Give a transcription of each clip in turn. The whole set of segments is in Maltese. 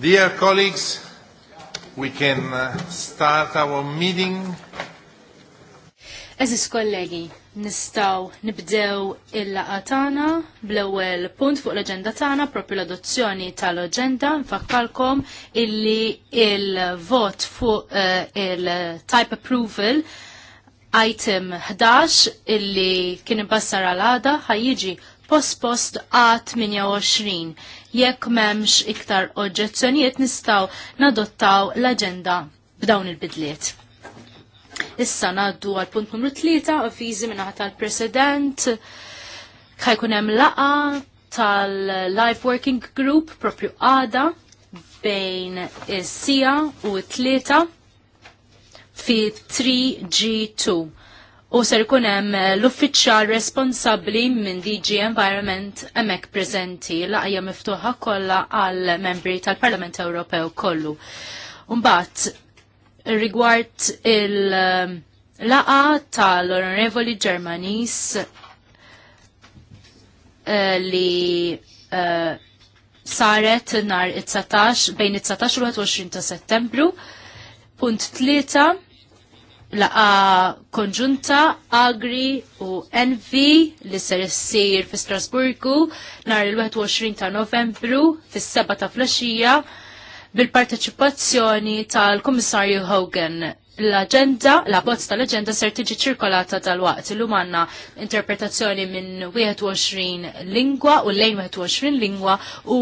Dear colleagues, we can uh, start our meeting. Eżis kollegi, nistaw nibdew il-laqa tagħna bl-ewwel punt fuq l-aġenda tagħna propju l-adozzjoni tal agenda nfakkalkom illi il-vot fuq eh, il-type approval item 11 illi kien ibassar għal għada ħajjiġi post-post għat 28 Jekk memx iktar oġġezzjonijiet nistaw nadottaw l-agenda b'dawn il-bidliet. Issa naddu għal punt numru 3, avvizi minna tal-president, ħajkun hemm laqa tal life Working Group propju għada bejn is-sija u t-tlieta fi 3G2 u ser kunem hemm eh, l-uffiċjal responsabbli minn DG Environment hemmhekk preżenti laqja miftuħa kollha għal membri tal-Parlament Ewropew kollu. Umbat, rigward il-laqa tal-Onorevoli Germanis eh, li uh, saret nar it-19 bejn it-19 u 20 ta' Settembru. Punt 3 laqa konġunta Agri u Envi li ser issir fi Strasburgu nhar il-21 ta' Novembru fis-7 ta' flasġija bil-parteċipazzjoni tal-Kummissarju Hogan. L-agenda, la bozz tal-agenda ser tiġi ċirkolata tal-waqt. Illum għandna interpretazzjoni minn 21 lingwa u lejn 21 lingwa u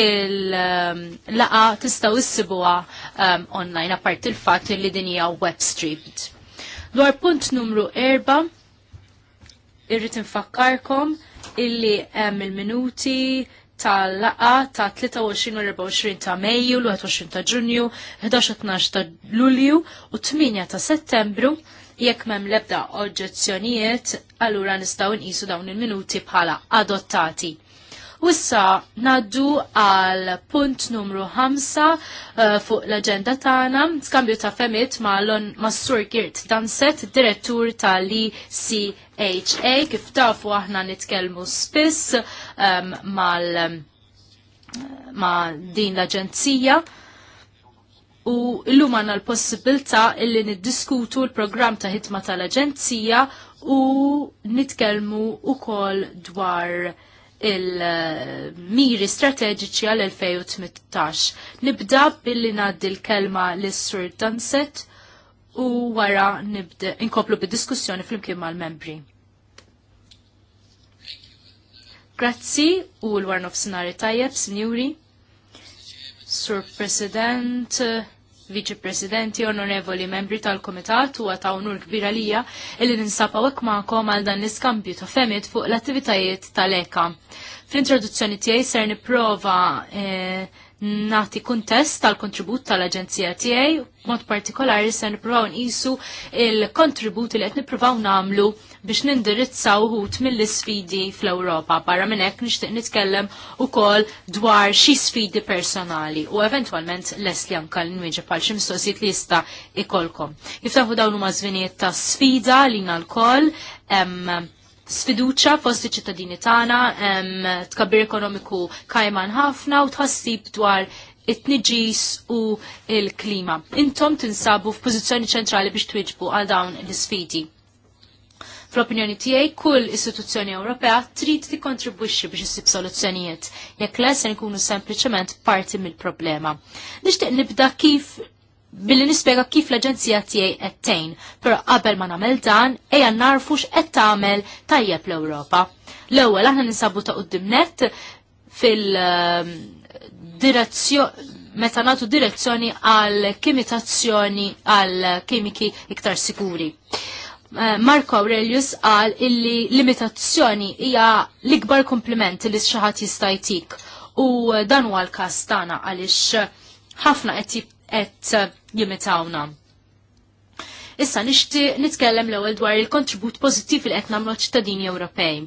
il-laqa um, tistgħu issibuha um, online, apart il-fat li din hija web streamed. Dwar punt numru 4, irrit infakkarkom illi hemm il-minuti tal-laqa ta' 23 u 24 ta' Mejju, l-21 ta' Ġunju, 11-12 ta' Lulju u 8 ta' Settembru jekk mem lebda oġġezzjonijiet, allura nistaw nqisu dawn il-minuti bħala adottati. Wissa naddu għal punt numru 5 uh, fuq l-agenda tagħna, skambju ta' femit ma' lon Massur Girt Danset, direttur tal-ECHA, kif tafu aħna nitkellmu spiss um, mal um, ma' din l-aġenzija u illum għanna l-possibilta illi niddiskutu l-programm ta' ħitma tal-aġenzija u nitkellmu u kol dwar il-miri strateġiċi għal-2018. Nibda billi naddi l-kelma l-Sur Dunset u wara nibda inkoplu bid-diskussjoni fl-imkien mal-membri. Grazzi u l-warnof sinari tajjeb, sinjuri, Sur President, Viċi Presidenti, onorevoli membri tal-Komitat u Unur kbira lija illi ninsapaw ekmakom għal dan l-iskambju ta' femit fuq l-attivitajiet tal-eka. Fl-introduzzjoni tiegħi ser niprova eh, nati kuntest tal-kontribut tal-Aġenzija tiegħi, mod partikolari se nippruvaw nqisu il-kontribut li qed nippruvaw nagħmlu biex nindirizzaw uħut mill-isfidi fl-Ewropa. Barra minn hekk nixtieq nitkellem ukoll dwar xi sfidi personali u eventwalment les li anka l-nwieġeb għal xi mistoqsijiet li jista' ikolkom. Jiftaħu dawn huma żvinijiet ta' sfida lina l-koll, sfiduċa fost iċ-ċittadini tagħna, tkabbir ekonomiku kajman ħafna u tħassib dwar it-tniġis u il-klima. Intom tinsabu f'pożizzjoni ċentrali biex twiġbu għal dawn l-sfidi. Fl-opinjoni tiegħi kull istituzzjoni Ewropea trid tikkontribwixxi biex issib soluzzjonijiet, jekk le se sempliċement parti mill-problema. Nixtieq nibda kif billi nispjega kif l-Aġenzija tiegħi qed tgħin, però qabel ma nagħmel dan ejja narfu x'qed tagħmel tajjeb l-Ewropa. L-ewwel aħna ninsabu ta' qudiemnet fil-direzzjoni ehm, meta nagħtu direzzjoni għal kimitazzjoni għal kimiki iktar sikuri. Eh, Marco Aurelius qal illi limitazzjoni hija l-ikbar kompliment li xi ħadd jista' jtik. U dan huwa l-każ tagħna għaliex ħafna qed qed eh, jimitawna. Issa nixtieq nitkellem l-ewwel dwar il-kontribut pożittiv li qed nagħmlu ċittadini Ewropej.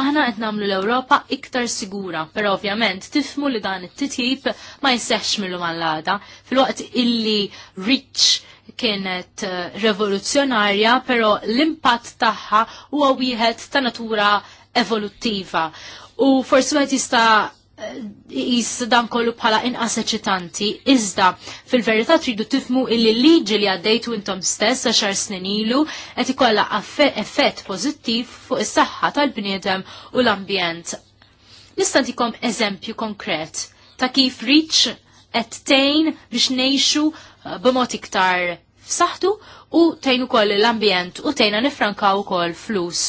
Aħna qed nagħmlu l-Ewropa iktar sigura, però ovvjament tifmu li dan it-titjib ma jseħx millu mal-għada. Filwaqt illi Rich kienet eh, revoluzzjonarja, però l-impatt tagħha huwa wieħed ta' natura evolutiva. U forsi wieħed jista' jis dan kollu bħala inqas eċitanti, iżda fil-verità tridu tifmu illi liġi li għaddejtu intom stess għaxar snin ilu qed ikollha effett pożittiv fuq is-saħħa tal-bniedem u l-ambjent. Nista' ntikom eżempju konkret ta' kif riċ qed tgħin biex ngħixu uh, b'mod iktar f'saħħtu u tgħin ukoll l-ambjent u tgħinha nifrankaw ukoll flus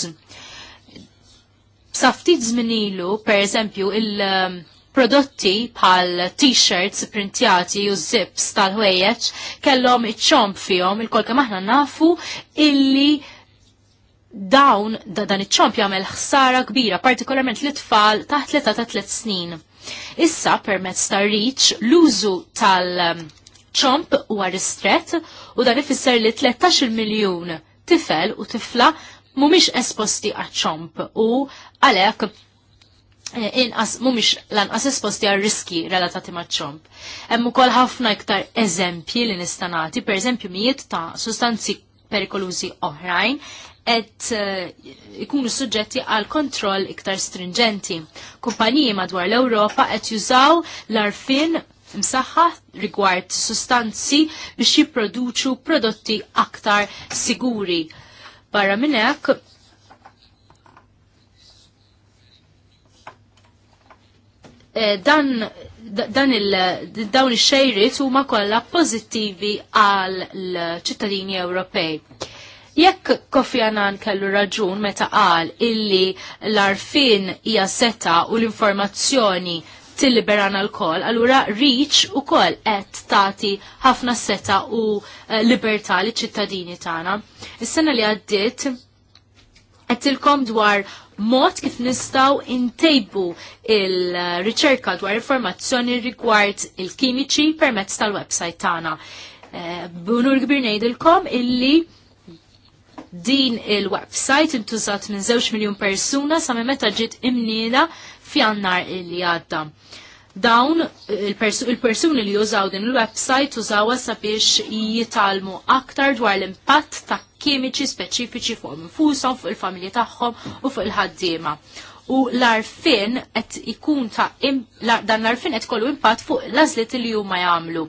B'saftit zminilu, ilu, pereżempju, il-prodotti um, bħal t-shirts printjati u zips tal-ħwejjeġ kellhom iċ-ċomp fihom il kolka maħna aħna nafu illi dawn da dan iċ-ċomp jagħmel ħsara kbira, partikolarment l-tfal taħt l ta' tliet snin. Issa permezz ta' reach l-użu tal- ċomp u ristret u dan ifisser li 13 miljon tifel u tifla mumiex esposti għax-ċomp u għalek eh, inqas mumiex lanqas esposti għal riski relatati maċ-ċomp. Hemm ukoll ħafna iktar eżempji li nista' nagħti, eżempju mijiet ta' sustanzi perikolużi oħrajn qed eh, ikunu suġġetti għal kontroll iktar stringenti. Kumpaniji madwar l-Ewropa qed jużaw l-arfin msaħħa rigward sustanzi biex jipproduċu prodotti aktar siguri Barra minn hekk eh, dan dan il dawn ix-xejriet huma kollha pożittivi għal l-ċittadini Ewropej. Jekk Kofi Annan kellu raġun meta qal illi l-arfin hija seta u l-informazzjoni tilliberana l-kol, allura reach u kol qed tati ħafna seta u eh, libertà li ċittadini tagħna. Is-sena li għaddit qed dwar mod kif nistaw intejbu il-riċerka dwar informazzjoni rigward il-kimiċi permezz tal-website tagħna. Eh, bunur kbir ngħidilkom illi din il-website intużat minn 2 miljon persuna sa meta ġiet imnina f'jannar li għadda. Dawn il-persuni li jużaw din il-website użawa sabiex jitalmu aktar dwar l-impatt ta' kimiċi speċifiċi fuq minfusom, fuq il-familji tagħhom u fuq il-ħaddiema. U l-arfin qed ikun ta' dan l-arfin qed kollu impatt fuq l-għażliet li huma jagħmlu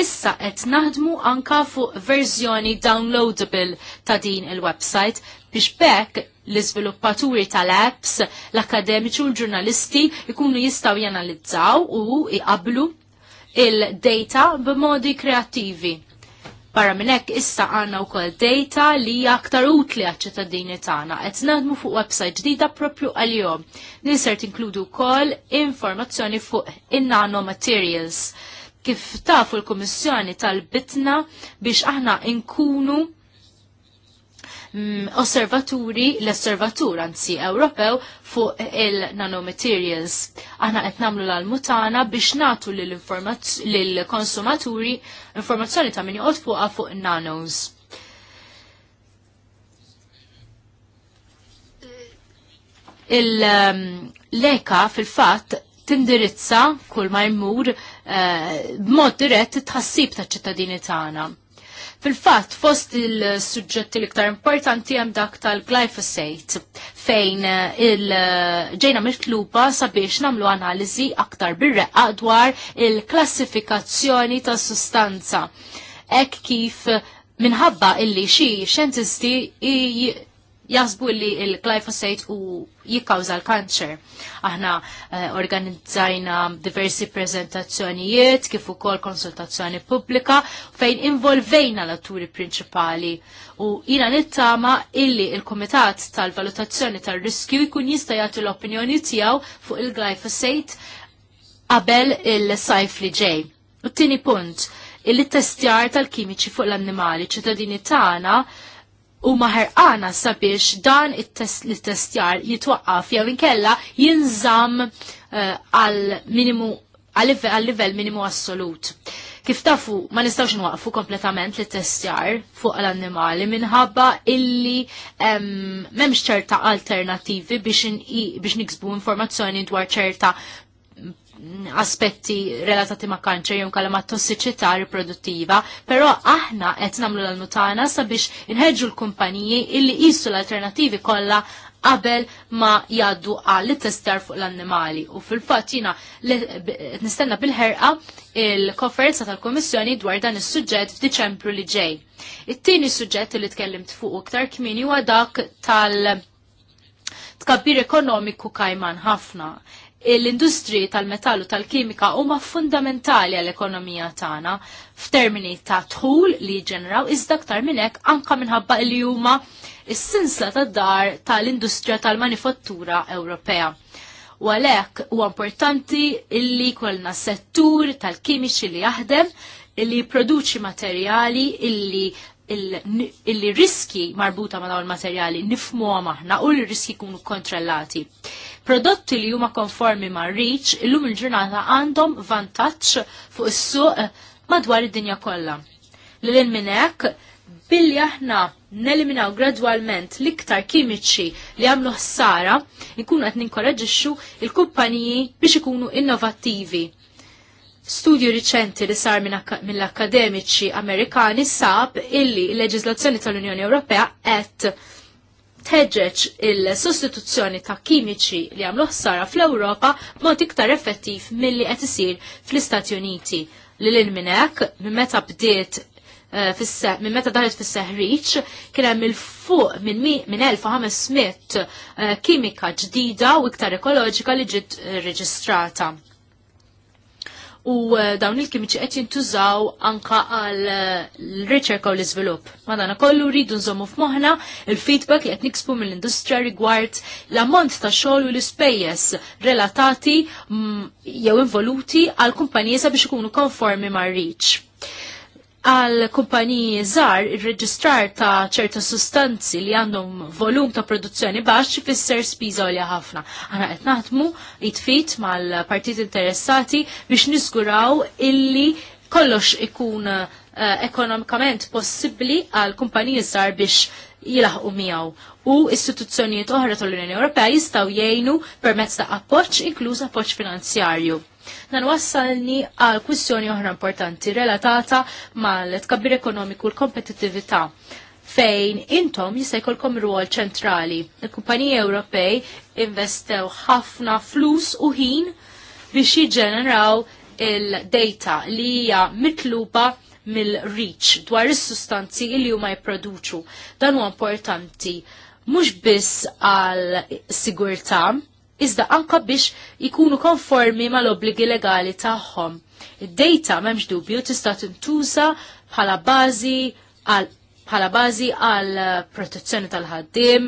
Issa qed naħdmu anka fuq verżjoni downloadable ta' din il-website biex bekk l-izviluppaturi tal-apps, l-akademiċi u l-ġurnalisti jkunu jistaw janalizzaw u iqablu il-data b'modi kreativi. Barra minnek issa għanna u kol data li aktar utli għal-ċittadini tagħna qed naħdmu fuq website ġdida propju għal-jom. Ninsert inkludu kol informazzjoni fuq in-nano materials Kif tafu l-Kummissjoni tal-bitna biex aħna inkunu mm, osservaturi, l-osservatur anzi Ewropew fuq il-nanomaterials. Aħna qed nagħmlu l mutana biex natu lill-konsumaturi informazzjoni ta' min joqgħod fuqha fuq nanos. Il-leka ehm, fil-fatt tindirizza kull ma jmur Eh, b'mod dirett tħassib ta' ċittadini tagħna. Fil-fatt, fost il-sujġetti l-iktar importanti hemm dak tal-glyphosate, fejn eh, il-ġejna mitluba sabiex namlu analiżi aktar bir-reqqa dwar il-klassifikazzjoni ta' sustanza. Ek kif minħabba illi xie xentisti jasbu li il-glyphosate u jikkawza l-kanċer. Aħna eh, organizzajna diversi prezentazzjonijiet kif ukoll konsultazzjoni pubblika fejn involvejna l-atturi prinċipali u jina nittama illi il-Komitat tal-Valutazzjoni tal-Riskju jkun jista' jagħti l-opinjoni tiegħu fuq il-glyphosate qabel il-sajf li ġej. U t-tieni punt, il-testjar tal-kimiċi fuq l-annimali ċittadini tagħna ta u għana sabiex dan il-testjar jitwaqqaf jew inkella jinżam eh, għal minimu livell minimu assolut. Kif tafu, ma nistawx nwaqfu kompletament li testjar fuq l-annimali minħabba illi memx ċerta alternativi biex niksbu informazzjoni dwar ċerta aspetti relatati ma' kanċer jew kalla ma' tossiċità riproduttiva, però aħna qed nagħmlu l-nutana sabiex inħeġġu l-kumpaniji illi qisu l-alternativi kollha qabel ma jaddu għal testar fuq l-annimali. U fil-fat jina nistenna bil-ħerqa il-konferenza tal-Komissjoni dwar dan is-suġġett f'Diċembru li ġej. It-tieni suġġett li tkellimt fuq iktar kmini huwa dak tal- tkabbir ekonomiku kajman ħafna l-industri tal-metallu tal-kimika huma fundamentali għall-ekonomija tagħna f'termini ta' tħul li ġeneraw iżda aktar minn hekk anke minħabba li huma s-sinsla tad-dar tal-industrija tal-manifattura Ewropea. U għalhekk huwa importanti illi kollna settur tal-kimiċi li jaħdem illi jipproduċi materjali illi il-riski marbuta ma' dawn il-materjali nifmuha maħna u l-riski kunu kontrollati. Prodotti li huma konformi ma' reach illum il-ġurnata għandhom vantaġġ fuq is-suq madwar id-dinja kollha. Lil minn hekk billi aħna neliminaw gradwalment l-iktar kimiċi li għamlu ħsara, nkunu qed ninkoraġixxu il-kumpaniji biex ikunu innovattivi. Studju riċenti li sar mill-akademiċi Amerikani sab illi l-leġiżlazzjoni tal-Unjoni Ewropea qed teġeċ il-sostituzzjoni ta' kimiċi li għamluħ sara fl-Ewropa mod iktar effettiv milli qed isir fl-Istati Uniti. Lil minn hekk, minn meta bdiet eh, minn meta daħlet fis seħriċ kien hemm il-fuq minn 1500 eh, kimika ġdida u iktar ekoloġika li ġiet reġistrata u eh, dawn il-kimiċi qed jintużaw anka għal eh, l-riċerka u l-iżvilupp. Madana kollu rridu nżommu f'moħħna il-feedback li qed nikspu mill-industrija rigward l-ammont ta' xogħol u l-ispejjeż relatati mm, jew involuti għal kumpanija sabiex ikunu konformi mar-riċ għal kumpaniji żgħar ir-reġistrar ta' ċerta sustanzi li għandhom volum ta' produzzjoni baxx fisser spiża għolja ħafna. Aħna qed naħdmu jitfit mal-partit interessati biex niżguraw illi kollox ikun uh, ekonomikament possibbli għal kumpaniji żgħar biex jilaħqu miegħu u istituzzjonijiet oħra tal-Unjoni Ewropea jistgħu jgħinu permezz ta' appoġġ inkluż appoġġ finanzjarju. Dan wassalni għal kwistjoni oħra importanti relatata mal-tkabbir ekonomiku l-kompetittività fejn intom jista' jkollkom rwol ċentrali. Il-kumpaniji Ewropej investew ħafna flus u ħin biex jiġġeneraw il-data li hija mitluba mill-reach dwar is-sustanzi li huma jipproduċu. Dan huwa importanti mhux biss għal sigurtà iżda anka biex ikunu konformi mal-obbligi legali tagħhom. Id-data m'hemmx dubju tista' tintuża bħala bażi għal bħala bażi għal protezzjoni tal-ħaddim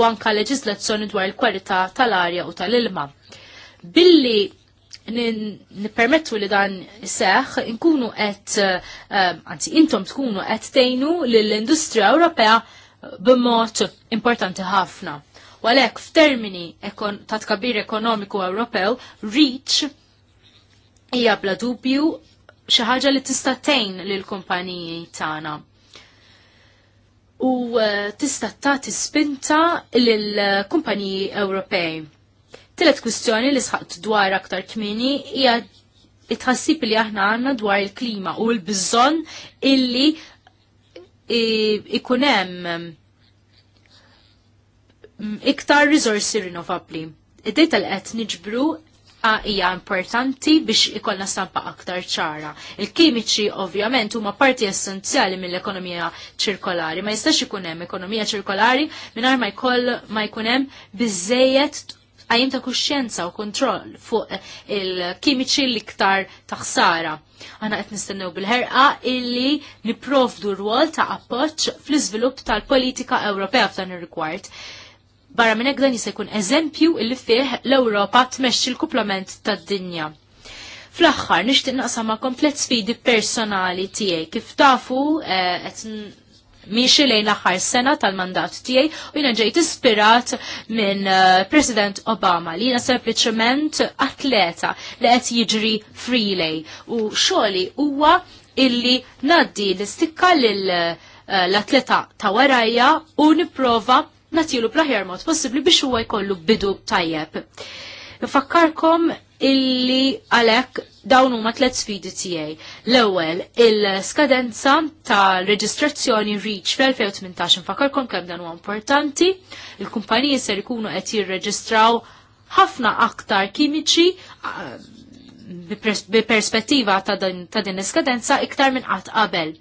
u anka leġislazzjoni dwar il-kwalità tal-arja u tal-ilma. Billi nipermettu li dan seħ, inkunu qed, eh, anzi intom tkunu qed tgħinu lill-industrija Ewropea b'mod importanti ħafna. Walek, għalhekk f'termini ta' tkabir ekonomiku Ewropew, reach hija bla dubju xi ħaġa li tista' tgħin lill-kumpaniji tagħna u eh, tista' tagħti spinta lill-kumpaniji Ewropej. Tilet kwistjoni li sħaqt dwar aktar kmini hija it-ħassib li aħna għandna dwar il-klima u l-bżonn illi ikun hemm Mm, iktar risorsi rinnovabbli. id dej tal qed niġbru hija importanti biex ikollna stampa aktar ċara. Il-kimiċi ovvjament huma parti essenzjali mill-ekonomija ċirkolari. Ma jistax ikun hemm ekonomija ċirkolari mingħajr ma jkoll ma jkun hemm biżejjed għajim ta' kuxjenza u kontroll fuq eh, il-kimiċi l-iktar taħsara. Għana għet nistennew bil-ħerqa illi niprofdu rwol ta' appoċ fl-izvilup tal-politika Ewropea f'dan ir rikward Barra minn dan jista' jkun eżempju illi fih l-Ewropa tmexxi l-kuplament tad-dinja. Fl-aħħar nixtieq naqsam ma' komplet sfidi personali tiegħi kif tafu eh, qed miexi lejn l-aħħar sena tal-mandat tiegħi u jiena ġejt ispirat minn eh, President Obama li jiena sempliċement atleta li qed jiġri freelay u xogħli huwa illi naddi l-istikka eh, l-atleta ta' warajja u niprofa natilu bl-aħjar mod possibbli biex huwa jkollu bidu tajjeb. Fakkarkom illi għalek dawn huma tliet sfidi tiegħi. L-ewwel il-skadenza ta' reġistrazzjoni Reach fl-2018 nfakkarkom kemm dan huwa importanti, il-kumpaniji ser ikunu qed jirreġistraw ħafna aktar kimiċi bi perspettiva ta' din iskadenza iktar minn qatt qabel.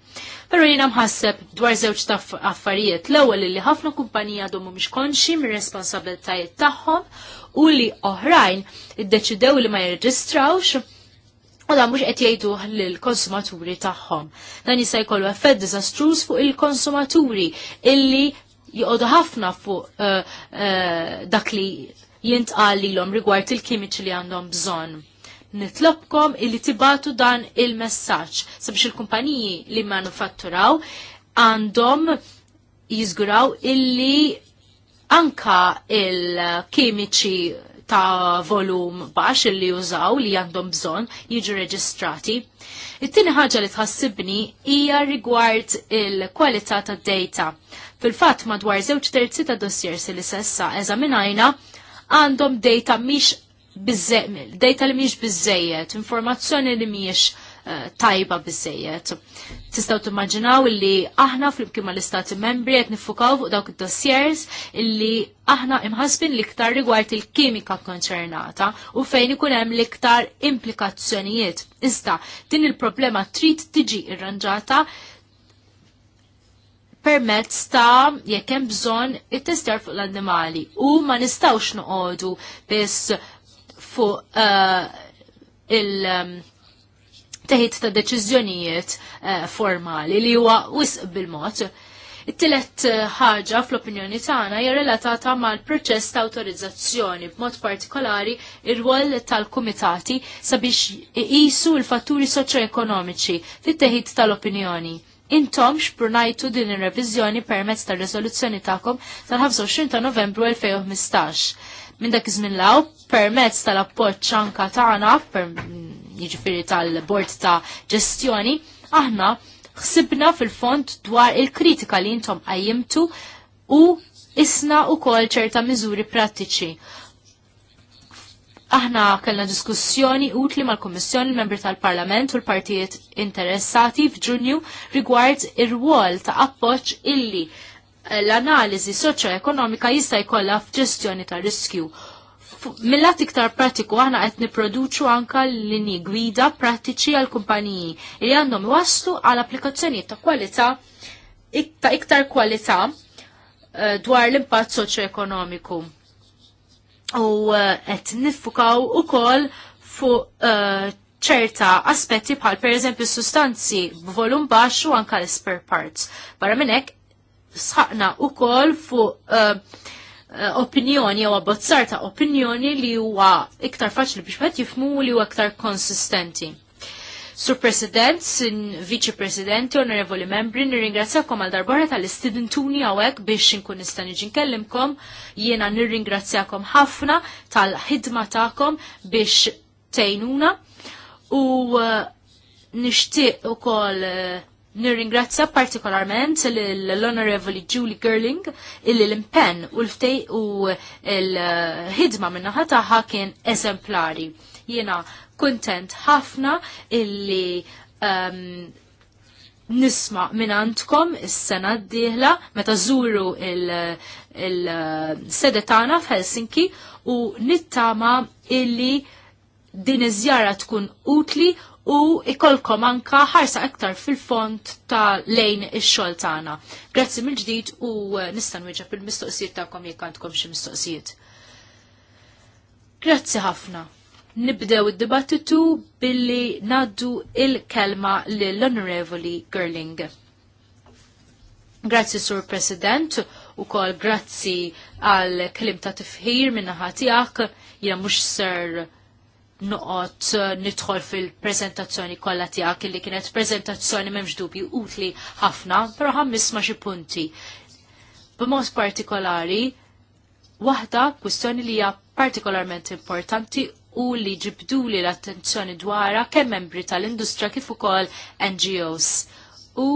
Però jina mħasseb dwar żewġ ta' affarijiet l-ewwel li ħafna kumpanija għadhom mhumiex konxi mir-responsabbiltajiet tagħhom u li oħrajn iddeċidew li ma jirreġistrawx u da mhux qed jgħiduh lill-konsumaturi tagħhom. Dan jista' jkollu effett diżastruż fuq il-konsumaturi illi joqogħdu ħafna fuq eh, eh, dak li l-om rigward il-kimiċ li għandhom bżonn nitlobkom illi tibatu dan il-messaġġ sabiex il-kumpaniji li manufatturaw għandhom jizguraw illi anka il-kimiċi ta' volum baħx illi jużaw li għandhom bżon jiġu reġistrati. It-tieni ħaġa li tħassibni hija rigward il-kwalità tad-data. Fil-fatt madwar żewġ terzi ta' dossiers li sessa eżaminajna għandhom data mhix data li miex bizzejet, informazzjoni li miex eh, tajba bizzejet. Tistaw timmaġinaw illi aħna fl-imkien ma l-istati membri qed nifukaw fuq dawk id-dossiers illi aħna imħasbin liktar rigward il-kimika konċernata u fejn ikun hemm liktar implikazzjonijiet. Iżda din il-problema trid tiġi irranġata permezz ta' jekk hemm bżonn it-testjar fuq l-annimali u ma nistgħux noqogħdu biss fuq uh, il- um, teħid ta' deċiżjonijiet uh, formali li huwa wisq bil-mod. It-tielet uh, ħaġa fl-opinjoni tagħna hija relatata mal-proċess ta' awtorizzazzjoni b'mod partikolari ir-rwol tal-kumitati sabiex iqisu l-fatturi soċjoekonomiċi fit-teħid tal-opinjoni. Intom xprunajtu din ir-reviżjoni permezz tar-riżoluzzjoni tagħkom tal-25 ta' Novembru 2015. Minn dak iż-żmien law permezz tal-appoġġ anka tagħna jiġifieri tal-bord ta' ġestjoni, aħna ħsibna fil-fond dwar il-kritika li intom qajjimtu u isna u kol ċerta miżuri prattiċi. Aħna kellna diskussjoni utli mal-Kommissjoni l-Membri tal-Parlament u l-partijiet interessati f'Ġunju rigward ir-rwol ta' appoġġ illi l-analiżi soċio ekonomika jista' jkollha f'ġestjoni ta' riskju. Millat iktar pratiku aħna qed nipproduċu anka linji gwida pratiċi għal kumpaniji li għandhom iwasslu għal applikazzjonijiet ta' kwalità ta' iktar kwalità eh, dwar l-impatt soċjoekonomiku. ekonomiku U eh, qed niffukaw ukoll fuq eh, ċerta aspetti bħal per eżempju sustanzi b'volum baxxu anka l-spare parts. Barra minn hekk sħaqna u kol fuq uh, opinjoni jew abbozzar ta' opinjoni li huwa iktar faċli biex wieħed jifmu li huwa iktar konsistenti. Sur President, sin Vice Presidenti, Onorevoli Membri, nirringrazzjakom għal darbora tal istidentuni għawek biex nkun nista' niġi nkellimkom, jiena nirringrazzjakom ħafna tal-ħidma tagħkom biex tejnuna u eh, nixtieq ukoll uh, Nirringrazzja partikolarment l honorable Julie Gerling illi l-impenn u l-ftej u l-ħidma minnaħa taħħa kien eżemplari. Jena kontent ħafna illi um, nisma minn għandkom is-sena d-dieħla meta żuru il-sedetana il, f'Helsinki u nittama illi din iż-żjara tkun utli u ikolkom anka ħarsa aktar fil-font ta' lejn ix-xogħol tagħna. Grazzi mill-ġdid u eh, nista' nwieġeb il-mistoqsijiet tagħkom jekk għandkom xi mistoqsijiet. Grazzi ħafna. Nibdew id-dibattitu billi naddu il-kelma lill-Onorevoli Girling. Grazzi, Sur President, u kol grazzi għal kelim ta' tifħir minna ħatijak, jina mux ser noqot eh, nidħol fil-prezentazzjoni kollha tiegħek li kienet prezentazzjoni m'hemmx dubju utli ħafna, però ħammisma xi punti. B'mod partikolari, waħda kwistjoni li hija partikolarment importanti u li ġibduli l-attenzjoni dwara kemm membri tal-industrija kif ukoll NGOs. U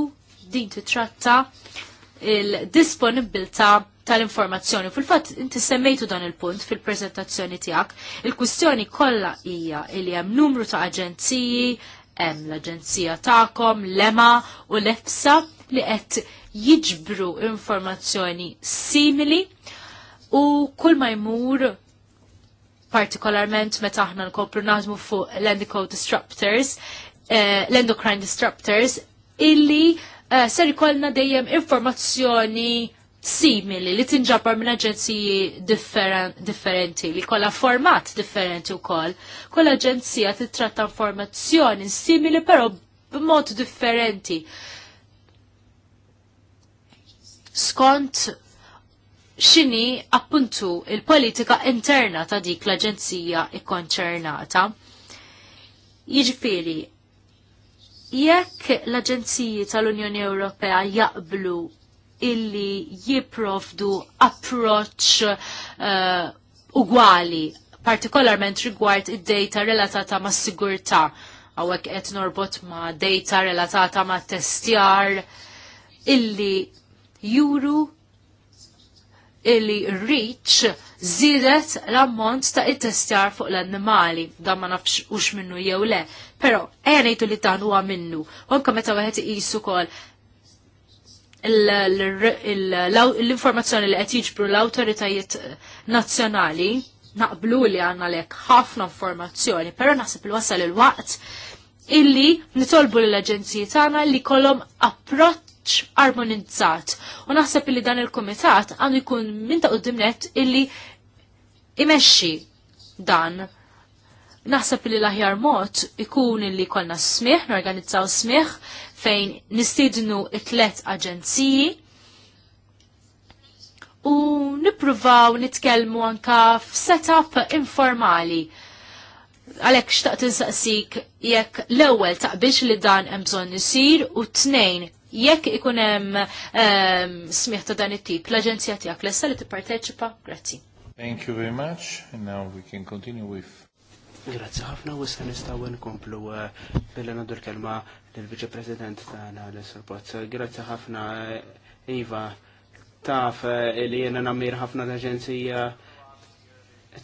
din titratta il-disponibilta' tal-informazzjoni. Fil-fatt inti semmejtu dan il-punt fil-prezentazzjoni tiegħek, il-kwistjoni kollha hija li hemm numru ta' aġenziji, hemm l-aġenzija tagħkom, l-EMA u l-EFSA li qed jiġbru informazzjoni simili u kull ma jmur partikolarment meta aħna nkopru naħdmu fuq l-endocrine disruptors, eh, l-endocrine disruptors illi eh, ser ikollna dejjem informazzjoni simili li tinġabar minn aġenziji differenti li kolla format differenti u koll. Kolla aġenzija titratta informazzjoni simili pero b'mod differenti. Skont xini appuntu il-politika interna ta' dik l-aġenzija ikkonċernata. Jiġifieri, jekk l-aġenziji tal-Unjoni Ewropea jaqblu illi jipprovdu approċ uh, eh, ugwali, partikolarment rigward id-data relatata ma' sigurta, għawek qed norbot ma' data relatata ma' testjar, illi juru illi reach zidet l-ammont ta' it-testjar fuq l-annimali, da ma nafx ux minnu jew le, pero għenajtu li tan huwa minnu, u meta għahet iqisu kol l-informazzjoni li qed jiġbru l-awtoritajiet eh, nazzjonali naqblu li għanna lek ħafna informazzjoni, pero naħseb li wasal il-waqt illi nitolbu l-aġenziji tagħna li kolom approċċ armonizzat. U naħseb li dan il-kumitat għandu jkun minn ta' qudimnet illi imexxi dan. Naħseb li l-aħjar mod ikun illi kolna smieħ, norganizzaw smieħ fejn nistidnu it-tlet aġenziji u nipruvaw nitkelmu anka f-setup informali. Għalek xtaqt insaqsik jekk l ewwel taqbilx li dan hemm bżonn isir u t-tnejn jekk ikun hemm ehm, smieħ ta' dan it-tip l-aġenzija tiegħek lesta li tipparteċipa. Grazzi. Thank you very much. And now we can continue with Grazzi ħafna u se nistgħu nkomplu eh, billi nagħdu l-kelma lill-Viċi President tagħna l Pozz. Grazzi ħafna eh, Iva taf eh, li jiena nammir ħafna l-Aġenzija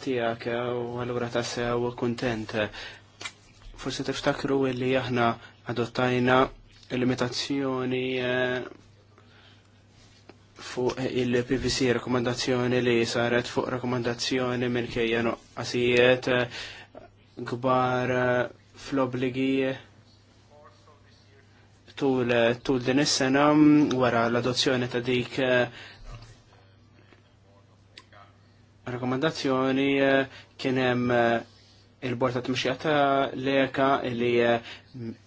tiegħek u allura tassew kuntent. Forsi tiftakru li aħna adottajna limitazzjoni fuq il-PVC rekomendazzjoni li saret fuq rekomendazzjoni minn kejja noqqasijiet kbar eh, fl-obligi tul, eh, tul din is-sena mm, wara l-adozzjoni ta' dik eh, rakomandazzjoni kien hemm il-Bord ta' Tmixja ta' Leka li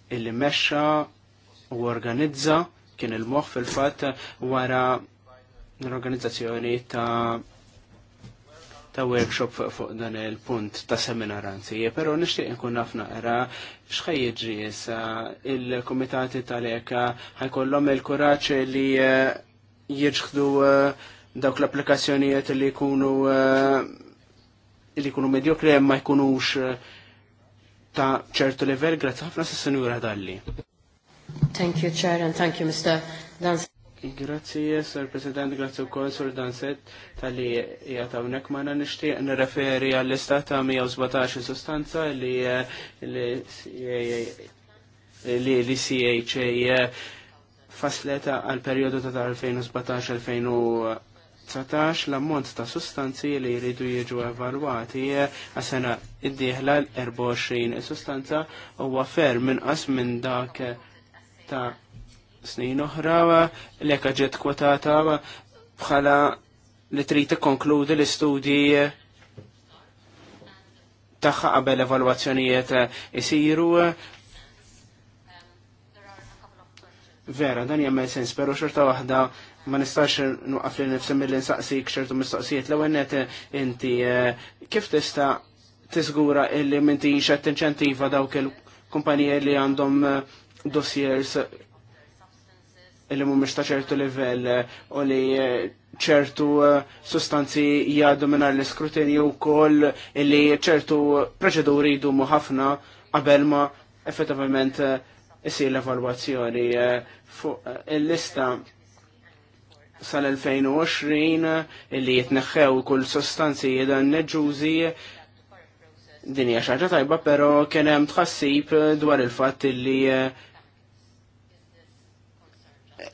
illi mexxa u organizza kien il-moħħ fil-fatt wara l-organizzazzjoni ta' ta' workshop fuq dan il-punt ta' seminar anzi, pero nishtiq nkun nafna era xħaj jiġri issa il-komitati tal-eka ħajkollhom il kuraċ li eh, jiġħdu eh, dawk l-applikazzjonijiet li jkunu eh, li kunu medjokri ma jkunux ta' ċertu level, grazzi ħafna s-senjura dalli. Thank you, Chair, and thank you, Mr. Dans. Grazzi, Sir President, grazzi u kol Sir Danset tal-li jgħatawnek maħna nishtiq nireferi għall-istat ta' 117 sustanza li li CHA fasleta għal periodu ta' 2017-2019 l-ammont ta' sustanzi li jridu jiġu evalwati għasena id-dieħla l-24 sustanza u għafer minn qas minn dak ta' snin oħra, l-eka ġiet kwotata bħala li trid tikkonkludi l-istudji tagħha qabel evalwazzjonijiet isiru. Vera, dan jemmel sens, pero xorta waħda ma nistax nuqqaf li nifsi mill nsaqsik xertu mistoqsijiet l net inti eh, kif tista tiżgura illi minti qed inċentiva dawk il-kumpanija li għandhom eh, dossiers li mhumiex ta' ċertu livell eh, u li eh, ċertu eh, sustanzi jgħaddu minn l-iskrutinju wkoll li ċertu proċeduri jdumu ħafna qabel ma effettivament isir l-evalwazzjoni fuq il-lista sal-2020 illi jitneħħew kull sostanzi danneġużi din hija xaġa tajba, pero kien hemm tħassib dwar il-fatt illi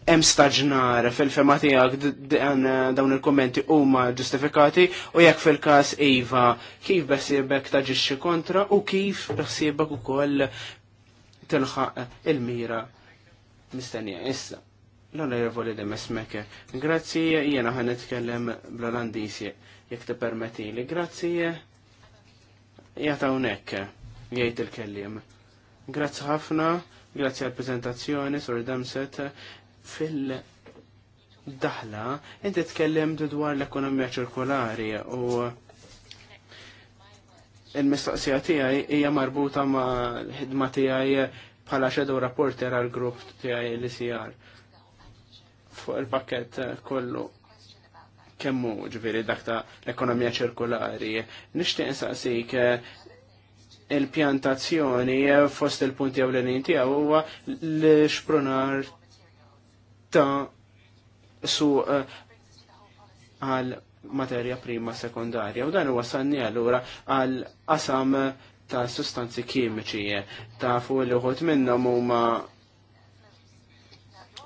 hemm staġnar fil-fema tiegħek eh, dawn il-kommenti huma ġustifikati u jekk fil-każ iva kif besiebek taġixxi kontra u kif besiebek ukoll tilħaq il-mira mistennija issa. L-onorevoli dem Mekker, grazzi jena ħan nitkellem bl-Olandisi, jek te permetti li grazzi jatawnek, jgħid il-kellim. Grazzi ħafna, grazzi għal-prezentazzjoni, sur Damset, fil- daħla, inti tkellem dwar l-ekonomija ċirkolari u il-mistoqsija tiegħi hija marbuta ma' l-ħidma tiegħi bħala shadow rapporter għal grupp tiegħi l sijar fuq il-pakket kollu kemmu ġviri dak ta' l-ekonomija ċirkolari. Nixtieq insaqsik il-pjantazzjoni fost il-punti ewlenin tiegħu huwa l-xprunar ta' su eh, għal materja prima sekundarja. U dan huwa sanni allura għal qasam ta' sustanzi kimiċi ta' fuq li uħut minnhom huma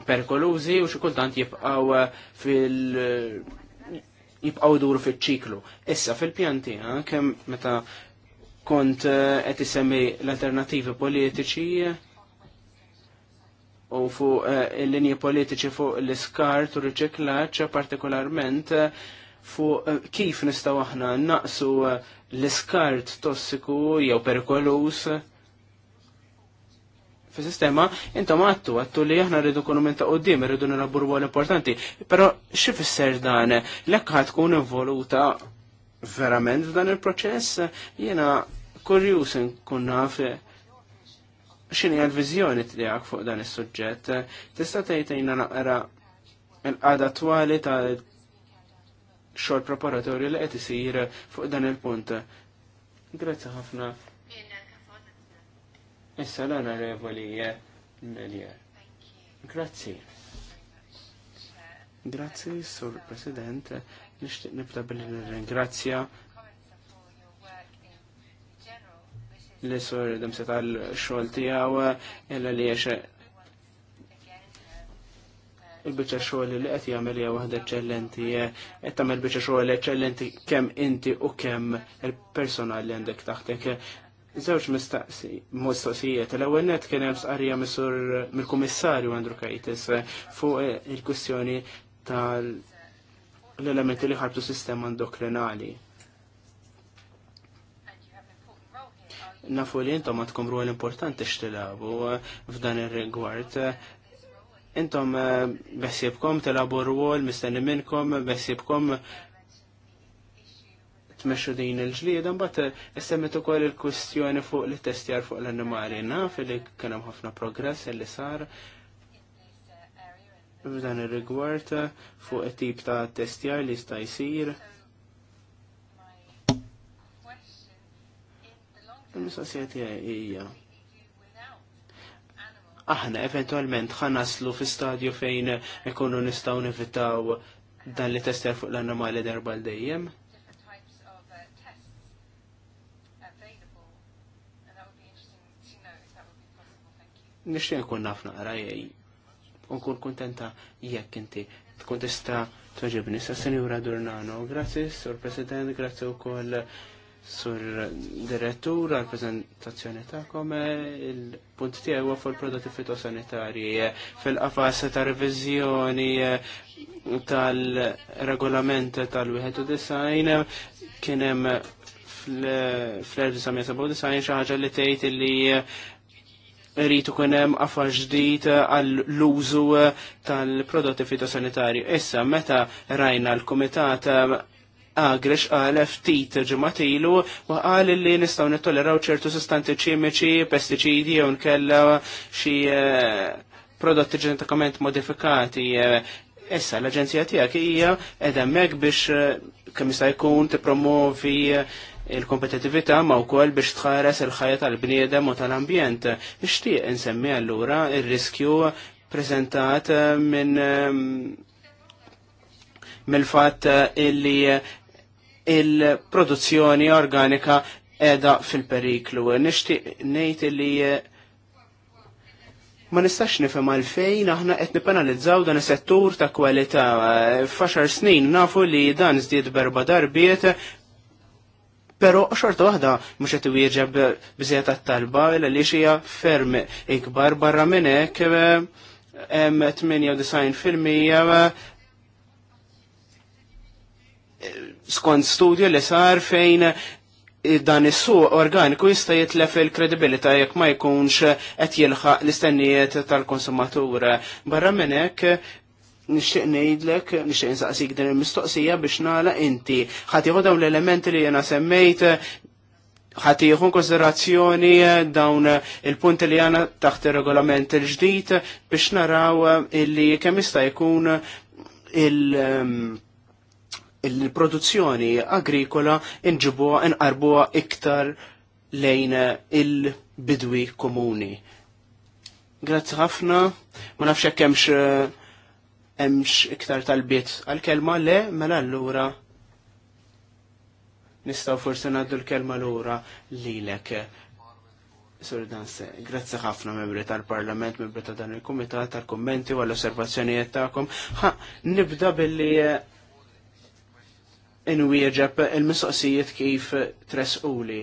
perkolużi u xi kultant jibqgħu eh, fil jibqgħu duru fiċ-ċiklu. Issa fil-pjanti eh, kemm meta kont qed isemmi l-alternativi politiċi u fuq eh, il-linji politiċi fuq l-iskart u riċiklaċ partikolarment eh, fuq eh, kif nistaw aħna naqsu l-iskart tossiku jew perikolus fi sistema intom għattu għattu li aħna rridu kunu minn ta' qoddim rridu nilaburu għal importanti pero xifisser dan lekk ħatkun involuta verament f'dan il-proċess jena kurjus nkun naf xini għal-vizjoni tijak fuq dan is suġġett Tista tejtina naqra l-għada twali ta' xor preparatorju li qed isir fuq dan il-punt. Grazzi ħafna. Issa l-onorevoli Meljer. Grazzi. Grazzi, Sur President, Nishtiq nibda billi nirringrazzja li sur dimset tal xol tijaw illa li jiex il-bicċa xogħol li qed jagħmel hija waħda eċċellenti, qed tagħmel biċċa xogħol eċċellenti kemm inti u kemm il-personal li għandek taħtek. Żewġ mistoqsijiet, l-ewwel net kien hemm sqarrija misur mill-Kummissarju Andru Kajtis fuq il-kwistjoni tal elementi li ħarbtu sistema endokrinali. nafu li intom għatkom ruol importanti xtilabu eh, f'dan ir-rigward. Intom eh, bessibkom tilabu ruol mistenni minnkom, bessibkom tmexxu din il-ġlieda, eh, istemmet u koll il-kwistjoni fuq li testjar fuq l-annimali naf li kien hemm ħafna progress li sar f'dan ir-rigward fuq it-tip ta' testjar li jista' jsir. Il-mistoqsija tiegħi hija. Aħna eventualment ħanaslu fi stadju fejn ikunu nistgħu nevitaw dan li tester fuq l-annimali darba l dejjem. Nixtieq nkun naf naqra jgħi. Unkun kuntenta jekk inti tkun tista' toġibni sa' Senjura Durnano. Grazzi, Sur President, grazzi wkoll sur direttur għal prezentazzjoni ta' ta'kom eh, il-punt tiegħi huwa fuq il-prodotti fitosanitarji eh, fil-qafas ta' reviżjoni eh, tal-regolament tal-91 kien hemm fl-1997 xi ħaġa li tgħid li rritu kunem għafa ġdijt għall-użu tal-prodotti fitosanitarji. Issa, meta rajna l-Komitat għagrex għal ftit ġematilu u għal li nistaw nittoleraw ċertu sostanti ċimiċi, pesticidi u nkella xie eh, prodotti ġenetikament modifikati. Eh, issa l-Aġenzija tiegħek hija qed hemmhekk biex eh, kemm jista' jkun tippromovi il-kompetitività ma wkoll biex tħares il-ħajja tal-bniedem u tal-ambjent. Nixtieq insemmi allura ir-riskju preżentat minn mill-fatt illi il-produzzjoni organika edha fil-periklu. Nishtiq nejt li eh, ma nistax nifem għalfejn aħna qed nipenalizzaw dan is-settur ta' kwalità. Eh, f'għaxar snin nafu li dan żdied berba darbiet Pero xorta waħda mhux qed iwieġeb biżejjed tat-talba li xija ferm ikbar barra minn hekk eh, 98% skont studio li sar fejn eh, dan is-suq organiku jista' jitlef il-kredibilità jekk ma jkunx eh, qed jilħaq l-istennijiet tal-konsumatur. Barra minn hekk nixtieq ngħidlek, nixtieq insaqsik din il-mistoqsija biex nagħla inti. Ħatiħu dawn l-elementi li jiena semmejt ħatiħu konsiderazzjoni eh, dawn il-punti li għana taħt ir regolament il ġdid biex naraw illi kemm jista' jkun il- ehm, il-produzzjoni agrikola inġibuwa inqarbuwa iktar lejn il-bidwi komuni. Grazzi ħafna, ma nafx hekk hemmx eh, hemmx iktar talbiet għal-kelma le mela allura nistgħu forsi ngħaddu l-kelma lura lilek. Sur Danse, grazzi ħafna membri tal-Parlament, membri ta' dan il-Kumitat, tal-kommenti u għall-osservazzjonijiet tagħkom. Ha, nibda billi eh, inwieġeb il-mistoqsijiet kif tresquli.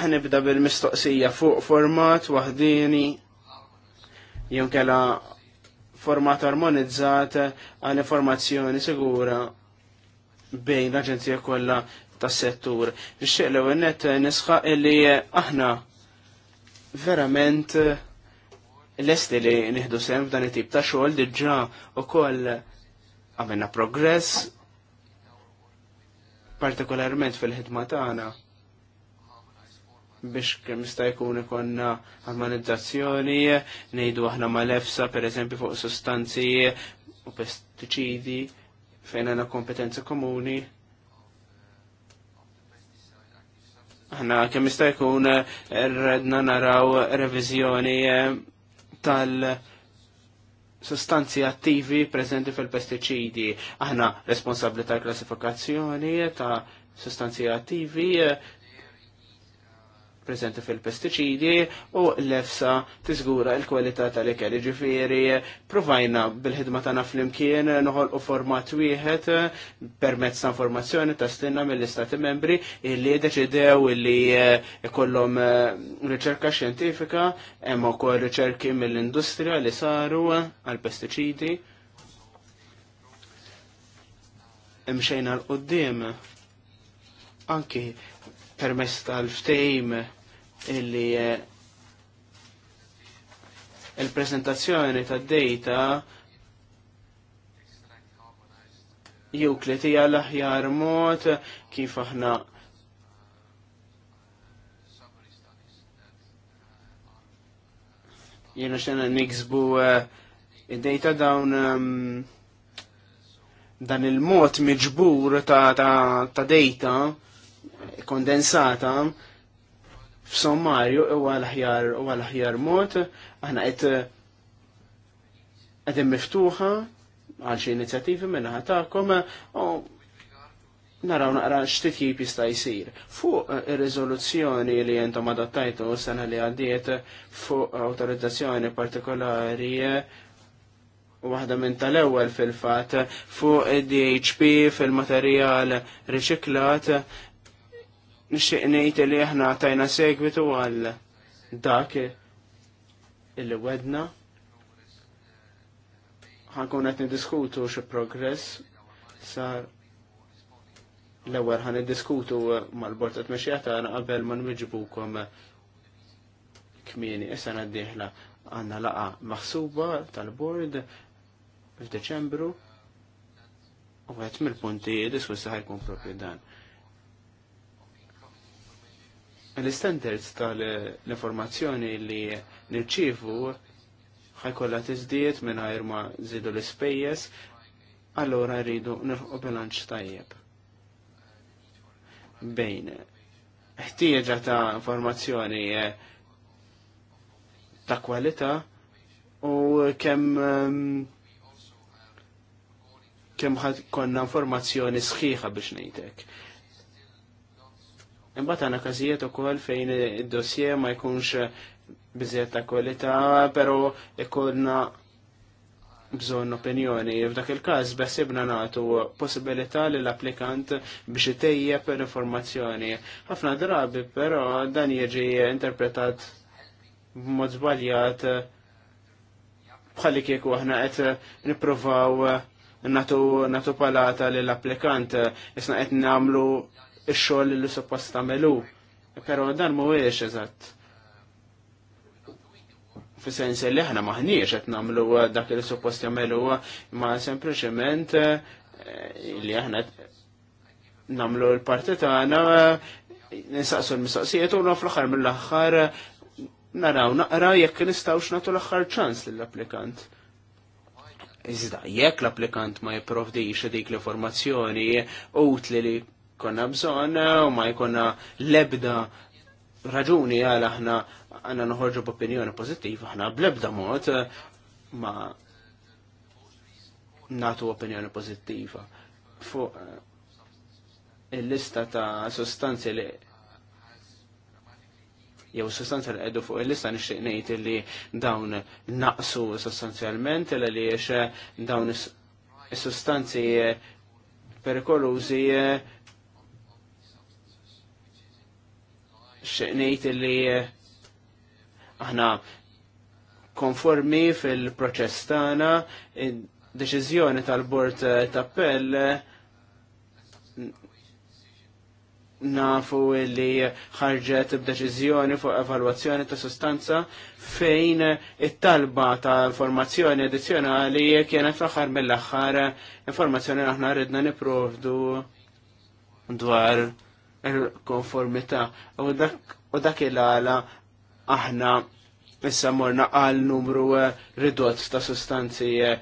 ħanibda bil-mistoqsija fuq format waħdini jew kella format armonizzat għal informazzjoni sigura bejn l-Aġenzija kollha tas-settur. Nixtieq l-ewwel net nisħaq illi aħna verament uh, l-esti li nieħdu sem f'dan it-tip ta' xogħol diġà ukoll għamilna progress partikolarment fil-ħidma tagħna biex kemm jista' jkun ikonna armonizzazzjoni, ngħidu aħna mal-EFSA pereżempju fuq sostanzi u pestiċidi fejn għandna kompetenza komuni. Aħna kemm jista' jkun redna naraw reviżjoni tal- sostanzi attivi prezenti fil-pesticidi. Aħna responsabli tal klassifikazzjoni ta' sostanzi attivi eh, prezenti fil-pestiċidi u l-efsa tiżgura l-kwalità tal-ikel. Ġifiri, provajna bil-ħidma tagħna flimkien noħolqu format wieħed permezz ta' informazzjoni ta' stinna mill-Istati membri illi deċidew illi eh, ikollhom eh, riċerka xjentifika hemm ukoll riċerki mill-industrija li saru għal-pestiċidi. Imxejna l-qoddim anki permess tal-ftejm illi eh, il-presentazzjoni ta' data Euclid hija l-aħjar mod kif aħna jena xena niksbu eh, id-data dawn ehm, dan il-mod miġbur ta', ta, ta data kondensata f'sommarju u għal-ħjar u għal-ħjar mod, aħna qed qed miftuħa għal xi inizjattivi minn ħatakom u naraw naqra x'titjib jista' jsir. Fuq ir-riżoluzzjoni li jentom adattajtu sena li għaddiet fuq awtorizzazzjoni partikolari waħda minn tal-ewwel fil-fatt fuq DHP fil-materjal riċiklat nixtieq ngħid li aħna tajna segwitu għal dak illi wedna ħankun qed niddiskutu xi progress sar l-ewwel ħan diskutu mal-bord ta' tmexxija tagħna qabel ma nwiġbukom kmieni issa d-dieħla għandna laqa maħsuba tal-bord f'Deċembru u għet mill-punti diskussi ħajkun propju dan. l-standards tal-informazzjoni li nirċivu ħajkolla tizdiet minn ma zidu l-spejjes, allora rridu nirħu bilanċ tajjeb. Bejn, ħtieġa ta' informazzjoni eh, ta' kwalità u kemm ehm, kemm konna informazzjoni sħiħa biex ngħidlek għana kazijiet każijiet ukoll fejn id-dossier ma jkunx biżjed ta' kwalità, però ikolna bżonn opinjoni. F'dak il-każ besibna nagħtu possibilità li l-applikant biex itejje l-informazzjoni. Ħafna drabi però dan jiġi interpretat b'mod żbaljat bħalli kieku aħna qed nippruvaw natu, natu palata l-applikant, isna qed namlu ix-xogħol li suppost tagħmelu. Però dan mhuwiex eżatt. Fis-sens li aħna maħniex qed nagħmlu dak li suppost jagħmlu ma sempliċement eh, li aħna nagħmlu l-parti tagħna nisaqsu l-mistoqsijiet u fl-aħħar mill-aħħar naraw naqra jekk nistgħux nagħtu l-aħħar ċans lill-applikant. Iżda, jekk l-applikant ma jipprovdix dik l-informazzjoni utli li konna bżon u ma jkonna lebda raġuni għal aħna għanna noħorġu b'opinjoni pozittiva, aħna blebda mod ma natu opinjoni pozittiva fuq il-lista ta' sostanzi li jew sostanzi li għeddu fuq il-lista nixtieq ngħid li dawn naqsu sostanzjalment li li dawn is-sostanzi perikolużi xeqnejt li eh, aħna konformi fil-proċess tagħna deċiżjoni tal-Bord tappell nafu li ħarġet b'deċiżjoni fuq evalwazzjoni ta' sostanza fejn it-talba ta' informazzjoni addizzjonali kienet fl-aħħar mill-aħħar informazzjoni aħna rridna nipprovdu dwar il konformità u dak il-għala aħna issa morna għal numru eh, ridott ta' sostanzi eh.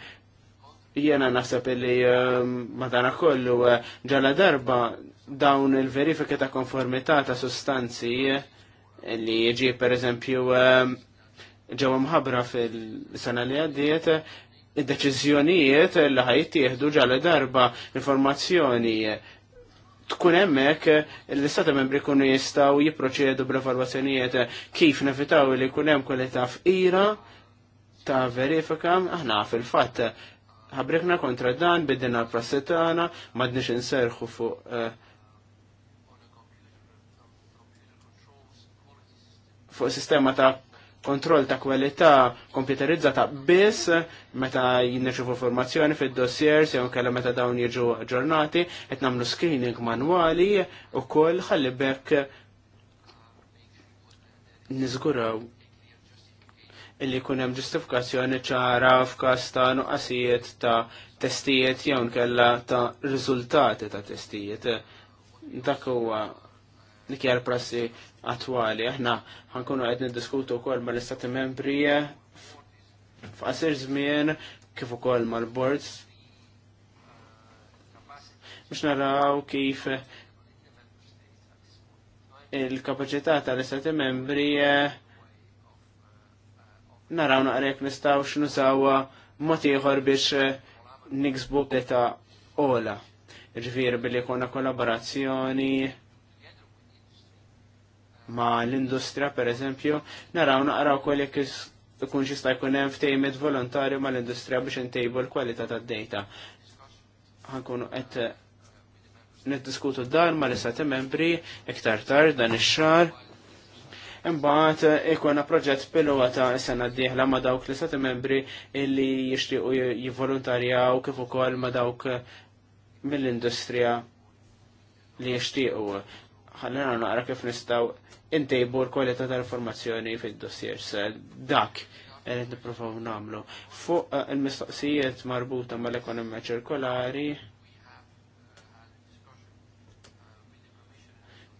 jena nasab li eh, madana kollu ġala darba dawn il-verifika ta' konformità ta' sostanzi li jieġi per eżempju ġewa mħabra fil-sena li għaddiet id-deċizjonijiet li ħajt jihdu ġala darba informazzjoni tkun hemmhekk eh, l-istati membri kunu jistgħu jipproċedu bl-evalwazzjonijiet eh, kif nevitaw li jkun hemm kwalità f'ira ta' verifika aħna fil-fatt eh, ħabrikna kontra dan bidina l-prassi tagħna m'għadniex inserħu fuq fuq sistema ta' kontroll ta' kwalità kompjuterizzata biss meta jinnerċivu formazzjoni fid-dossier se kellha meta dawn jiġu ġurnati qed nagħmlu screening manwali ukoll ħalli bekk niżguraw illi jkun hemm ġustifikazzjoni ċara f'każ ta' nuqqasijiet ta' testijiet jew nkella ta' riżultati ta' testijiet. Dak huwa dikjar prassi attuali. Aħna ħankunu qed niddiskutu wkoll mal-istati membri f'qasir żmien kif ukoll mal-boards Mux naraw kif il-kapacità tal-istati membri naraw naqrek nistaw x'nużaw mod ieħor biex nixbu ta' ola. Ġifier billi jkunna kollaborazzjoni ma l-industrija per eżempju, naraw naqraw kol jekk ikun xista jkun hemm ftejmet volontarju ma l-industrija biex intejbu l-kwalità tad-dejta. Ħankunu qed eh, niddiskutu dar ma l-istati membri iktar tard dan ix-xar. Imbagħad eh, ikun proġett pilwa ta' sena d-dieħla ma' dawk l-istati membri illi jixtiequ jivvolontarjaw kif ukoll ma' dawk eh, mill-industrija li jixtiequ ħallina nara kif nistaw intejbu l-kwalità tal-informazzjoni fid-dossiers dak qed niprofaw nagħmlu. Fuq eh, il-mistoqsijiet marbuta mal-ekonomija ċirkolari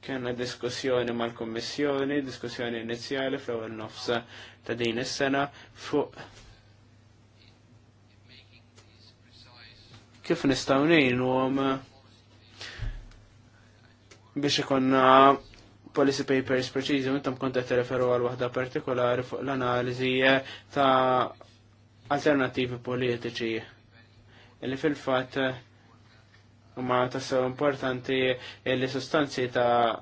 kena diskussjoni mal-Kommissjoni, diskussjoni inizjali fl-ewwel nofsa ta' din is-sena fuq kif nistgħu ngħinu biex ikonna policy papers preċiżi, intom konta t-referu għal wahda partikolari fuq l-analizi ta' alternativi politiċi. Illi fil-fat ma tassew importanti illi sostanzi ta'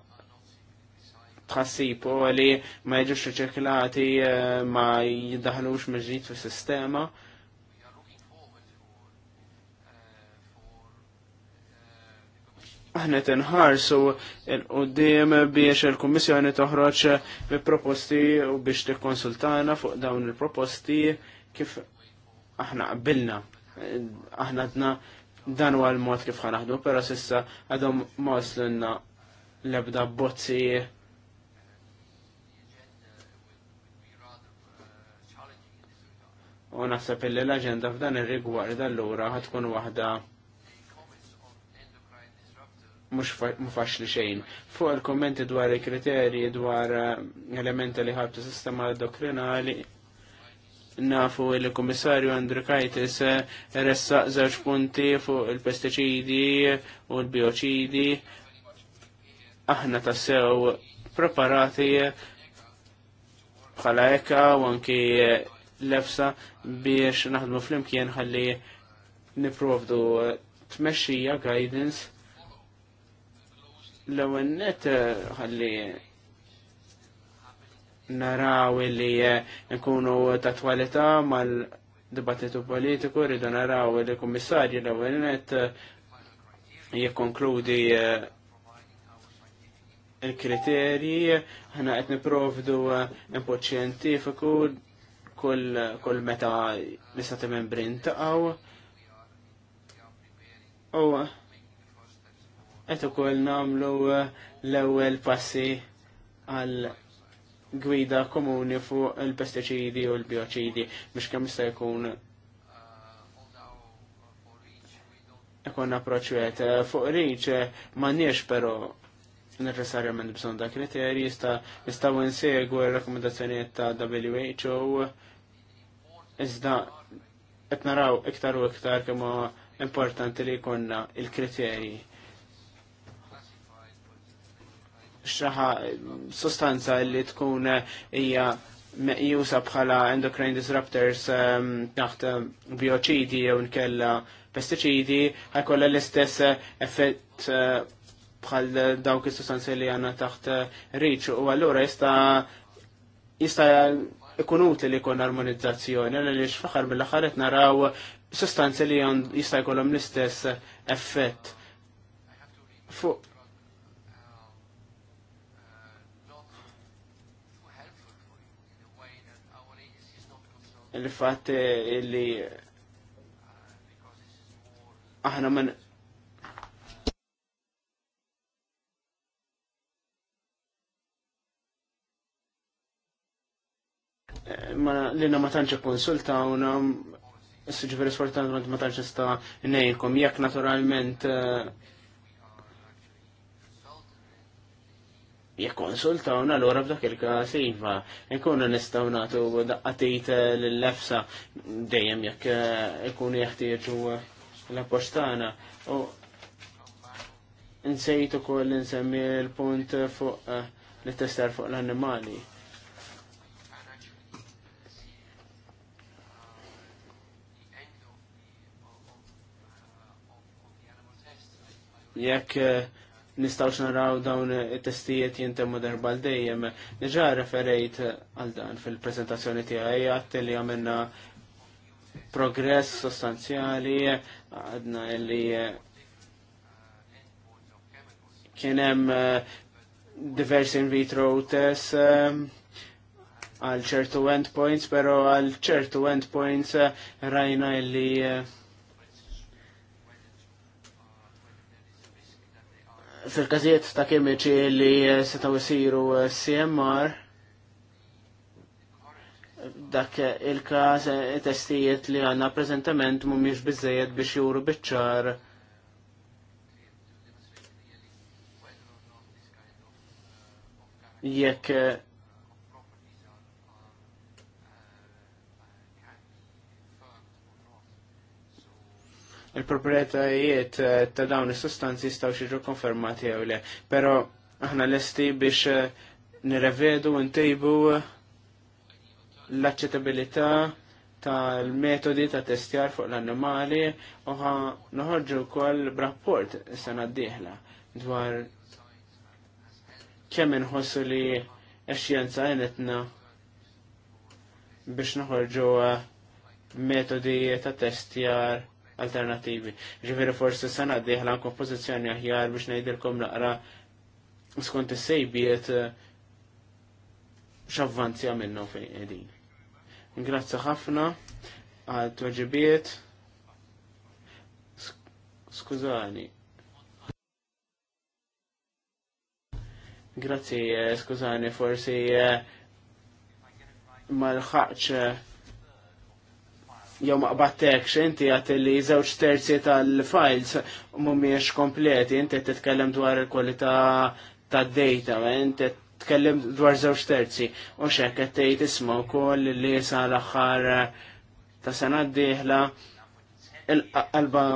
tħassib u li ma jġux riċeklati eh, ma jiddaħlux meġġit fis sistema aħna tinħarsu l-qoddim biex il-Kummissjoni toħroġ bi proposti u biex tikkonsultana fuq dawn il-proposti kif aħna qabilna. Aħna dna dan huwa l-mod kif ħanaħdu, però sissa għadhom ma lebda l-ebda bozzi U naħseb illi l agenda f'dan ir-rigward allura ħatkun waħda mux li xejn. Fuq il-kommenti dwar il-kriterji, dwar eh, elementi li ħabtu sistema doktrinali, nafu il-Komissarju Kajtis eh, ressa zewġ punti fuq il-pesticidi u l-bioċidi. Aħna tassew preparati eh, bħala ekka u anki lefsa biex naħdmu fl-imkien ħalli niprovdu tmexxija guidance L-għennet eh, ħalli naraw li eh, nkunu ta' twalità mal-dibattitu politiku, rridu naraw li kummissarju l-għennet eh, jikonkludi il-kriterji, ħana qed niprovdu input xjentifiku kull kull meta nista' membrin taqgħu. U qed ukoll nagħmlu eh, l-ewwel passi għal gwida komuni fuq il-pestiċidi u l-bioċidi biex kemm jista' jkun ikun approċċ eh, fuq riċ eh, m'għandniex però neċessarjament bżonn da' kriterji jista' jistgħu insegwu r-rakkomandazzjonijiet ta' WHO iżda qed naraw iktar u iktar kemm importanti li jkollna il-kriterji xaħa sostanza li tkun hija meqjusa bħala endocrine disruptors ehm, taħt ehm, bioċidi jew nkella pesticidi ħajkolla l-istess eh, effett eh, bħal dawk is-sostanzi li għandna taħt eh, riċ u allura jista' jista' ikun utli li jkun armonizzazzjoni għaliex faħar mill-aħħar qed naraw sostanzi li jista' jkollhom l-istess effett fuq il-fatt eh, li aħna man ma l-inna ma tanċa konsulta unna s-ġveri sfortunatament ma tanċa sta nejkom jek naturalment uh, konsultawna l-ora b'dak il-kas iva, nkunu nistaw natu daqqatit eh, l-lefsa dejjem jek eh, ikunu jeħtieġu eh, l-apostana. U nsejtu ukoll nsemmi l-punt fuq l-tester fuq l-annimali. Jekk nistawx naraw dawn it-testijiet jintem moder baldejjem. dejjem. referejt għal dan fil-prezentazzjoni tiegħi għadt li għamilna progress sostanzjali għadna li kienem hemm eh, diversi in vitro tests eh, għal ċertu endpoints, pero għal ċertu endpoints eh, rajna li fil-kazijiet ta' kemiċi li eh, setaw isiru eh, CMR dak eh, il kaz testijiet li għanna prezentament mumiex bizzejiet biex juru bieċar. jekk il-proprietajiet eh, ta' dawn is-sustanzi jistgħu jiġu konfermati jew le. Però aħna lesti biex eh, nirrevedu ntejbu eh, l-aċċettabilità tal-metodi ta' testjar fuq l-annimali u noħorġu wkoll b'rapport sena d-dieħla dwar kemm inħossu li x-xjenza għenetna biex noħorġu metodi ta' testjar alternativi. Ġifiri forsi sena diħla nkun aħjar biex ngħidilkom naqra skont is-sejbiet eh, x'avvanzja minnu fejn qegħdin. Grazzi ħafna għal tweġibiet. Skużani. Grazzi, eh, skużani, forsi eh, ma jew ma qbattekx inti għat li żewġ terzi tal-files mhumiex kompleti, inti titkellem dwar il-kwalità tad-data, inti tkellem dwar żewġ terzi. U xek qed tgħid isma' ukoll li sa l-aħħar ta' sena d-dieħla qalba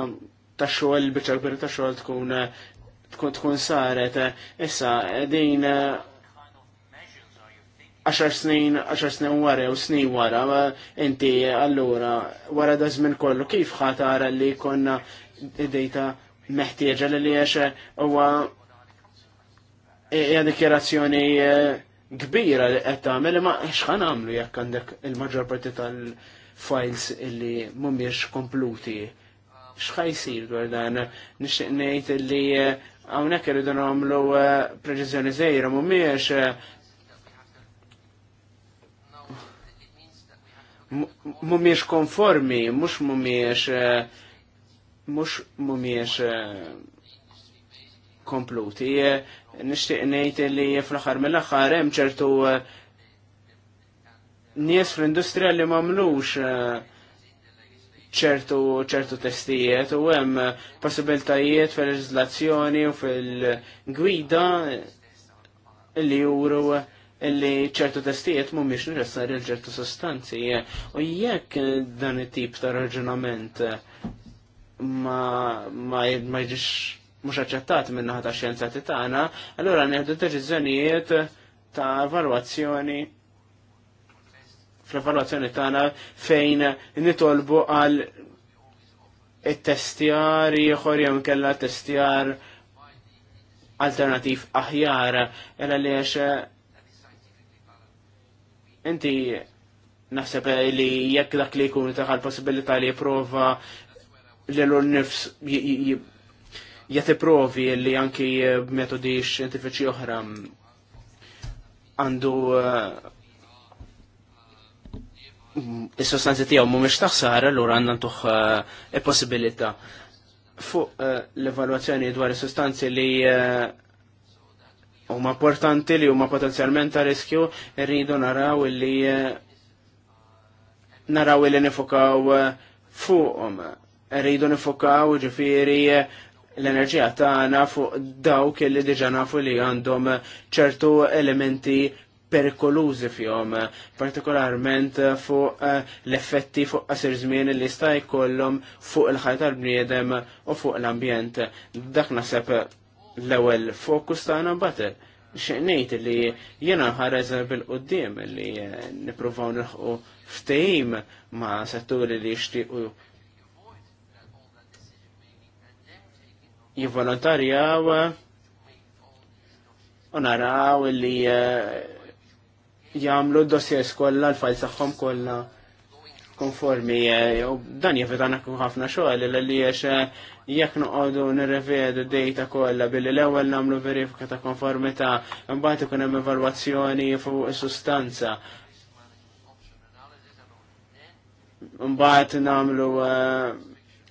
ta' xogħol biċċa kbir ta' xogħol tkun tkun tkun saret. Issa din 10 snin, 10 snin wara u snin wara, inti allura wara da żmien kollu kif ħatara li konna id-dejta meħtieġa li għax huwa hija dikjerazzjoni eh, kbira li qed tagħmel ma x'ħan għamlu jekk għandek il-maġġor parti tal-files illi mhumiex kompluti. X'ħaj jsir dwar dan? Nixtieq ngħid li eh, hawnhekk irridu nagħmlu eh, preġizjoni żgħira mhumiex mumiex konformi, mux mumiex eh, mux mumiex eh, kompluti. Eh, nishtiq ngħid li fl-aħħar mill-aħħar hemm ċertu nies fl-industrija li mamlux ċertu ċertu testijiet u hemm possibiltajiet fil-leġislazzjoni u fil-gwida li juru illi ċertu testijiet mhumiex neċessarji l ċertu sostanzi u jekk dan it-tip ta' raġunament eh, ma ma ma jiġix mhux aċċettat minn naħa ta' xjenzati tagħna, allura nieħdu deċiżjonijiet ta' evalwazzjoni fl-evalwazzjoni tagħna fejn nitolbu għal it-testjar ieħor jew kella testjar alternativ aħjar, illa li Inti naħseb li jekk dak li jkun taħal possibilità li jipprova l-lur nifs jati provi li anki metodi xjentifiċi oħra għandu eh, il-sostanzi tijaw mumiex taħsara l-ura għandan tuħ eh, il-possibilita fuq eh, l-evaluazzjoni dwar il-sostanzi li huma importanti li huma potenzjalment ta' riskju rridu naraw li eh, naraw li nifokaw eh, fuqhom. Rridu nifokaw ġifieri eh, l-enerġija tagħna fuq dawk li diġà nafu li għandhom ċertu elementi perikolużi fjom, partikolarment fuq l-effetti fuq qasir żmien li jista' jkollhom fuq il ħajta tal-bniedem u fuq l-ambjent. Dak nasab l-ewwel fokus tagħna mbagħad xeqnejt li jena ħarez bil-qoddim li niprofaw nħu ftejim ma setturi li jishtiqu jivolontarjaw u naraw li eh, jamlu dossiers kollha l-fajl tagħhom kolla konformi eh, u dan jevitana ħafna xogħol li għax eh, jekk noqogħdu nirrevedu data kollha billi l-ewwel nagħmlu verifika ta' konformità imbagħad ikun hemm evalwazzjoni fuq is-sustanza. Imbagħad nagħmlu eh,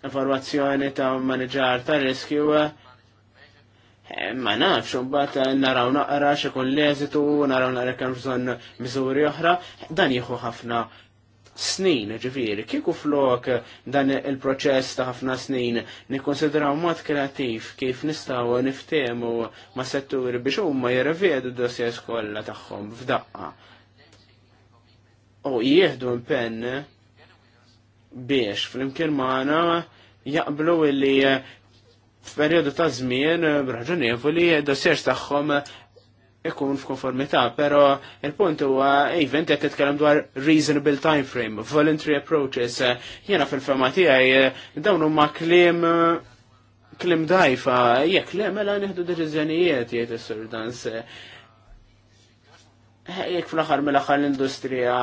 evalwazzjoni ta' maniġar ta' riskju eh, ma nafx, mbagħad naraw naqra x'ikun l-eżitu, naraw naqra kemm bżonn miżuri oħra, dan jieħu ħafna snin, ġifiri, kieku flok eh, dan il-proċess ta' ħafna snin nikkonsidraw mod kreativ kif nistaw niftemu ma' setturi biex huma jirrevedu dossiers kollha tagħhom f'daqqa. U jieħdu impenn biex fl-imkien maħna jaqblu illi f'perjodu ta' żmien li dossiers tagħhom ikun f'konformità, pero il-punt huwa even qed titkellem dwar reasonable time frame, voluntary approaches. Jiena fil-fema tiegħi dawn huma klim klim dajfa, jekk le mela nieħdu deċiżjonijiet jgħid is-sur dans. Jekk fl-aħħar mill-aħħar l-industrija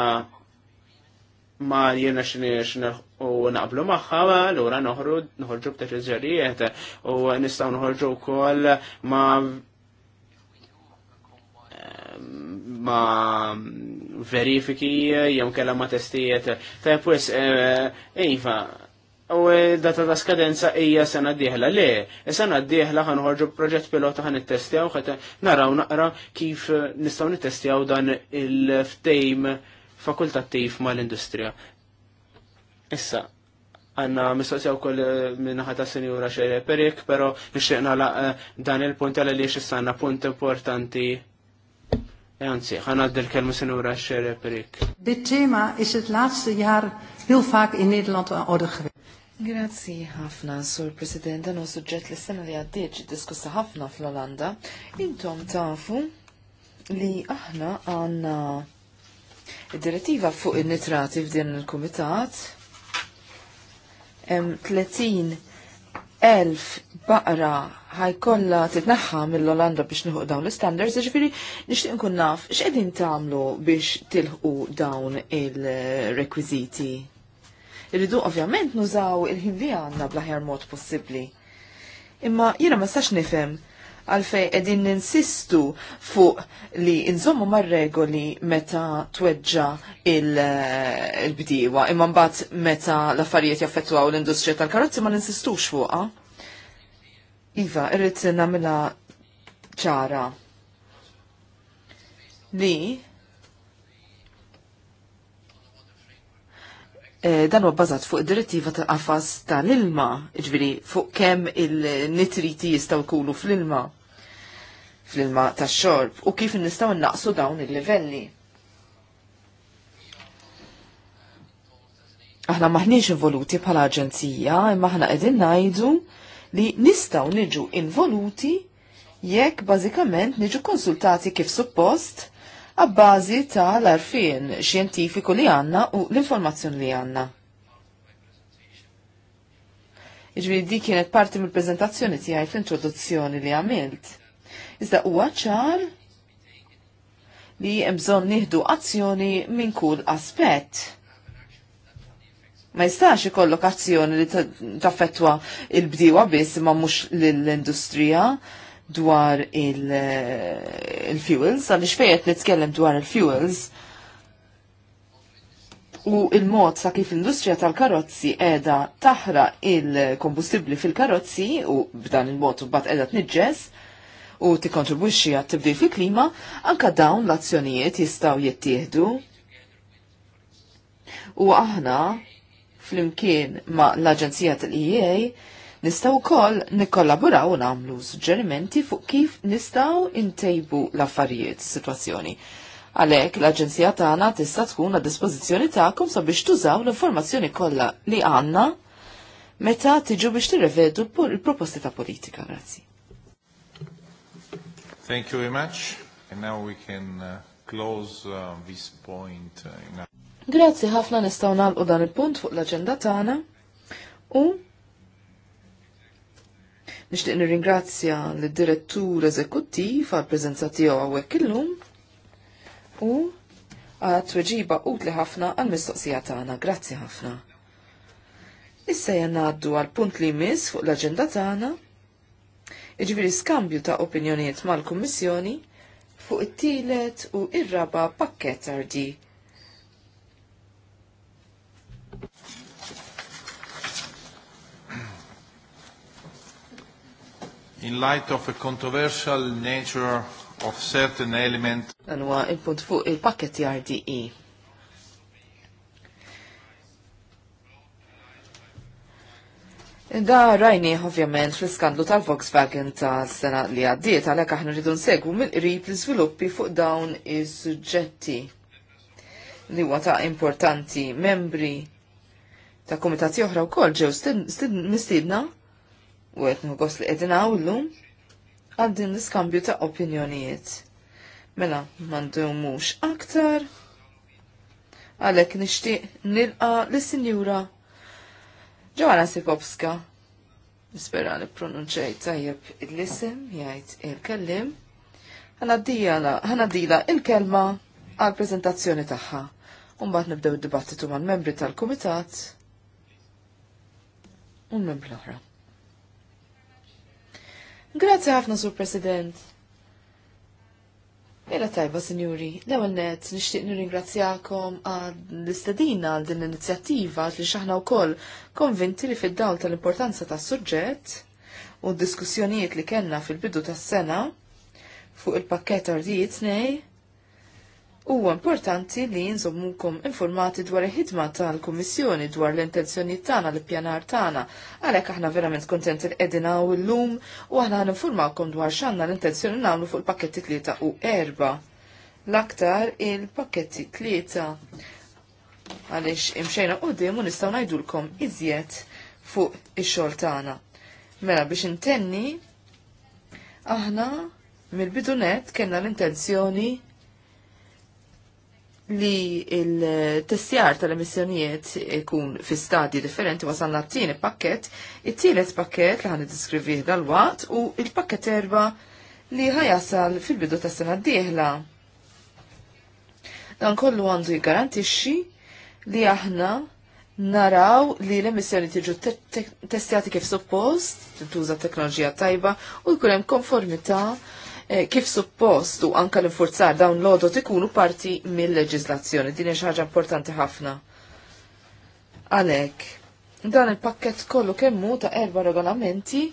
ma jiena x'niex u naqblu magħha, lura noħorġu b'deċiżjonijiet u nistgħu noħorġu wkoll ma' ma verifiki jew kella ma testijiet. Ta' pues, eh, Iva, u data ta' skadenza hija sena d-dieħla. Le, sena d-dieħla uħarġu proġett pilota ħan nittestjaw, ħata naraw naqra kif nistgħu nittestjaw dan il-ftejm fakultattiv mal-industrija. Issa, għanna mistoqsija u koll minnaħat ta' senjura xejre perik, pero nixtieqna la' eh, dan il-punt għal li xissanna punt importanti Anzi, ħana għaddil kelmu sinura xere perik. Dit tema is het laatste jaar heel vaak in Nederland aan orde geweest. Grazzi ħafna, Sur President, dan u suġġett li s-sena li għaddiet diskussa ħafna fl-Olanda. Intom tafu li aħna għanna id direttiva fuq il-nitrati f'din il komitat 30 baqra ħajkolla titnaħħa mill-Olanda biex nħuq dawn l-standards, ġifiri nixtieq nkun naf x'qegħdin tagħmlu biex tilħu dawn il-rekwiżiti. Irridu ovvjament nużaw il-ħin li għandna bl-aħjar mod possibbli. Imma jiena ma stax nifhem għalfej edin ninsistu fuq li nżommu mar-regoli meta tweġġa il-bdiewa, imma mbagħad meta l-affarijiet jaffettwaw l-industrija tal-karozzi ma ninsistux fuqha. Iva, irrit namela ċara li e, dan huwa bbażat fuq id-direttiva ta' qafas tal-ilma, ġifieri fuq kemm il-nitriti jistgħu jkunu fl-ilma fl-ilma tax-xorb u kif nistgħu naqsu dawn il-livelli. Aħna maħniex involuti bħala aġenzija, imma aħna qegħdin ngħidu li nistaw niġu involuti jekk bażikament niġu konsultati kif suppost għabbażi tal-arfien xjentifiku li għanna u l-informazzjoni li għanna. Iġviri di kienet parti mill prezentazzjoni tiegħi fl-introduzzjoni li għamilt. Iżda huwa ċar li hemm bżonn nieħdu azzjoni minn kull aspett ma jistax ikollok azzjoni li taffettwa il-bdiewa biss ma mhux l-industrija dwar il-fuels, għaliex fejqed nitkellem dwar il-fuels u il-mod sa kif l-industrija tal-karozzi edha taħra il-kombustibli fil-karozzi u b'dan il-mod u bat edha tniġġes, u tikkontribwixxi għat tibdil fil-klima, anka dawn l-azzjonijiet jistgħu jittieħdu. U aħna flimkien ma l-Aġenzija tal-EA nistaw kol nikkollaboraw u namlu suġġerimenti fuq kif nistaw intejbu l-affarijiet situazzjoni. Għalek l-Aġenzija tagħna tista' tkun għad dispożizzjoni tagħkom sabiex tużaw l-informazzjoni kollha li għandna meta tiġu biex tirrevedu l-proposti ta' politika. Grazzi. Thank you very much. And now we can uh, close uh, this point. Uh, in Grazzi ħafna nistgħu nagħlqu dan il-punt fuq l-aġenda tagħna u nixtieq nirringrazzja lid-direttur eżekuttiv għall preżenza tiegħu hawnhekk illum u għal tweġiba utli ħafna għall-mistoqsija tagħna. Grazzi ħafna. Issa ngħaddu għal punt li jmiss fuq l-aġenda tagħna iġviri skambju ta' opinjonijiet mal-Kummissjoni fuq it-tielet u ir-raba pakket tardi in light of a controversial nature of certain element. Anwa il-punt fuq il-pakket RDE. Da rajni ovvjament fl-skandlu tal-Volkswagen ta' sena li għaddiet għalek aħna rridu nsegwu mill-qrib l-iżviluppi fuq dawn is-suġġetti li huwa ta' importanti membri ta' komitati oħra wkoll ġew mistiedna u għet nħugos li għedin għawlu għaddin l-skambju ta' opinjonijiet. Mela, mandu mux aktar, għalek nishti nilqa l-sinjura Ġoħana Sikopska. Nispera li pronunċejt tajjeb il lisem jgħajt il-kellim. Għanaddila il-kelma għal-prezentazzjoni taħħa. Umbat nibdew id-dibattitu mal-membri tal-komitat un-membri l-oħra. Grazzi ħafna, Sur President. Mela tajba, sinjuri, l-ewwel nett nixtieq nirringrazzjakom għall-istedina għal din l-inizjattiva li xaħna wkoll konvinti li fid-dawl tal-importanza tas-suġġett u d-diskussjonijiet li kellna fil-bidu tas-sena fuq il-pakket ardijiet nej, Huwa importanti li jinżommukom informati dwar il-ħidma tal-Kummissjoni dwar l-intenzjoni tagħna l pjanar tagħna. Għalhekk aħna verament kontent il-qegħdin hawn illum u aħna ħaninformawkom dwar x'għandna l-intenzjoni nagħmlu fuq il-pakketti tlieta u erba. L-aktar il-pakketti tlieta għaliex imxejna qudiem u nistgħu ngħidulkom iżjed fuq ix-xogħol tagħna. Mela biex intenni aħna mill-bidunet kellna l-intenzjoni li il-testjar tal-emissjonijiet ikun fi stadji differenti wasalna t-tieni pakket, it-tielet pakket li ħan id-diskrivih dal-waqt u il-pakket erba li ħajasal fil-bidu ta' sena d-dieħla. Dan kollu għandu jgarantixxi li aħna naraw li l-emissjoni tiġu testjati kif suppost, tintuża teknoloġija tajba u jkun hemm konformità Eh, kif suppost u anka l-infurzar dawn l-odot ikunu parti mill-leġizlazzjoni. Din hija ħaġa importanti ħafna. Għalhekk, dan il-pakket kollu kemmu ta' erba' regolamenti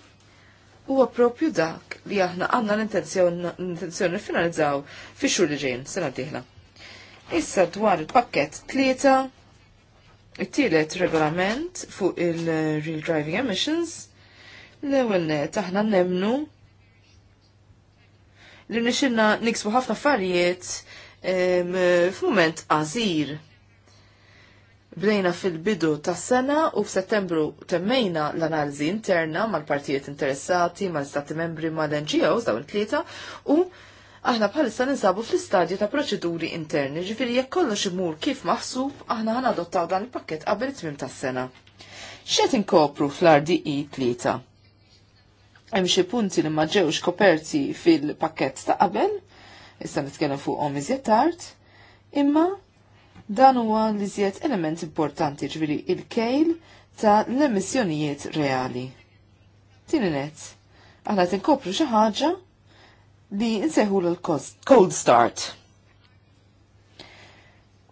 huwa propju dak li aħna għandna l-intenzjoni finalizzaw fi xhur li ġejn sena diħla. Issa dwar il-pakket tlieta it-tielet regolament fuq il-Real Driving Emissions l-ewwel net aħna nemnu li nixinna niksbu ħafna affarijiet f'mument għazir. Bdejna fil-bidu tas sena u f'Settembru temmejna l-analiżi interna mal-partijiet interessati, mal-Stati membri, mal-NGOs daw il-tlieta u aħna bħalissa ninsabu fl-istadju ta' proċeduri interni, ġifiri jekk kollox imur kif maħsub, aħna ħana adottaw dan il-pakket qabel it-tmim tas-sena. X'qed inkopru fl-RDI e tlieta? Hemm xi punti li ma ġewx koperti fil-pakkett ta' qabel, issa nitkellem fuqhom iżjed tard, imma dan huwa li iżjed element importanti ġviri il-kejl ta' l-emissjonijiet reali. Tieni net, aħna tinkopru xi ħaġa li nseħu l-cold start.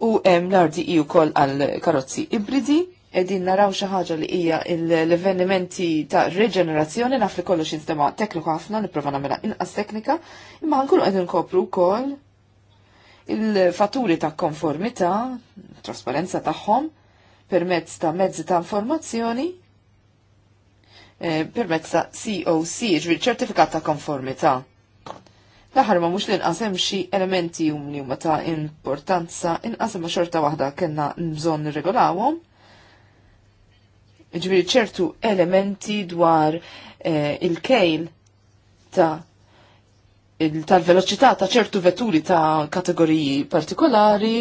U hemm l-RDI e wkoll għal karozzi ibridi edin naraw xi ħaġa li hija l-avvenimenti ta' reġenerazzjoni naf li kollox jinstema' tekniku ħafna nipprova nagħmilha inqas teknika, imma nkunu qed inkopru wkoll il-fatturi ta' konformità, trasparenza tagħhom permezz ta' mezzi ta' informazzjoni eh, permezz ta' COC, ġviri ċertifikat ta' konformità. L-aħħar ma mhux nqasem xi elementi hum li huma ta' importanza nqasem ma' xorta waħda kena bżonn nirregolawhom ġviri ċertu elementi dwar eh, il-kejl ta' il tal-veloċità ta' ċertu vetturi ta' kategoriji partikolari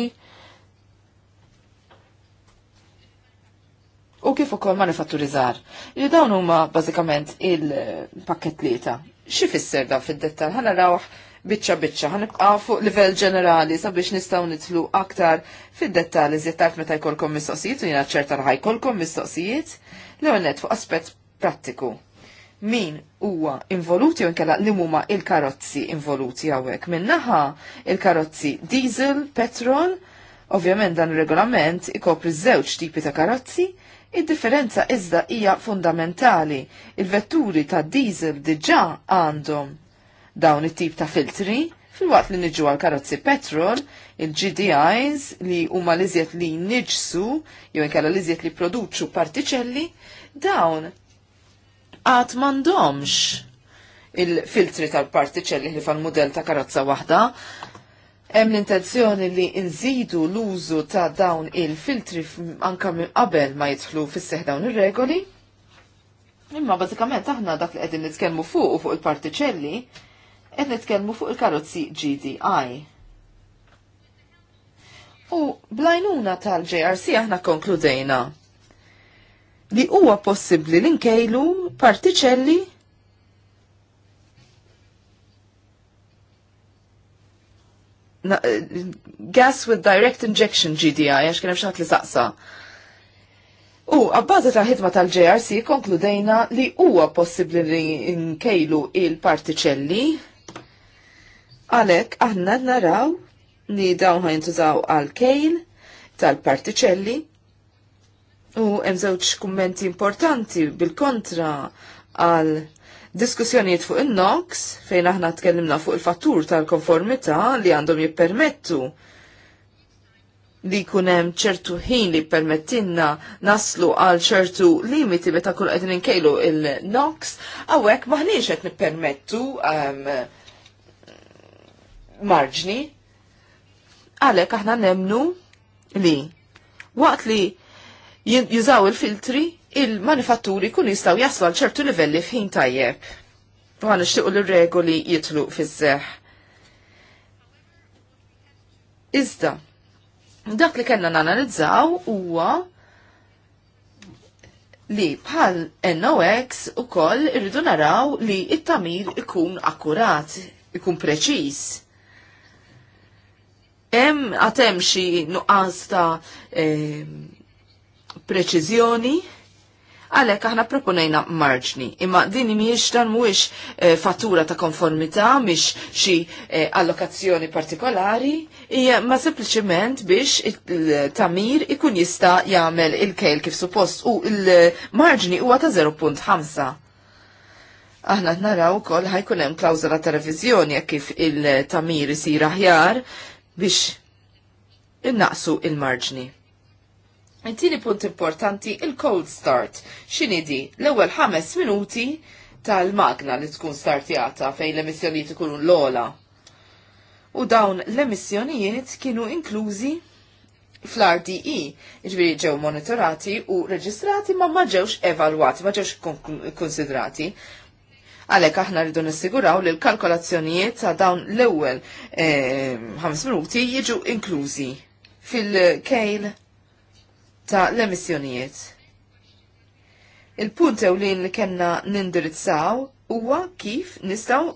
u kif ukoll manifatturizar. Li dawn huma bażikament il-pakkett lieta. Xi fisser dan fid-dettal? Ħana rawh biċċa biċċa. Ħanibqa fuq livell ġenerali sabiex nistgħu nitlu aktar fid-dettali iżjed taf meta jkollkom mistoqsijiet u jiena ċerta li ħajkolkom mistoqsijiet li għonet fuq aspett prattiku. Min huwa involuti u nkella li muma il-karozzi involuti hawnhekk. Minnaħa il-karozzi diesel, petrol, ovvjament dan ir-regolament ikopri żewġ tipi ta' karozzi, Id-differenza iżda hija fundamentali. Il-vetturi ta' diesel diġà għandhom dawn it-tip ta' filtri fil-waqt li niġu għal karozzi petrol, il-GDIs li huma liżiet li nġsu, jew inkella liżiet li produċu partiċelli, dawn għat mandomx il-filtri tal-partiċelli li fal-modell ta' karozza waħda, Hemm l-intenzjoni li nżidu l-użu ta' dawn il-filtri anka minn qabel ma jidħlu fis-seħ dawn ir-regoli. Imma bażikament aħna dak li qegħdin nitkellmu fuq u fuq il-partiċelli qed nitkellmu fuq il-karozzi GDI. U blajnuna tal-JRC aħna konkludejna li huwa possibbli li nkejlu partiċelli Na, eh, gas with direct injection GDI, għax kien hemm xaħat li saqsa. U għabbaza ta' ħidma tal-JRC konkludejna li huwa possibbli li nkejlu il-partiċelli Għalek aħna naraw li dawn jintużaw għal kejn tal-partiċelli u hemm żewġ kummenti importanti bil-kontra għal diskussjonijiet fuq in-NOx fejn aħna tkellimna fuq il-fattur tal-konformità li għandhom jippermettu li kunem ċertu ħin li permettinna naslu għal ċertu limiti meta kull qed ninkejlu il-NOx, għawek maħniex qed nippermettu um, marġni. Għalek aħna nemnu li waqt li jużaw il-filtri, il-manifatturi kun jistaw jaslu għal ċertu livelli fħin tajjeb. U għan ixtiqu l-regoli jitlu fizzeħ. Iżda, dak li kena nanalizzaw huwa li bħal NOx u koll irridu naraw li it-tamir ikun akkurat, ikun preċis. Hemm għatem xi nuqqas ta' preċizjoni, preċiżjoni għalek aħna proponajna marġni. Imma din miex dan mhuwiex eh, fattura ta' konformità, miex xi eh, allokazzjoni partikolari, hija ma sempliċement biex il-tamir eh, ikun jista' jagħmel il-kejl kif suppost u il-marġni huwa ta' 0.5. Aħna naraw kol ħajkun hemm klawżola ta' reviżjoni jekk kif il-tamir isir aħjar biex innaqsu il-marġni. Intini punt importanti il-cold start. Xinidi, l-ewel ħames minuti tal-magna li tkun startijata fej l-emissjonijiet ikunu l-ola. U dawn l-emissjonijiet kienu inklużi fl-RDE, ġviri ġew monitorati u reġistrati ma ma ġewx evalwati, ma ġewx konsidrati. Għalek aħna rridu nissiguraw li l-kalkolazzjonijiet ta' dawn l-ewwel 5 eh, minuti jiġu inklużi fil-kejl ta' l-emissjonijiet. Il-punt ewlin li kena nindirizzaw huwa kif nistaw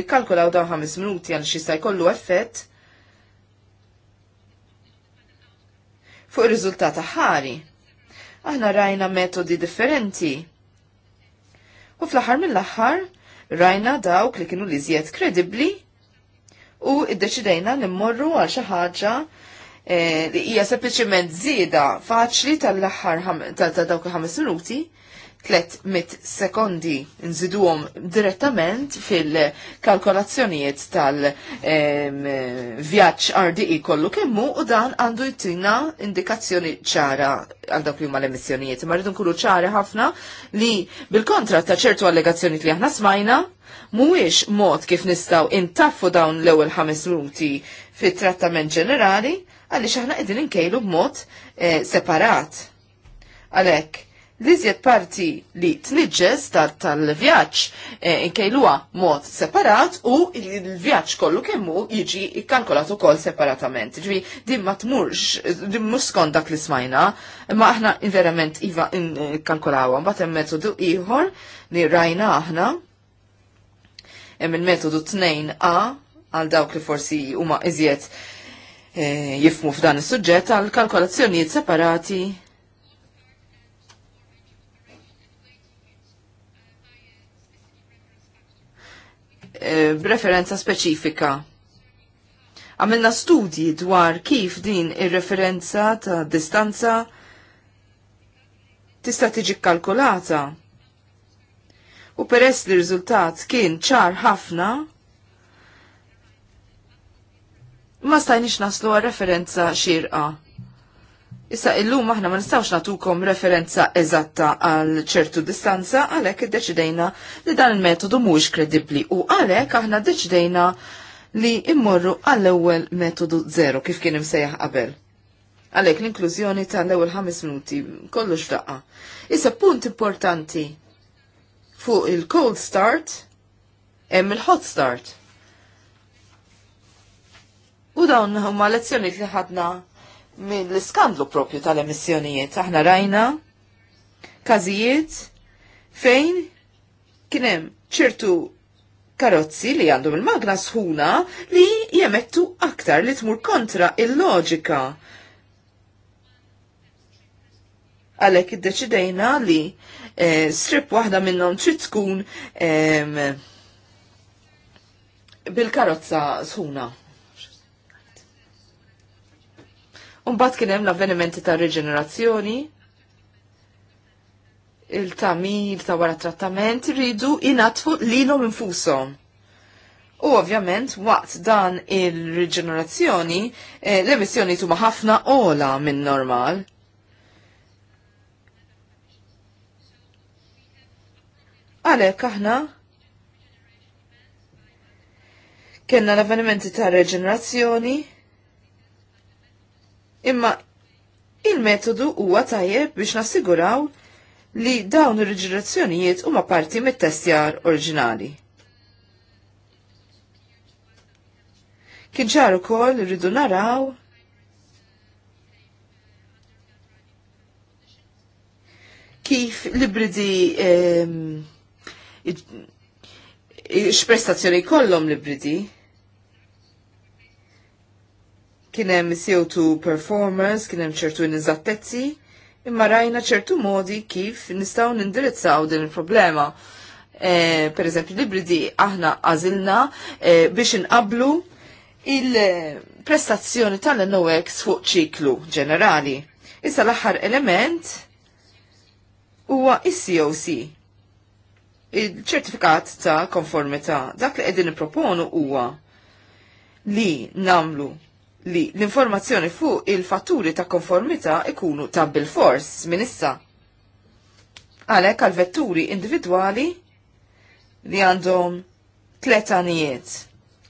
nikkalkulaw dawn 5 minuti għal xista jkollu effett fuq ir-riżultat ħari. Aħna rajna metodi differenti U fl-aħħar mill-aħħar rajna dawk li kienu li żjed kredibbli u iddeċidejna li mmorru għal xi ħaġa eh, li hija sempliċement żieda faċli tal ħar ta' dawk il-ħames minuti 300 sekondi nżiduhom direttament fil-kalkolazzjonijiet tal-vjaġġ RDI e kollu kemmu u dan għandu jtina indikazzjoni ċara għal dak li huma l-emissjonijiet. Ma rridu nkunu ċari ħafna li bil-kontra ta' ċertu allegazzjonijiet li aħna smajna mhuwiex mod kif nistgħu intaffu dawn l-ewwel ħames minuti fit-trattament ġenerali għaliex aħna qegħdin inkejlu b'mod eh, separat. Għalhekk, L-iżjed parti li tniġġes tal-vjaġġ eh, inkejluha mod separat u l-vjaġġ kollu kemmu jiġi ikkalkolat ukoll separatament. Ġifi din ma tmurx, din mhux skont dak li smajna, ma aħna verament iva ikkalkolawha. Mbagħad hemm metodu ieħor li rajna aħna hemm il-metodu 2A għal dawk li forsi huma iżjed eh, jifmu f'dan is-suġġett għal kalkolazzjonijiet separati b'referenza eh, speċifika. Għamilna studji dwar kif din ir-referenza ta' distanza tista' tiġi kalkulata. U peress li riżultat kien ċar ħafna, ma stajniex naslu għal referenza xirqa. Issa illum aħna ma nistawx natukom referenza eżatta għal ċertu distanza għalhekk iddeċidejna li dan il-metodu mhuwiex kredibbli u għalhekk aħna ddeċidejna li immorru għall-ewwel metodu zero kif kien imsejjaħ qabel. Għalhekk l-inklużjoni tal-ewwel ħames minuti kollox f'daqqa. Issa punt importanti fuq il-cold start hemm il-hot start. U dawn huma lezzjonijiet li ħadna minn l-iskandlu propju tal-emissjonijiet. Aħna rajna każijiet fejn kienem ċertu karozzi li għandhom il-magna sħuna li jemettu aktar li tmur kontra il-loġika. Għalek id-deċidejna li e, strip waħda minnom trid tkun e, bil-karozza sħuna. Umbat kien hemm l-avvenimenti ta' reġenerazzjoni, il-tamir ta' wara trattament ridu inatfu lilhom infushom. U ovvjament waqt dan il-reġenerazzjoni eh, l-emissjoni tuma ħafna ola minn normal. Għalek aħna kena l-avvenimenti ta' reġenerazzjoni imma il-metodu huwa tajjeb biex nassiguraw li dawn ir-reġirazzjonijiet huma parti mit-testjar oriġinali. Kien ċar ukoll irridu naraw kif libridi ehm, ibridi x'prestazzjoni eh, libridi? l Kienem sewtu performers, performance, kienem ċertu nizattezzi, imma rajna ċertu modi kif nistaw nindirizzaw din il-problema. E, per eżempju, l aħna għazilna e, biex inqablu il-prestazzjoni tal-NOx fuq ċiklu ġenerali. Issa l-aħħar element huwa is-COC, il-ċertifikat ta' konformità. Dak li qegħdin nipproponu huwa li namlu li l-informazzjoni fuq il-fatturi ta' konformità ikunu ta' bil-fors minn issa. Għalhekk għal vetturi individwali li għandhom tletanijiet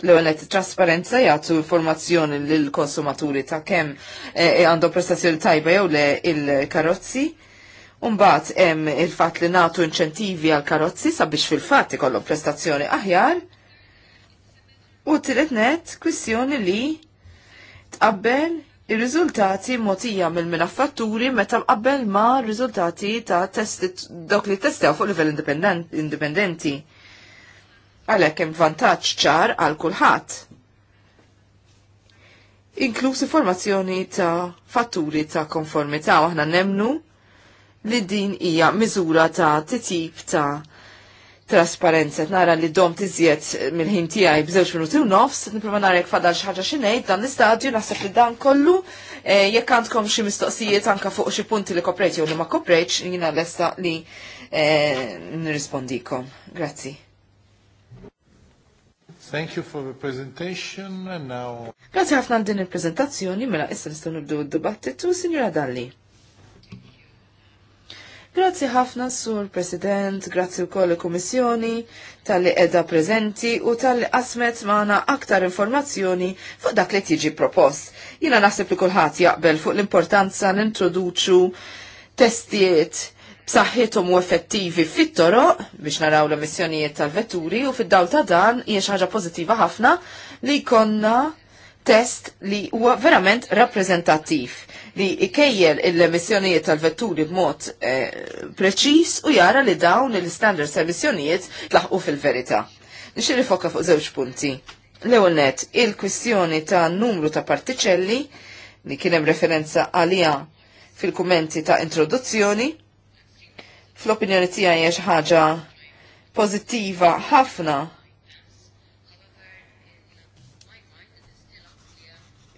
l-għonet trasparenza jgħatu informazzjoni l-konsumaturi ta' kem eh, eh, għandhom e, prestazzjoni tajba jew le il-karozzi. Umbat hemm il-fat li natu inċentivi għal karozzi sabiex fil-fat ikollhom prestazzjoni aħjar. U tiret net kwistjoni li tqabbel ir-riżultati motija mill-minaffatturi meta mqabbel ma' riżultati ta' testi dok li testew fuq livell indipendenti. Għalhekk hemm vantaġġ ċar għal kulħadd. Inkluż informazzjoni ta' fatturi ta' konformità aħna nemnu li din hija miżura ta' titjib ta' trasparenza. Nara li dom tiżjed mill-ħin tiegħi b'żewġ minuti u nofs, nipprova nara jekk fadal xi ħaġa xi ngħid dan l-istadju naħseb li dan kollu eh, jekk għandkom xi mistoqsijiet anke fuq xi punti li koprejt jew li ma koprejtx jiena lesta li eh, nirrispondikom. Grazzi. Thank you for the presentation and now... Grazie ħafna din il-prezentazzjoni, mela issa nistgħu nibdu d-dibattitu, Signora Dalli. Grazzi ħafna sur President, grazzi u koll Komissjoni tal-li edha prezenti u tal-li asmet maħna aktar informazzjoni fuq dak li tiġi propost. Jina naħseb li kullħat jaqbel fuq l-importanza nintroduċu testijiet b'saħħithom u effettivi fit-toroq biex naraw l-emissjonijiet tal-vetturi u fid-dawl ta' dan hija xi ħaġa pożittiva ħafna li konna test li huwa verament rappreżentattiv li ikejjel l-emissjonijiet tal-vetturi b'mod eh, preċis u jara li dawn l standard emissjonijiet tlaħqu fil-verità. Nixir foka fuq żewġ punti. L-ewwel il-kwistjoni ta' numru ta' partiċelli li kien hemm referenza għalija fil-kumenti ta' introduzzjoni. Fl-opinjoni tiegħi ħaġa pożittiva ħafna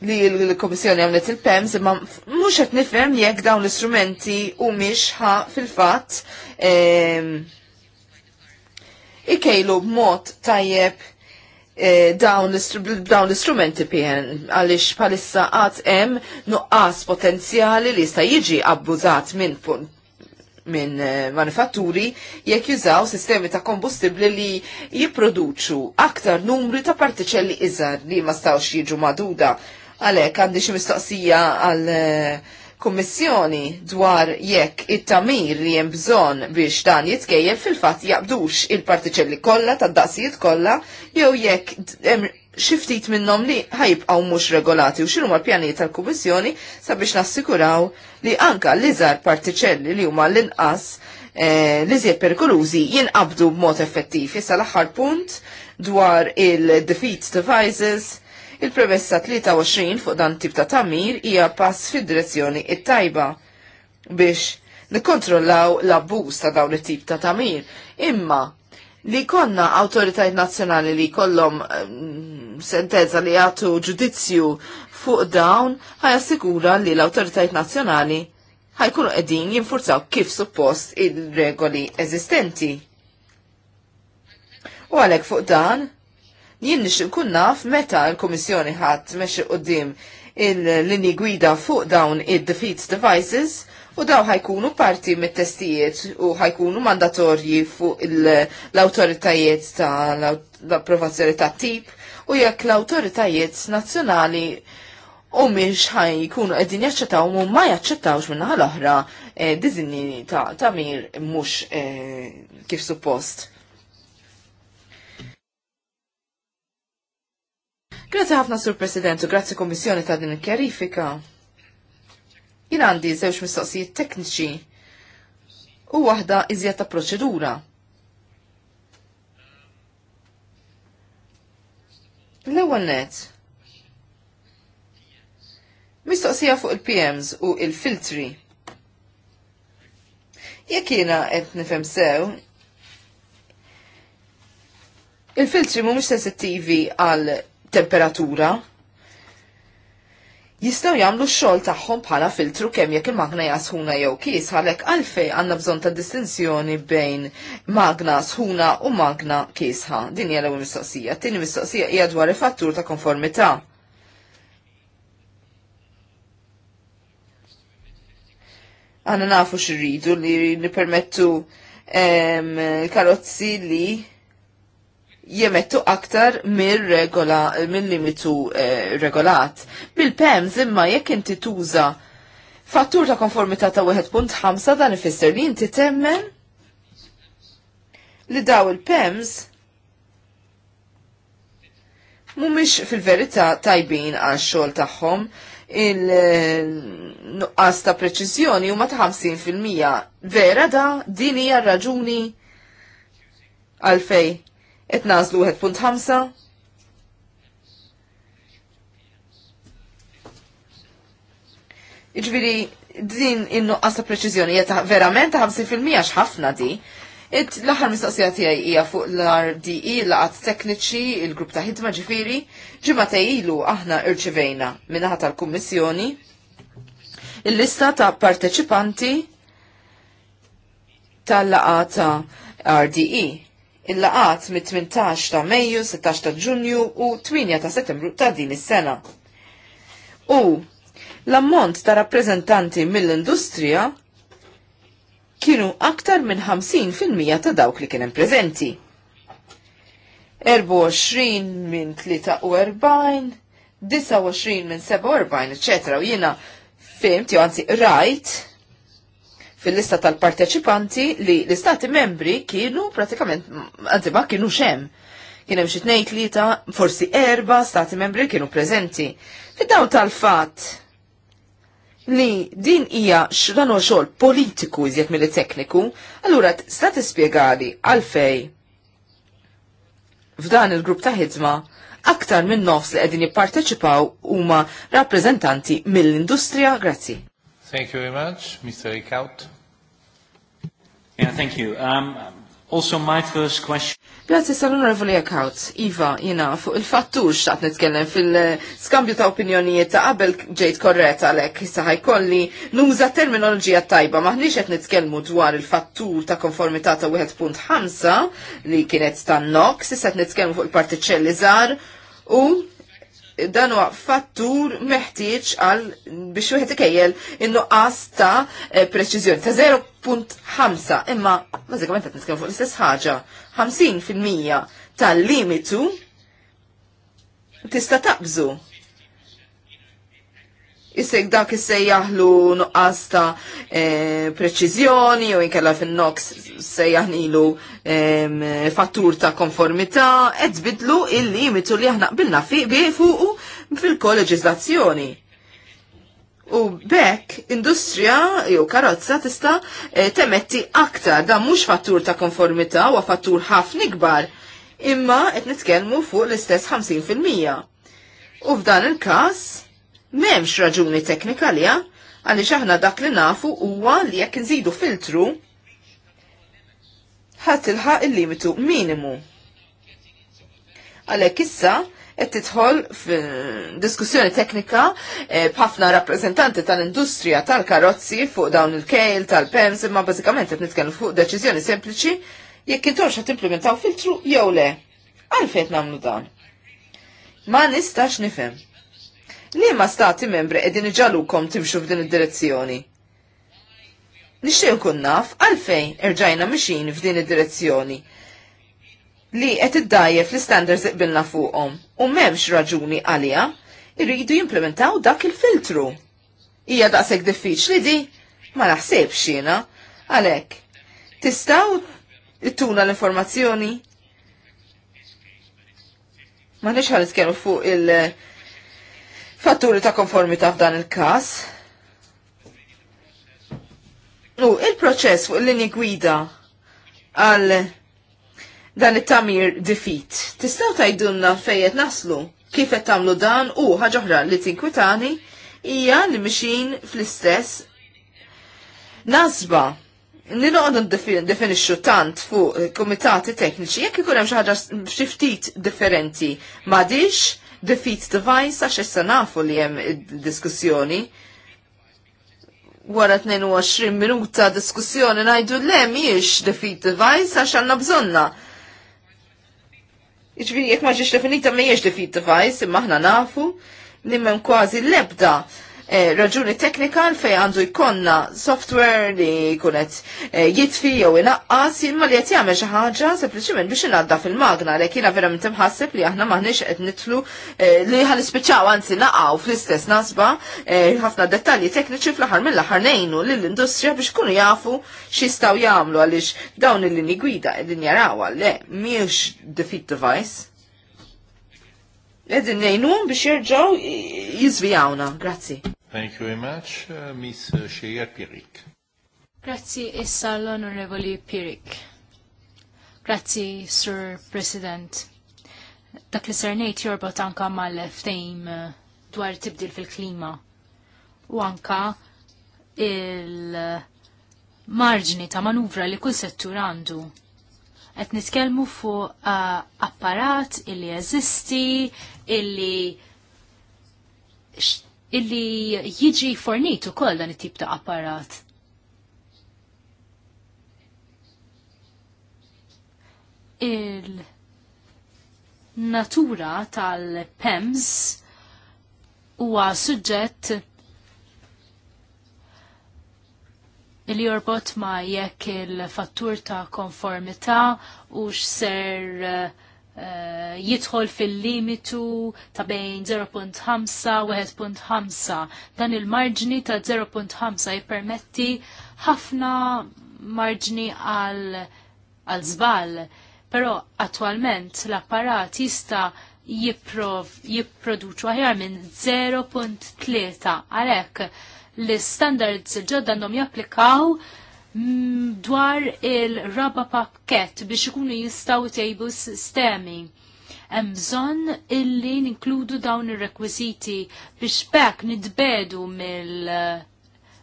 li l-Komissjoni għamlet il-PEMS, imma mux għet nifem jekk dawn l-istrumenti u ħa fil-fat ehm, ikejlu b b'mod tajjeb eh, dawn l-istrumenti PN għalix palissa għat em nuqqas potenzjali li jista' jiġi abbużat minn minn eh, manifatturi jekk jużaw sistemi ta' kombustibli li jipproduċu aktar numri ta' partiċelli iżar li ma stawx jiġu maduda Għalek għandi xi mistoqsija għal eh, kummissjoni dwar jekk it-tamir li hemm bżonn biex dan jitkejjem fil-fatt jaqbdux il-partiċelli kollha tad-daqsijiet kollha jew jekk xiftit minnom li ħajbqaw mhux regolati u x'inhuma l pjani tal-Kummissjoni sabiex nassikuraw li anka l-iżgħar partiċelli li huma l-inqas eh, li żjed perikolużi jinqabdu b'mod effettiv. Issa l-aħħar punt dwar il-defeat devices Il-premessa 23 fuq dan tip ta' tamir hija pass fid-direzzjoni it-tajba biex nikkontrollaw l-abbuż ta' dawn it-tip ta' tamir. Imma li konna autoritajt nazzjonali li kollom mm, sentenza li għatu ġudizzju fuq dawn ħajassigura li l-autoritajt nazzjonali ħajkunu edin jinfurzaw kif suppost il-regoli eżistenti. U għalek fuq dan, Jien nix nkun naf meta l-Komissjoni ħadd meċi qoddim il-linji gwida fuq dawn id-defeats devices u daw ħajkunu parti mit-testijiet u ħajkunu mandatorji fuq l-autoritajiet ta' l-approvazzjoni ta' tip u jekk l-autoritajiet nazzjonali u miex ħajkunu jkunu jaċċettaw u ma jaċċettawx minna l-oħra eh, dizinni ta' tamir mux eh, kif suppost. Grazie ħafna Sur President u grazie Kommissjoni ta' din il-kjarifika. Jien għandi żewġ mistoqsijiet tekniċi u waħda iżjed ta' proċedura. L-ewwel net. Mistoqsija fuq il-PMs u il-filtri. Jekk jiena qed nifhem sew, il-filtri mhumiex sensittivi għal temperatura, jistaw jamlu xol taħħom bħala filtru kemm jekk il-magna jasħuna jew kis għalhekk għalfej għandna bżonn ta' distinzjoni bejn magna sħuna u magna kisħa. Din hija l-ewwel mistoqsija. Tieni mistoqsija hija dwar il-fattur ta' konformità. Għanna nafu xirridu li nipermettu karozzi li jemettu aktar mill-regola, mill-limitu eh, regolat. Bil-PEMS imma jekk inti tuża fattur ta' konformità ta' 1.5 dan ifisser li inti temmen li daw il-PEMS mumiex fil-verità tajbin għal xogħol tagħhom il-nuqqas ta' preċiżjoni huma ta' 50%. Vera da din hija raġuni għalfej qed punt 1.5 Iġviri, din in-nuqqas ta' jeta verament ta' 50% x'ħafna di. L-aħħar mistoqsija tiegħi hija fuq l-RDI e, laqat tekniċi il-grupp ta' ħidma ġifieri ġimata ilu aħna irċivejna minnaħat tal-Kummissjoni il-lista ta' parteċipanti tal-laqata RDI e il-laqat mit-18 ta' Mejju, 16 ta' Ġunju u 8 ta' Settembru ta' din is-sena. U l-ammont ta' rappreżentanti mill-industrija kienu aktar minn 50% ta' dawk li kienem preżenti. 24 minn 43, 29 minn 47, eccetera, u jina fimt, jo għanzi rajt, right, fil-lista tal-parteċipanti li l-istati membri kienu pratikament, għanzi ma kienu xem. Kien hemm xi li ta' forsi erba' stati membri kienu preżenti. fid tal-fatt li din hija x'dan xogħol politiku iżjed milli tekniku, allura stati tispjegali għalfej f'dan il-grupp ta' ħidma aktar minn nofs li qegħdin jipparteċipaw huma rappreżentanti mill-industrija, grazzi. Thank you very much. Mr. Eckhout. Yeah, thank you. Um, also my first question. Grazie sal-onorevoli Eckhout. Iva, jina, fuq il-fattur xtaqt nitkellem fil-skambju ta' opinjonijiet ta' qabel ġejt korret għalek, jissa ħajkolli nuża terminoloġija tajba, maħniġ qed nitkellmu dwar il-fattur ta' konformità ta' 1.5 li kienet ta' NOx, issa qed nitkellmu fuq il-partiċelli żgħar u dan huwa fattur meħtieġ għal biex wieħed ikejjel in-nuqqas ta' eh, preċiżjoni ta' 0.5 imma bażikament qed nitkellmu fuq l-istess ħaġa. 50% tal-limitu tista' taqbżu Isek dak se jaħlu nuqqas ta' e, preċizjoni u inkella fin-nox se jaħnilu fattur ta' konformità qed bidlu il-limitu li aħna qbilna fuqu fil-koleġiżlazzjoni. U bekk industrija jew karozza tista' e, temetti aktar da mhux fattur ta' konformità u fattur ħafna ikbar imma qed nitkellmu fuq l-istess 50%. U f'dan il-każ M'hemmx raġuni teknika li għaliex aħna dak li nafu huwa li jekk nżidu filtru ħat ilħa il-limitu minimu. Għalhekk issa qed tidħol f'diskussjoni teknika eh, b'ħafna rappreżentanti tal-industrija tal-karozzi fuq dawn il-kejl tal-pems imma bażikament qed nitkellmu fuq deċiżjoni sempliċi jekk intomx qed implementaw filtru jew le. Għalfejn nagħmlu dan. Ma nistax nifhem Li ma stati membri edin iġalukom timxu f'din id-direzzjoni? Nixtieq kun naf għalfejn irġajna mixin f'din id-direzzjoni li qed iddajjef l-standards iqbilna fuqhom u m'hemmx raġuni għalija irridu jimplementaw dak il-filtru. Hija daqshekk diffiċli di, ma naħsibx jiena għalhekk. Tistgħu ittuna l-informazzjoni? Ma nix ħal fuq il- fatturi ta' konformità f'dan il-każ. U il-proċess fuq l-linji gwida għal dan it-tamir defeat. Tistaw tajdunna fejjet naslu kif qed tagħmlu dan u ħaġa oħra li tinkwitani hija li mixin fl-istess nasba li noqogħdu definixxu tant fuq kumitati tekniċi jekk ikun hemm xi ħaġa ftit differenti m'għadix defeat device għax issa nafu li hemm diskussjoni. Wara 22 minuta diskussjoni ngħidu le mhijiex defeat device għax għandna bżonna. Iġviri, jek maġiġ definita mhijiex defeat device, imma aħna nafu li m'hemm kważi l-ebda Eh, raġuni teknika fej għandu jkonna software li kunet eh, jitfi jew inaqqas imma li qed jagħmel xi ħaġa sempliċiment biex ingħadda fil-magna li jiena verament imħasseb li aħna maħniex qed nitlu eh, li ħanispiċċaw anzi naqgħu fl-istess nasba ħafna dettalji tekniċi fl-aħħar mill-aħħar ngħinu lill-industrija biex kunu jafu x'jistgħu jagħmlu għaliex dawn il-linji gwida qegħdin jaraw le mhijiex defeat device. Edin nejnum biex jirġaw jizvijawna. Grazzi. Thank you very much, uh, Miss Xejer uh, Pirik. Grazzi issa l-Onorevoli Pirik. Grazzi, Sir President. Dak li sernejt jorbot anka mal-ftejm uh, dwar tibdil fil-klima u anka il-marġni ta' manuvra li kull settur għandu. Qed nitkellmu fuq uh, apparat illi jeżisti, illi illi jiġi fornit koll dan it-tip ta' apparat. Il-natura tal-PEMS huwa suġġett il jorbot ma jekk il-fattur ta' konformità u x'ser Eh, jidħol fil-limitu ta' bejn 0.5 u 1.5. Dan il-marġni ta' 0.5 jippermetti ħafna marġni għal għal żball. Però attualment l-apparat jista' jipproduċu aħjar minn 0.3 għalhekk l-standards ġodda għandhom japplikaw Mm, dwar il-raba pakket biex ikunu jistaw tejbu sistemi. Hemm bżonn illi ninkludu dawn ir-rekwiżiti biex bekk nidbedu mill eh,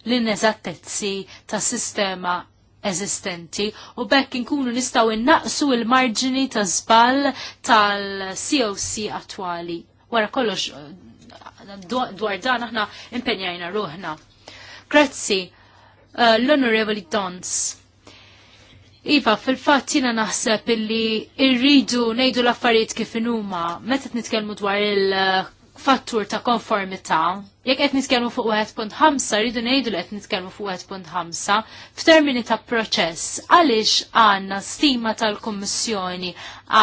l-ineżattezzi ta' sistema eżistenti u bekk inkunu nistaw innaqsu il-marġini ta' żball tal-COC attwali. Wara kollox eh, dwar dan aħna impenjajna ruħna. Grazzi Eh, l-Honorable Dons. Iva, fil-fat jina naħseb illi irridu nejdu l-affarijiet kif inuma, meta nitkellmu dwar il-fattur ta' konformità, jekk qed nitkellmu fuq 1.5, rridu nejdu li qed nitkellmu fuq 1.5 f'termini ta' proċess. Għaliex għandna stima tal-Kummissjoni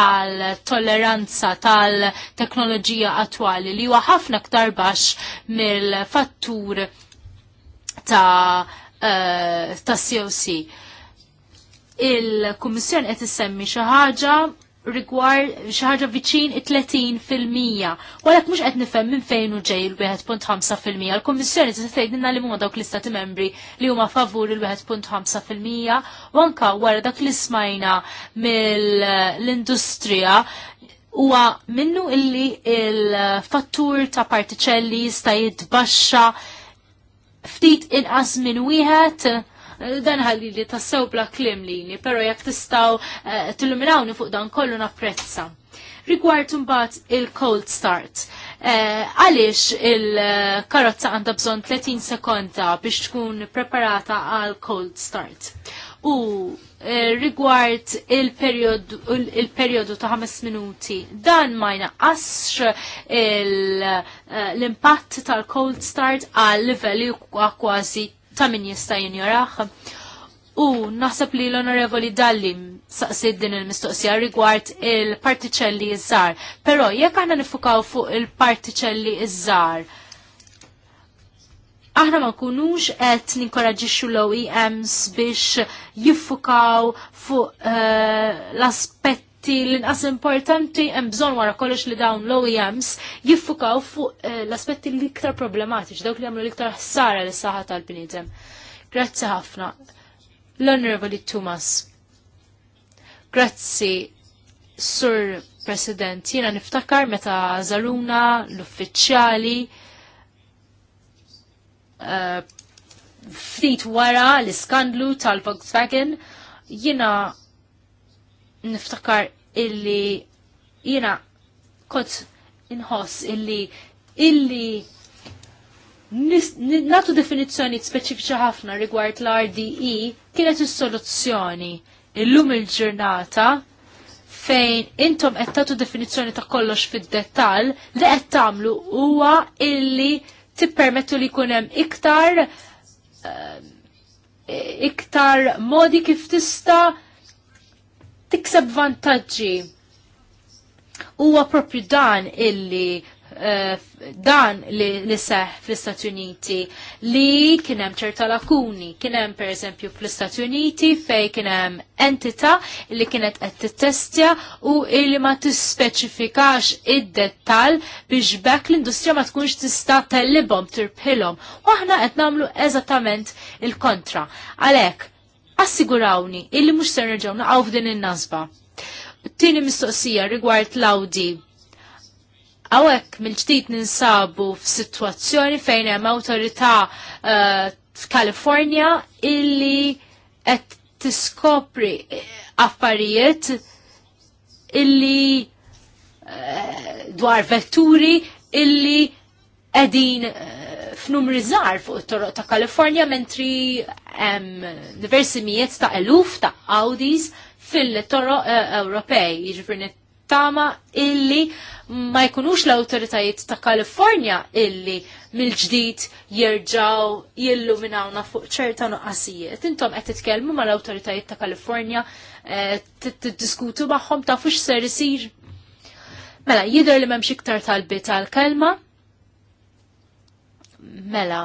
għal tolleranza tal-teknoloġija attwali li huwa ħafna aktar baxx mill-fattur ta' Eh, ta' COC. Il-Kummissjoni qed issemmi xi ħaġa rigward xi ħaġa viċin 30 fil-mija. Walek mhux qed nifhem minn fejn hu ġej il-1.5 fil-mija. L-Kummissjoni se tgħidilna li huma dawk l-Istati Membri li huma favur il-1.5 fil-mija u anka wara dak li smajna mill-industrija huwa minnu illi il-fattur ta' partiċelli sta jitbaxxa ftit inqas minn wieħed eh, dan ħalli li tassew bla klim lini, pero jekk tistaw uh, eh, tilluminawni fuq dan kollu napprezza. Rigward imbagħad il-cold start. Eh, għaliex il-karozza għandha bżonn 30 sekonda biex tkun preparata għal cold start u eh, rigward il-periodu ta' 5 minuti. Dan ma jnaqqasx eh, l-impatt tal-cold start għal livelli kważi ta' min jista' jinjoraħ. U naħseb li l-onorevoli Dalli saqsid din il-mistoqsija rigward il-partiċelli iż-żar. Però jekk aħna nifukaw fuq il-partiċelli iż-żar, aħna ma kunux qed ninkoraġixxu l-OEMs biex jiffukaw fuq uh, l-aspetti l-inqas importanti hemm bżonn wara kollox li dawn l-OEMs jiffukaw fuq uh, l-aspetti l-iktar problematiċi dawk li għamlu l-iktar ħsara lis saħħa tal-bniedem. Grazzi ħafna. L-Honorable Thomas. Grazzi, Sur President, jiena niftakar meta żaruna l-uffiċjali Uh, ftit wara l-iskandlu tal-Volkswagen jina niftakar illi jina kot inħoss illi illi nis, natu definizzjoni speċifiċi ħafna rigward l-RDE kienet is-soluzzjoni illum il-ġurnata fejn intom qed tagħtu definizzjoni ta' kollox fid-dettall li qed tagħmlu huwa illi tippermettu li kunem iktar eh, iktar modi kif tista tikseb vantaġġi. Huwa propju dan illi Eh, dan li, li seħ fl-Istati Uniti li kienem ċerta lakuni, kienem per eżempju fl-Istati Uniti fej kienem entita li kienet qed tittestja u li ma tispeċifikax id-dettal biex bekk l-industrija ma tkunx tista' tellibhom tirbħilhom. U aħna qed nagħmlu eżattament il-kontra. Għalhekk, assigurawni illi mhux se nerġgħu naqgħu f'din in-nasba. Tieni mistoqsija rigward l-Audi Għawek mill-ġdid ninsabu f'sitwazzjoni fejn hemm autorità f eh, f'Kalifornja illi qed tiskopri eh, affarijiet illi eh, dwar vetturi illi qegħdin f'numri żgħar fuq it-toroq ta' Kalifornja mentri hemm diversi mijiet ta' eluf ta' Audis fil-toroq Ewropej, jiġifieri tama illi ma jkunux l-autoritajiet ta' Kalifornja illi mill-ġdid jirġaw jilluminawna fuq ċerta nuqqasijiet. Intom qed titkellmu ma l-autoritajiet ta' Kalifornja eh, tiddiskutu magħhom ta' fux ser isir. Mela, jidher li m'hemmx iktar talbi tal-kelma. Mela,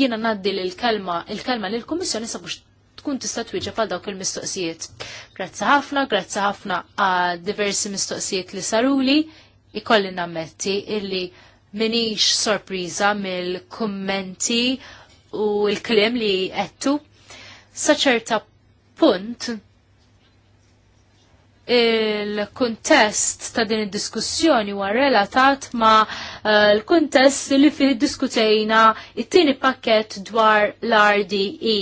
jiena ngħaddi l-kelma, il-kelma lill-Kummissjoni sabux tkun tista' twieġeb għal dawk il-mistoqsijiet. Grazzi ħafna, grazzi ħafna għal diversi mistoqsijiet li saruli, ikolli nammetti illi minix sorpriża mill-kummenti u l-kliem li għettu. Saċerta punt, il-kontest ta' din id-diskussjoni huwa relatat ma' eh, l-kontest li fih diskutejna it-tieni pakket dwar l-RDE.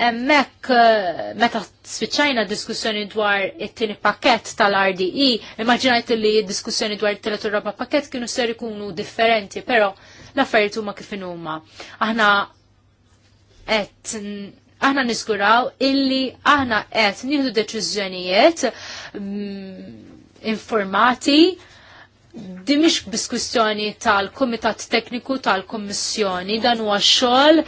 Emmek, eh, meta spiċajna diskussjoni dwar it-tini pakket tal-RDI, e, immaġinajt li diskussjoni dwar it-telet roba pakket kienu ser ikunu differenti, pero l-affarijiet huma kif huma. Aħna qed aħna niskuraw illi aħna qed nieħdu deċiżjonijiet mm, informati di mhix tal-Kumitat Tekniku tal-Kummissjoni dan huwa xogħol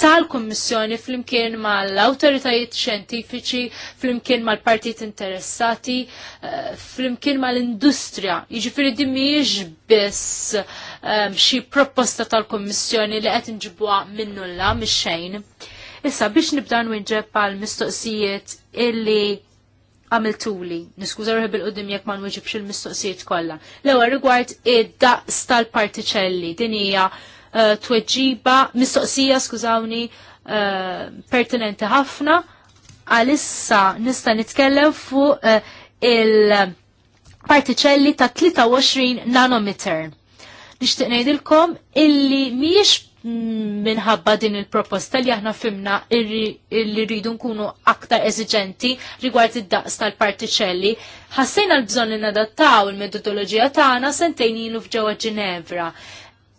tal-Kommissjoni flimkien mal-autoritajiet xjentifiċi, flimkien mal-partijiet interessati, eh, flimkien mal-industrija. Jiġifieri din mhijiex biss um, xi proposta tal-Kommissjoni li qed inġibuha minnu la mix-xejn. Issa biex nibda nwinġeb għal mistoqsijiet illi għamiltuli. Niskuza ruħi bil-qoddim jek ma nwieġibx il-mistoqsijiet kollha. L-ewwel rigward id-daqs tal-partiċelli din hija Eh, tweġiba, mistoqsija, skużawni, eh, pertinenti ħafna. Għalissa nista' nitkellem fuq eh, il-partiċelli ta' 23 nanometer. Nixtieq ngħidilkom illi mhijiex minħabba din il-proposta li aħna fimna li rridu nkunu aktar eżiġenti rigward id-daqs tal-partiċelli, ħassejna l bżonn li nadattaw il-metodoloġija tagħna sentejn ilu f'ġewwa Ġinevra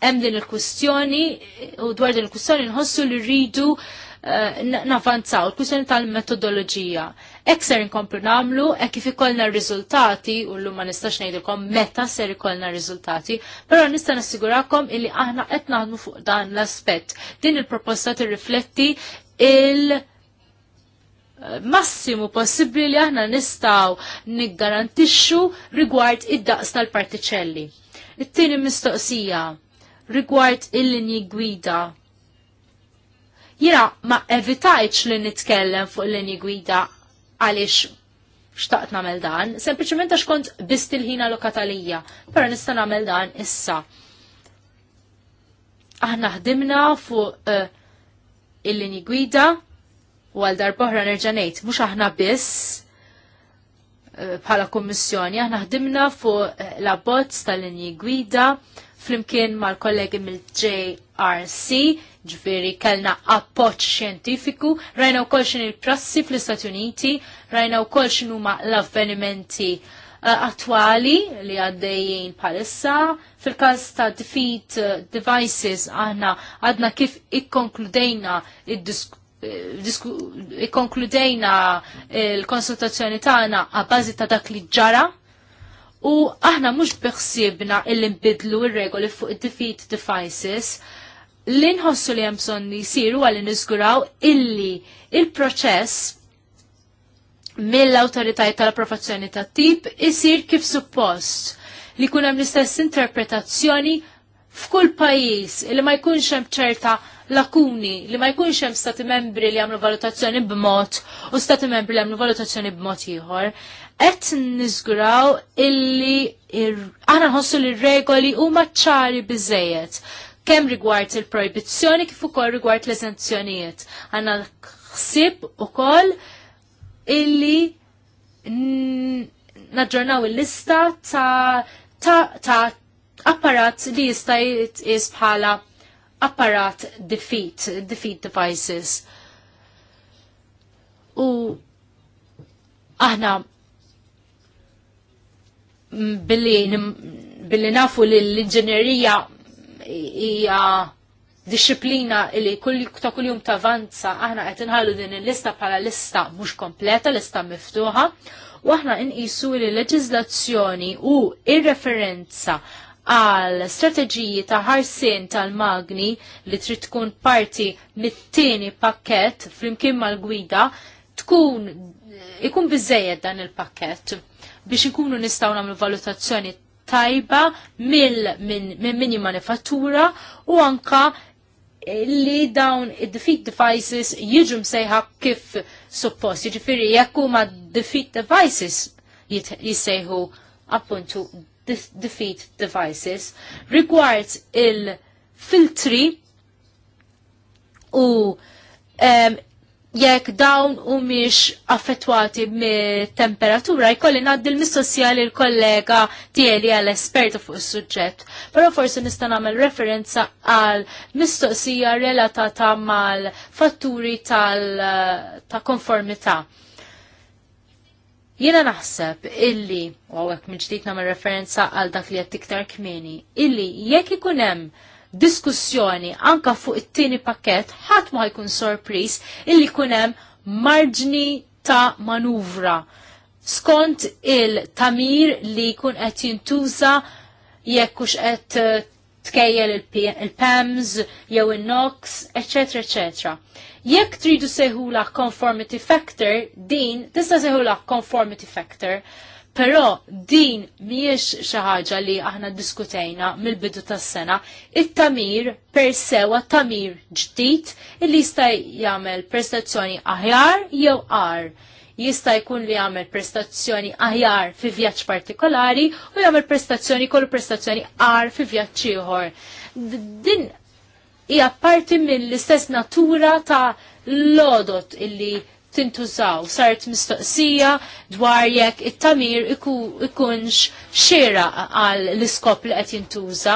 hemm din il-kwistjoni u dwar din il-kwistjoni nħossu li rridu eh, navanzaw il-kwistjoni tal-metodoloġija. Ek ser nkomplu namlu, ek kif ikollna r-riżultati, u l-lum ma nistax ngħidilkom meta ser ikollna r-riżultati, però nista' nassigurakom illi aħna qed naħdmu fuq dan l-aspett. Din il-proposta tirrifletti il eh, massimu possibbli li aħna nistaw niggarantixxu rigward id-daqs tal-partiċelli. It-tieni mistoqsija rigward il-linji gwida. Jira ma evitajċ li nitkellem fuq il-linji gwida għalix xtaqt namel dan, sempliciment għax kont bist il ħina lokatalija, pero nista namel dan issa. Aħna ħdimna fuq uh, il-linji gwida u għal darbohra nerġanejt, mux aħna biss eh, bħala kommissjoni, aħna ħdimna fuq eh, l-abbozz tal-linji gwida flimkien mal-kollegi mill-JRC, ġveri kellna appoċ xjentifiku, rajna u kolxin il-prassi fl-Istati Uniti, rajna u kolxin huma l-avvenimenti attuali eh, attwali li għaddejjien palissa. Fil-kas ta' defeat eh, devices aħna għadna kif ikkonkludejna il eh, diskussjoni il-konsultazzjoni tagħna għabazi ta' dak li ġara U aħna mhux biħsiebna illi nbidlu il regoli fuq defeat devices li nħossu li hemm bżonn jsiru għalli nizguraw illi il-proċess mill-awtoritajiet tal-approvazzjoni tat-tip isir kif suppost li kun hemm l-istess interpretazzjoni f'kull pajjiż li ma jkunx hemm ċerta lakuni li ma jkunx hemm stati membri li għamlu valutazzjoni b'mod u stati membri li għamlu valutazzjoni b'mod ieħor qed niżguraw illi aħna nħossu li regoli huma ċari bizzejet. kemm rigward il-proibizzjoni kif ukoll rigward l-eżenzjonijiet. l ħsib ukoll illi naġġornaw il-lista ta' ta', ta apparat li jista' jitqies bħala apparat defeat, defeat devices. U aħna billi, billi nafu li l-inġenerija hija disciplina li kull ta' kuljum ta' vanza aħna qed inħallu din il-lista bħala lista mhux kompleta, lista miftuħa, u aħna inqisu li leġiżlazzjoni u ir-referenza għal strateġiji ta' ħarsien tal-magni li trid tkun parti mit-tieni pakket flimkien mal-gwida tkun ikun bizzejed dan il-pakket biex ikunu nistgħu nagħmlu valutazzjoni tajba mill min, min manifattura u anka li dawn id-defeat devices jiġu msejħa kif suppost, jiġifieri jekk huma defeat devices jissejħu appuntu defeat devices rigward il-filtri u um, jekk dawn u miex affettwati temperatura jkolli naddi l-mistoqsija li l-kollega tieli għal esperta fuq is-suġġett. Però forsi nista' nagħmel referenza għal mistoqsija relatata mal-fatturi eh, ta' konformità. Jiena naħseb illi, u għawek minn ġdid nagħmel referenza għal dak li qed iktar kmieni, illi jekk ikun hemm diskussjoni anka fuq it-tieni pakket ħadd ma jkun sorpris illi jkun hemm marġni ta' manuvra skont il-tamir li jkun qed jintuża jekk hux qed eh, tkejjel il-PAMS e jew in-NOx, etc. etc. Jekk tridu seħula conformity factor, din tista' seħula conformity factor, Però din miex xi ħaġa li aħna diskutejna mill-bidu tas-sena, it-tamir per sewa tamir ġdid illi jista' jagħmel prestazzjoni aħjar jew ar. Jista' jkun li jagħmel prestazzjoni aħjar fi vjaġġ partikolari u jagħmel prestazzjoni kollu prestazzjoni ar fi vjaġġ ieħor. Din hija parti mill-istess natura ta' lodot illi tintużaw. Sart mistoqsija dwar jekk it-tamir ikunx xera għal l-iskop li qed jintuża.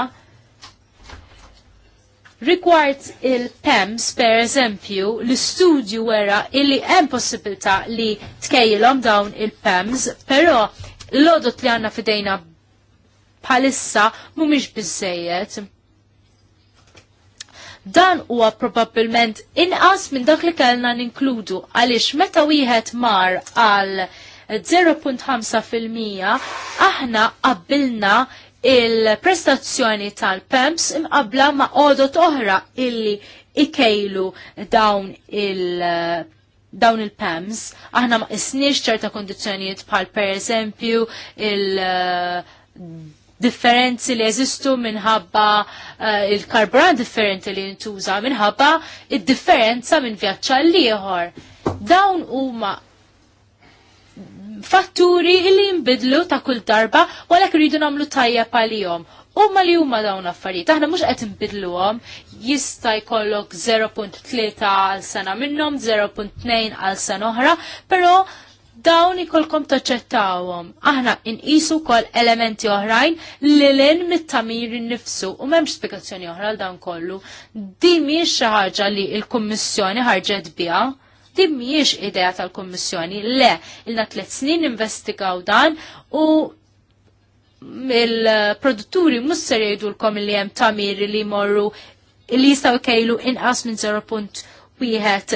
Rigward il-PEMS, per eżempju, l-istudju wera illi hemm possibilità li tkejjilhom dawn il-PEMS, però l-odot li għandna fidejna bħalissa mhumiex biżejjed Dan huwa probabbilment inqas minn dak li kellna ninkludu għaliex meta wieħed mar għal 0.5% aħna qabbilna il-prestazzjoni tal-PEMS imqabla ma' għodot oħra illi ikejlu dawn il- dawn il-PEMS. Aħna ma' isniex ċerta kondizjonijiet bħal per eżempju il- differenzi li jeżistu minħabba uh, il-karburant differenti li jintuża minħabba id-differenza minn vjaċċa l-ieħor. Dawn huma fatturi li jinbidlu ta' kull darba għalhekk rridu nagħmlu tajja għalihom. Umma li huma dawn affarijiet, aħna mhux qed nbidluhom, jista' jkollok 0.3 għal sena minnhom, 0.2 għal sena oħra, però dawn ikolkom taċċettawhom. Aħna inqisu wkoll elementi oħrajn li lin mit-tamir innifsu u m'hemmx spjegazzjoni oħra għal dan kollu. Di mhijiex xi ħaġa li l-Kummissjoni ħarġet biha. Din mhijiex idea tal-Kummissjoni, le, ilna tliet snin investigaw dan u il-produtturi mhux ser jgħidulkom li hemm tamir li morru li jistgħu jkejlu inqas minn 0.1 eh,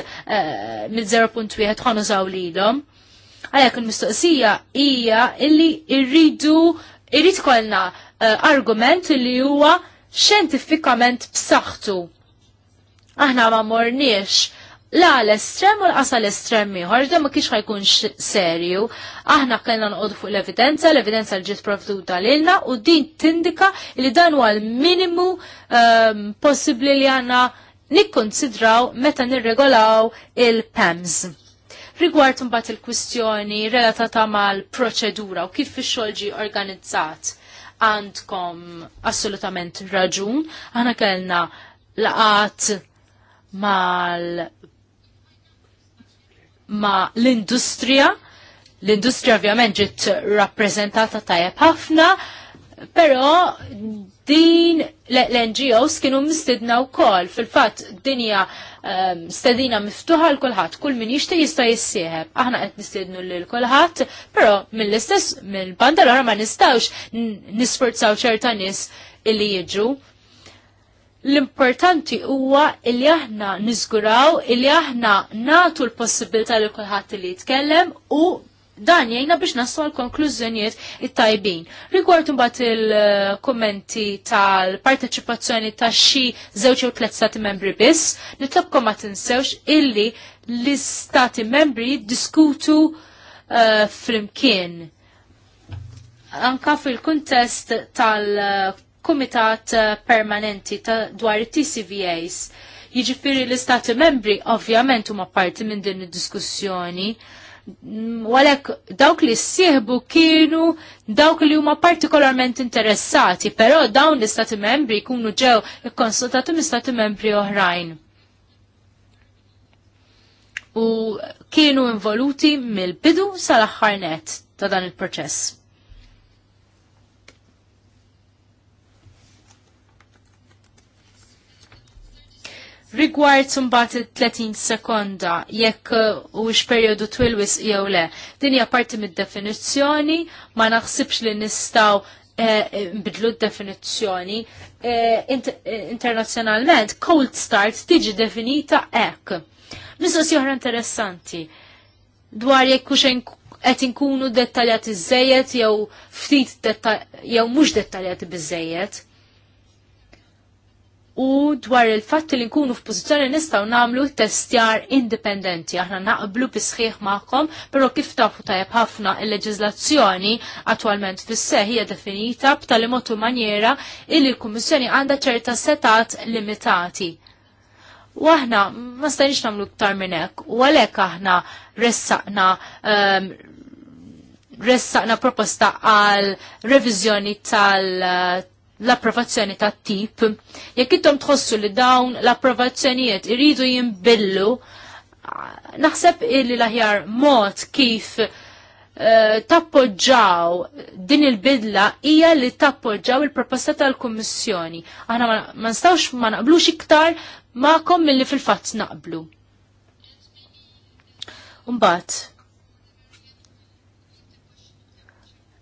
minn 0.1 ħanu żaw lilhom Għalhekk il-mistoqsija hija illi irridu irrid uh, argument li huwa xjentifikament b'saħħtu. Aħna ma morniex la l-estrem u l-qasa l-estrem miħor, da ma kiex ħajkun serju. Aħna kellna nqodu fuq l-evidenza, l-evidenza l-ġit ġiet provduta ilna u din tindika li dan huwa l-minimu um, possibbli li għandna nikkonsidraw meta nirregolaw il-PEMS. Rigward mbagħad il-kwistjoni relatata mal-proċedura u kif ix-xogħol ġi organizzat għandkom assolutament raġun. Aħna kellna laqat mal ma l-industrija. L-industrija ovvjament ġiet rappreżentata tajjeb ħafna, però din l-NGOs kienu mistidna u kol, fil-fat dinja um, ehm, stedina miftuħa l-kolħat, kull min jishti jista jissieħeb. Aħna qed nistidnu l-kolħat, pero mill-istess, mill-banda l-ħra ma nistawx nisforzaw ċerta nis illi jiġu. L-importanti huwa illi aħna nizguraw, illi aħna natu l-possibilità li kulħadd li jitkellem u dan jgħina biex naslu għal konklużjonijiet it-tajbin. Rigward imbagħad il-kommenti tal-parteċipazzjoni ta' xi żewġ jew tliet stati membri biss, nitlobkom ma tinsewx illi l-istati membri diskutu uh, flimkien. Anka fil-kuntest tal-Kumitat uh, Permanenti ta' dwar it-TCVAs. Jiġifieri l-istati membri ovvjament huma parti minn din id-diskussjoni Mm, walek dawk li s-sieħbu kienu dawk li huma partikolarment interessati, però dawn l-istati membri jkunu ġew ikkonsultati minn stati membri oħrajn. U kienu involuti mill-bidu sal-aħħar net ta' dan il-proċess. Rigward sumbat 30 sekonda, jekk uh, u x-periodu twilwis jew le, din hija parti mid-definizzjoni, ma naħsibx li nistaw eh, eh, nbidlu d-definizzjoni. Eh, internazzjonalment, cold start tiġi definita ek. Mistoqsi oħra interessanti dwar jekk kuxen qed inkunu dettaljati żejjed jew ftit jew mhux dettaljati biżejjed u dwar il-fatt li nkunu f'pożizzjoni nistgħu nagħmlu testjar indipendenti. Aħna naqblu sħiħ magħkom, però kif tafu tajjeb ħafna il-leġiżlazzjoni attwalment fis se hija definita b'tali mod maniera illi l-Kummissjoni għandha ċerta setat limitati. U aħna ma stajniex nagħmlu iktar minn hekk, u għalhekk aħna ressaqna um, ressaqna proposta għal reviżjoni tal l-approvazzjoni ta' tip, jekk intom tħossu li dawn l-approvazzjonijiet iridu jimbillu, naħseb illi l-aħjar mod kif eh, tappoġġaw din il-bidla hija li tappoġġaw il-proposta tal-Kummissjoni. Aħna ma nistgħux ma naqblux iktar ma'kom milli fil-fatt naqblu. Umbat,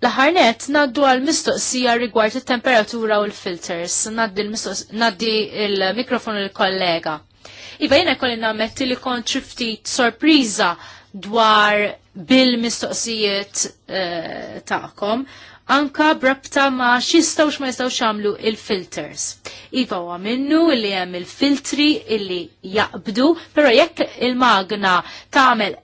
L'Aħarnet naddu għal mistoqsija rigward il-temperatura u l-filters. Naddi il-mikrofon il-kollega. Iva jena kolli nammetti li kont xiftit sorpriza dwar bil-mistoqsijiet uh, ta'kom anka brabta ma xistaw ma jistaw xamlu il-filters. Iva huwa minnu li hemm il-filtri illi jaqbdu, pero jekk il-magna tagħmel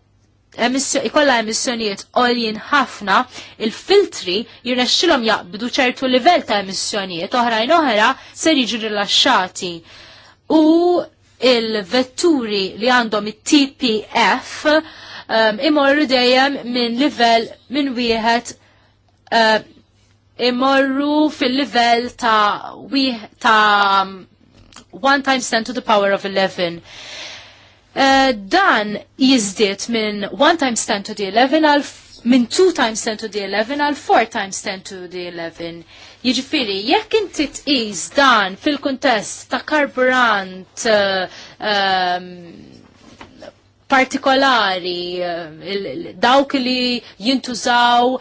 ikolla emissjonijiet għoljin ħafna, il-filtri jirnexxilhom jaqbdu ċertu livell ta' emissjonijiet oħrajn oħra ser jiġu rilaxxati. U il-vetturi li għandhom it-TPF um, imorru dejjem minn livell minn wieħed uh, imorru fil-livell ta' ta' um, one time to the power of 11. Eh, dan jizdiet minn 1 times 10 to the 11 għal minn 2 times 10 to the 11 għal 4 times 10 to the 11. Jiġifieri jekk inti tqis dan fil-kuntest ta' karburant uh, um, partikolari uh, dawk li jintużaw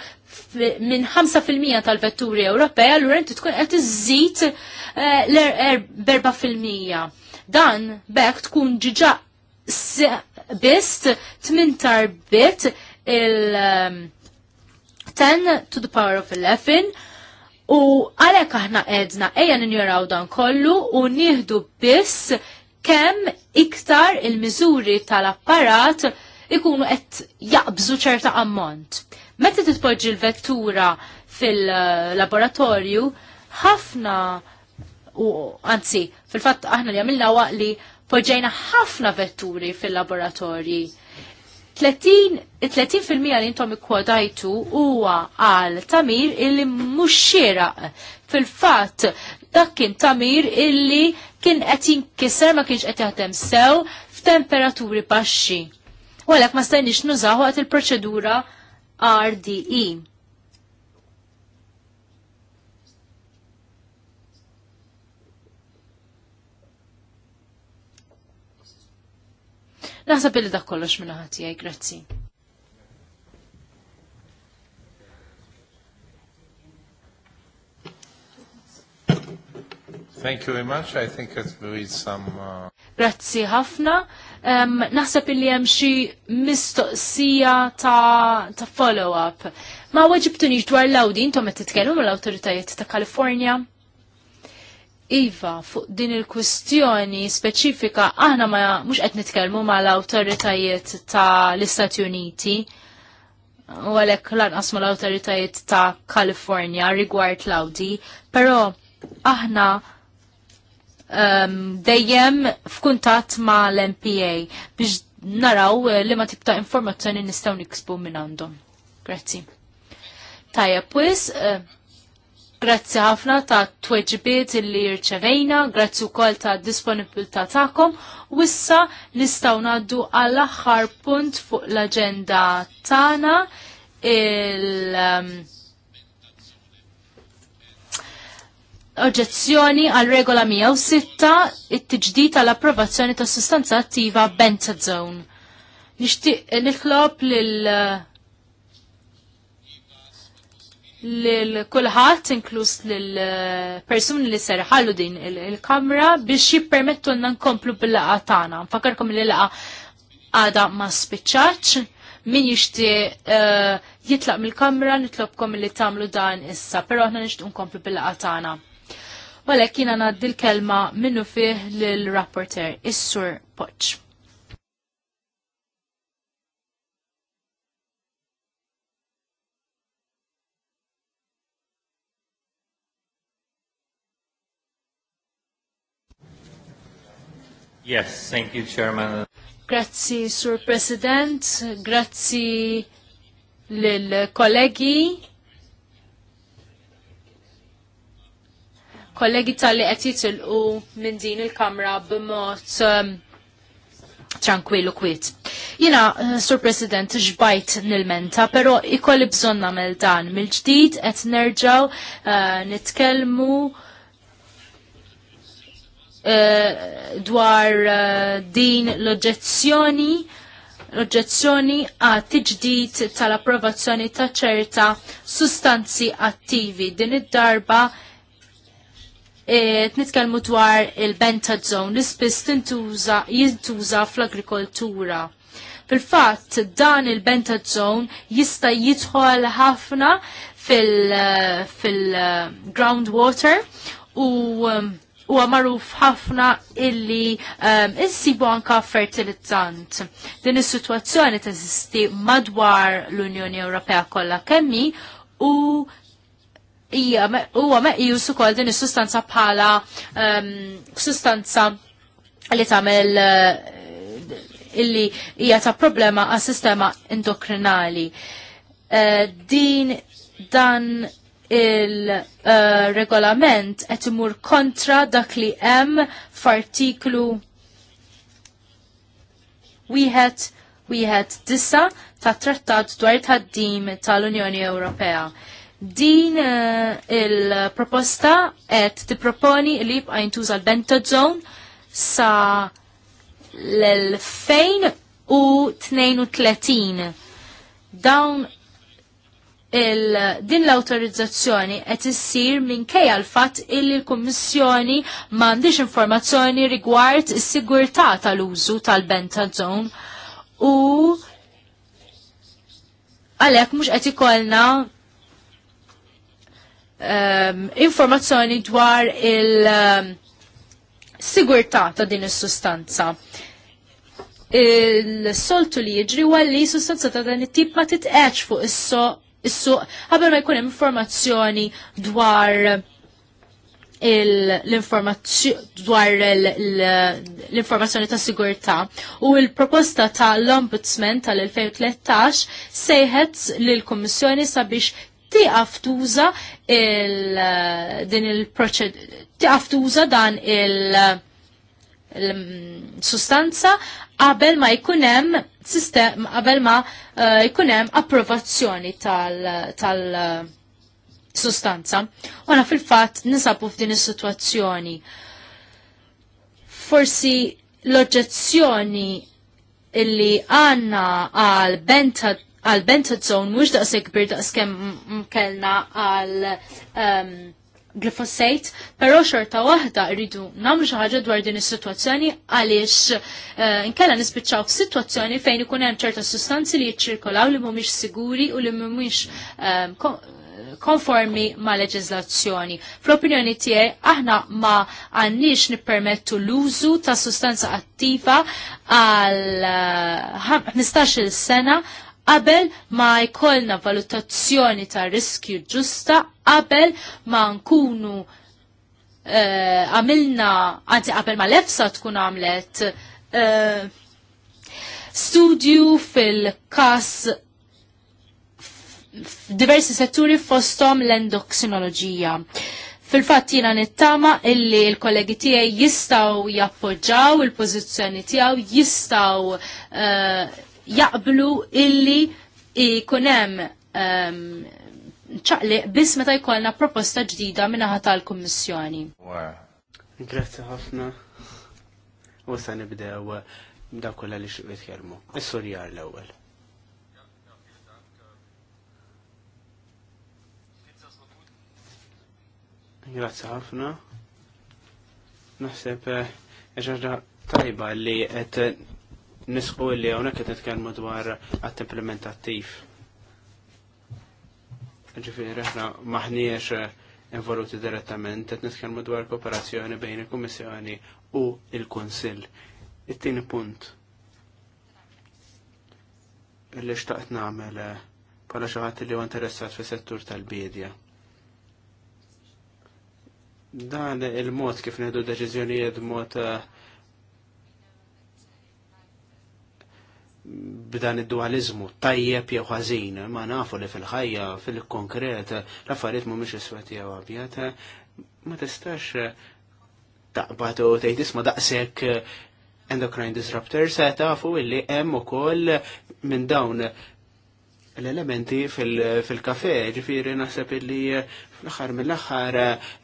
minn 5% tal-vetturi Ewropej, allura inti tkun qed iżid uh, l-4%. Dan bekk tkun ġiġa bist tmin tarbit il- 10 um, to the power of 11 u għalek aħna edna eja ninjuraw dan kollu u nieħdu biss kem iktar il-miżuri tal-apparat ikunu qed jaqbżu ċerta ammont. Meta titpoġġi l-vettura fil-laboratorju, ħafna u anzi, fil-fatt aħna li għamilna waqli Poġġejna ħafna vetturi fil-laboratorji. 30% li intom ikkwadajtu huwa għal tamir illi mhux xieraq. Fil-fatt dak kien tamir illi kien qed jinkiser ma kienx qed jaħdem sew f'temperaturi baxxi. Walek ma stajniex nużaw għat il-proċedura RDE. Naħseb li dak kollox minn ħati grazzi. Thank you very much. I think it very some. Uh... Grazzi ħafna. Um, naħseb illi hemm xi mistoqsija ta', ta follow-up. Ma nix dwar l-awdi intom qed titkellmu mal-awtoritajiet ta' Kalifornja? Iva, fuq din il-kwistjoni speċifika, aħna ma mux qed nitkellmu ma l-autoritajiet ta' l-Istati Uniti u għalek lanqas ma l-autoritajiet ta' California rigward l-Audi, pero aħna um, dejjem f'kuntat ma l-MPA biex naraw eh, li ma tibta' informazzjoni nistaw nikspu minn għandhom. Grazzi. Tajja, pwis, uh, eh, Grazzi ħafna ta' tweġbiet illi rċevejna, grazzi wkoll ta' disponibilità tagħkom. issa nistgħu ngħaddu għall aħħar punt fuq l agenda tagħna il um, oġezzjoni għal regola 106 it-tiġdid għall approvazzjoni ta' sustanza attiva bentazone. Nixtieq nitlob lil uh, l-kulħat, inkluż l-persuni eh, li serħallu din il-kamra biex jippermettu n nkomplu bil-laqa tagħna. Fakarkom li laqa għada ma spiċċaċ, min jixti eh, jitlaq mill-kamra nitlobkom li tagħmlu dan issa, però aħna nixtu nkomplu bil-laqa tagħna. Walek jiena ngħaddi l-kelma minnu fih lill rapporter is-Sur Poċ. Yes, thank you, Chairman. Grazzi, Sur President, grazzi lill-kollegi. Kollegi tal-li qed jitilqu minn din il-kamra b'mod um, tranquillu kwit. Jina, uh, Sur President, ġbajt nil-menta, pero ikolli bżonna mel dan. Mil-ġdid, et nerġaw, uh, nitkelmu, Eh, dwar eh, din l-oġezzjoni l-oġezzjoni għat tiġdid tal-approvazzjoni ta' ċerta sustanzi attivi. Din id-darba eh, nitkellmu dwar il-bentazone li spiss jintuża fl-agrikoltura. Fil-fatt dan il-bentazone jista' jidħol ħafna fil-groundwater u huwa magħruf ħafna illi um, insibu anka fertilizzant. Din is-sitwazzjoni teżisti madwar l-Unjoni Ewropea kollha kemmi u huwa meqjus ukoll din is-sustanza bħala um, sustanza li tagħmel uh, illi hija ta' problema għas sistema endokrinali. Uh, din dan il-regolament uh, qed imur kontra dak li hemm f'artiklu wieħed wieħed disa ta' trattat dwar tħaddim tal-Unjoni Ewropea. Din uh, il-proposta qed tipproponi li jibqa' jintuża l Zone sa l-2032. Dawn din l-autorizzazzjoni qed issir minkejja l-fatt illi l-Kummissjoni m'għandix informazzjoni rigward is-sigurtà tal-użu tal-bentazon u għalhekk mhux qed ikollna um, informazzjoni dwar il-sigurtà ehm, ta' din is-sustanza. Il-soltu li jiġri huwa li sustanza ta' dan it-tip ma titqeċ fuq is-soq is-suq ħabel ma jkun hemm informazzjoni dwar l-informazzjoni dwar l-informazzjoni ta' sigurtà u l-proposta ta' l-Ombudsman tal-2013 sejħet lill-Kummissjoni sabiex tiqaf tuża din il-proċed tiqaf tuża dan il-sustanza mm, qabel ma jkun hemm Sistema qabel ma eh, jkun hemm approvazzjoni tal-, tal eh, sustanza. Ona fil-fatt nisabu f'din is-sitwazzjoni. Forsi l-oġġezzjoni illi għanna għal benta zone mux daqseg bir kellna għal um, glifosate, pero xorta waħda rridu namru xaħġa ħaġa dwar din is-sitwazzjoni għaliex eh, nkella nispiċċaw f'sitwazzjoni fejn ikun hemm ċerta sustanzi li jiċċirkolaw li mhumiex siguri u li mhumiex eh, konformi ma' leġizlazzjoni. Fl-opinjoni tiegħi aħna ma għandniex nippermettu l-użu ta' sustanza attiva għal 15-il eh, sena qabel ma jkollna valutazzjoni ta' riskju ġusta, qabel ma nkunu eh, għamilna, uh, għanzi qabel ma lefsa tkun għamlet uh, studju fil-kas diversi setturi fostom l-endoksinologija. Fil-fatt jina nittama illi l-kollegi tijaj tiegħi jistaw jappoġġaw il-pożizzjoni tiegħu jistaw uh, jaqblu illi ikunem ehm, ċaqli bis meta jkollna proposta ġdida minnaħa tal-Kummissjoni. Grazzi ħafna. U sa nibdew dak kollha li xqiet kelmu. Is-surjar l-ewwel. Grazzi ħafna. Naħseb eh, ġarra tajba li qed nisqu li hawnhekk qed nitkellmu dwar għat implementattiv. Ġifieri aħna maħniex involuti direttament qed nitkellmu dwar kooperazzjoni bejn il-Kummissjoni u il-Kunsill. It-tieni punt Illi xtaqt nagħmel eh, bħala xi ħadd li huwa interessat fis-settur tal-bidja dan il-mod kif neħdu deċiżjonijiet mod uh, eh, b'dan id-dualizmu tajjeb jew ħażin, ma nafu li fil-ħajja, fil-konkret, l-affarijiet mhumiex iswed jew abjad, ma tistax taqbad u tgħid isma' daqshekk endocrine disruptors se tafu illi hemm ukoll minn dawn l-elementi fil-kafe, ġifiri naħseb illi fl-axar mill-axar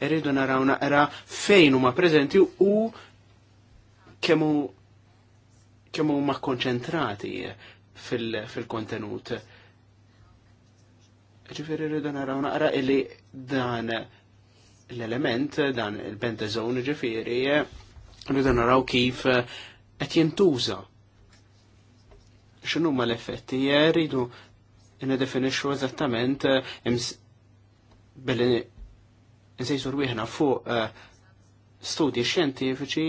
irridu naraw naqra fejn huma preżenti u kemmu kemm huma konċentrati fil-kontenut. Ġifieri rridu naraw naqra illi dan l-element, dan il-pentazone ġifieri, rridu naraw kif qed jintuża. x'inhuma l-effetti rridu nidefinixxu eżattament billi nsejsur wieħna fuq eh, studji xjentifiċi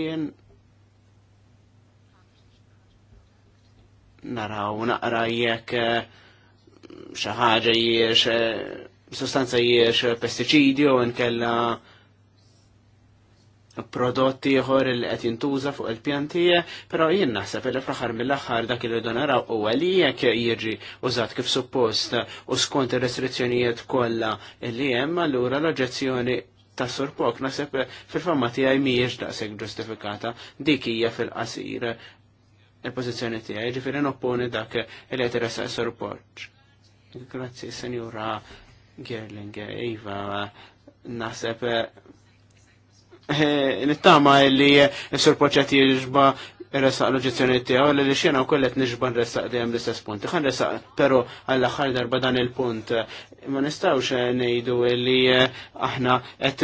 naraw naqra jekk eh, xi ħaġa jiex eh, sostanza jiex pestiċidi u nkella prodotti ieħor li qed jintuża fuq il-pjantija, però jien naħseb li fl-aħħar mill-aħħar dak li donaraw huwa li jekk jiġi użat kif suppost u skont ir-restrizzjonijiet kollha li hemm allura l-oġġezzjoni ta' surpok naħseb fil-famma tiegħi mhijiex daqshekk ġustifikata dik hija fil-qasir il-pozizjoni tiegħi, jiġifieri nopponi dak li qed iressaq sorporġ. Grazzi, Senjura Gerling, Eva, naħseb eh, nittama li s-sorporċet jirġba resaq l-oġezzjoni tiegħu li xena wkoll qed nixba nressaq dejjem l-istess punt. Ħan resaq però għall-aħħar darba dan il-punt ma nistgħux eh, ngħidu li eh, aħna qed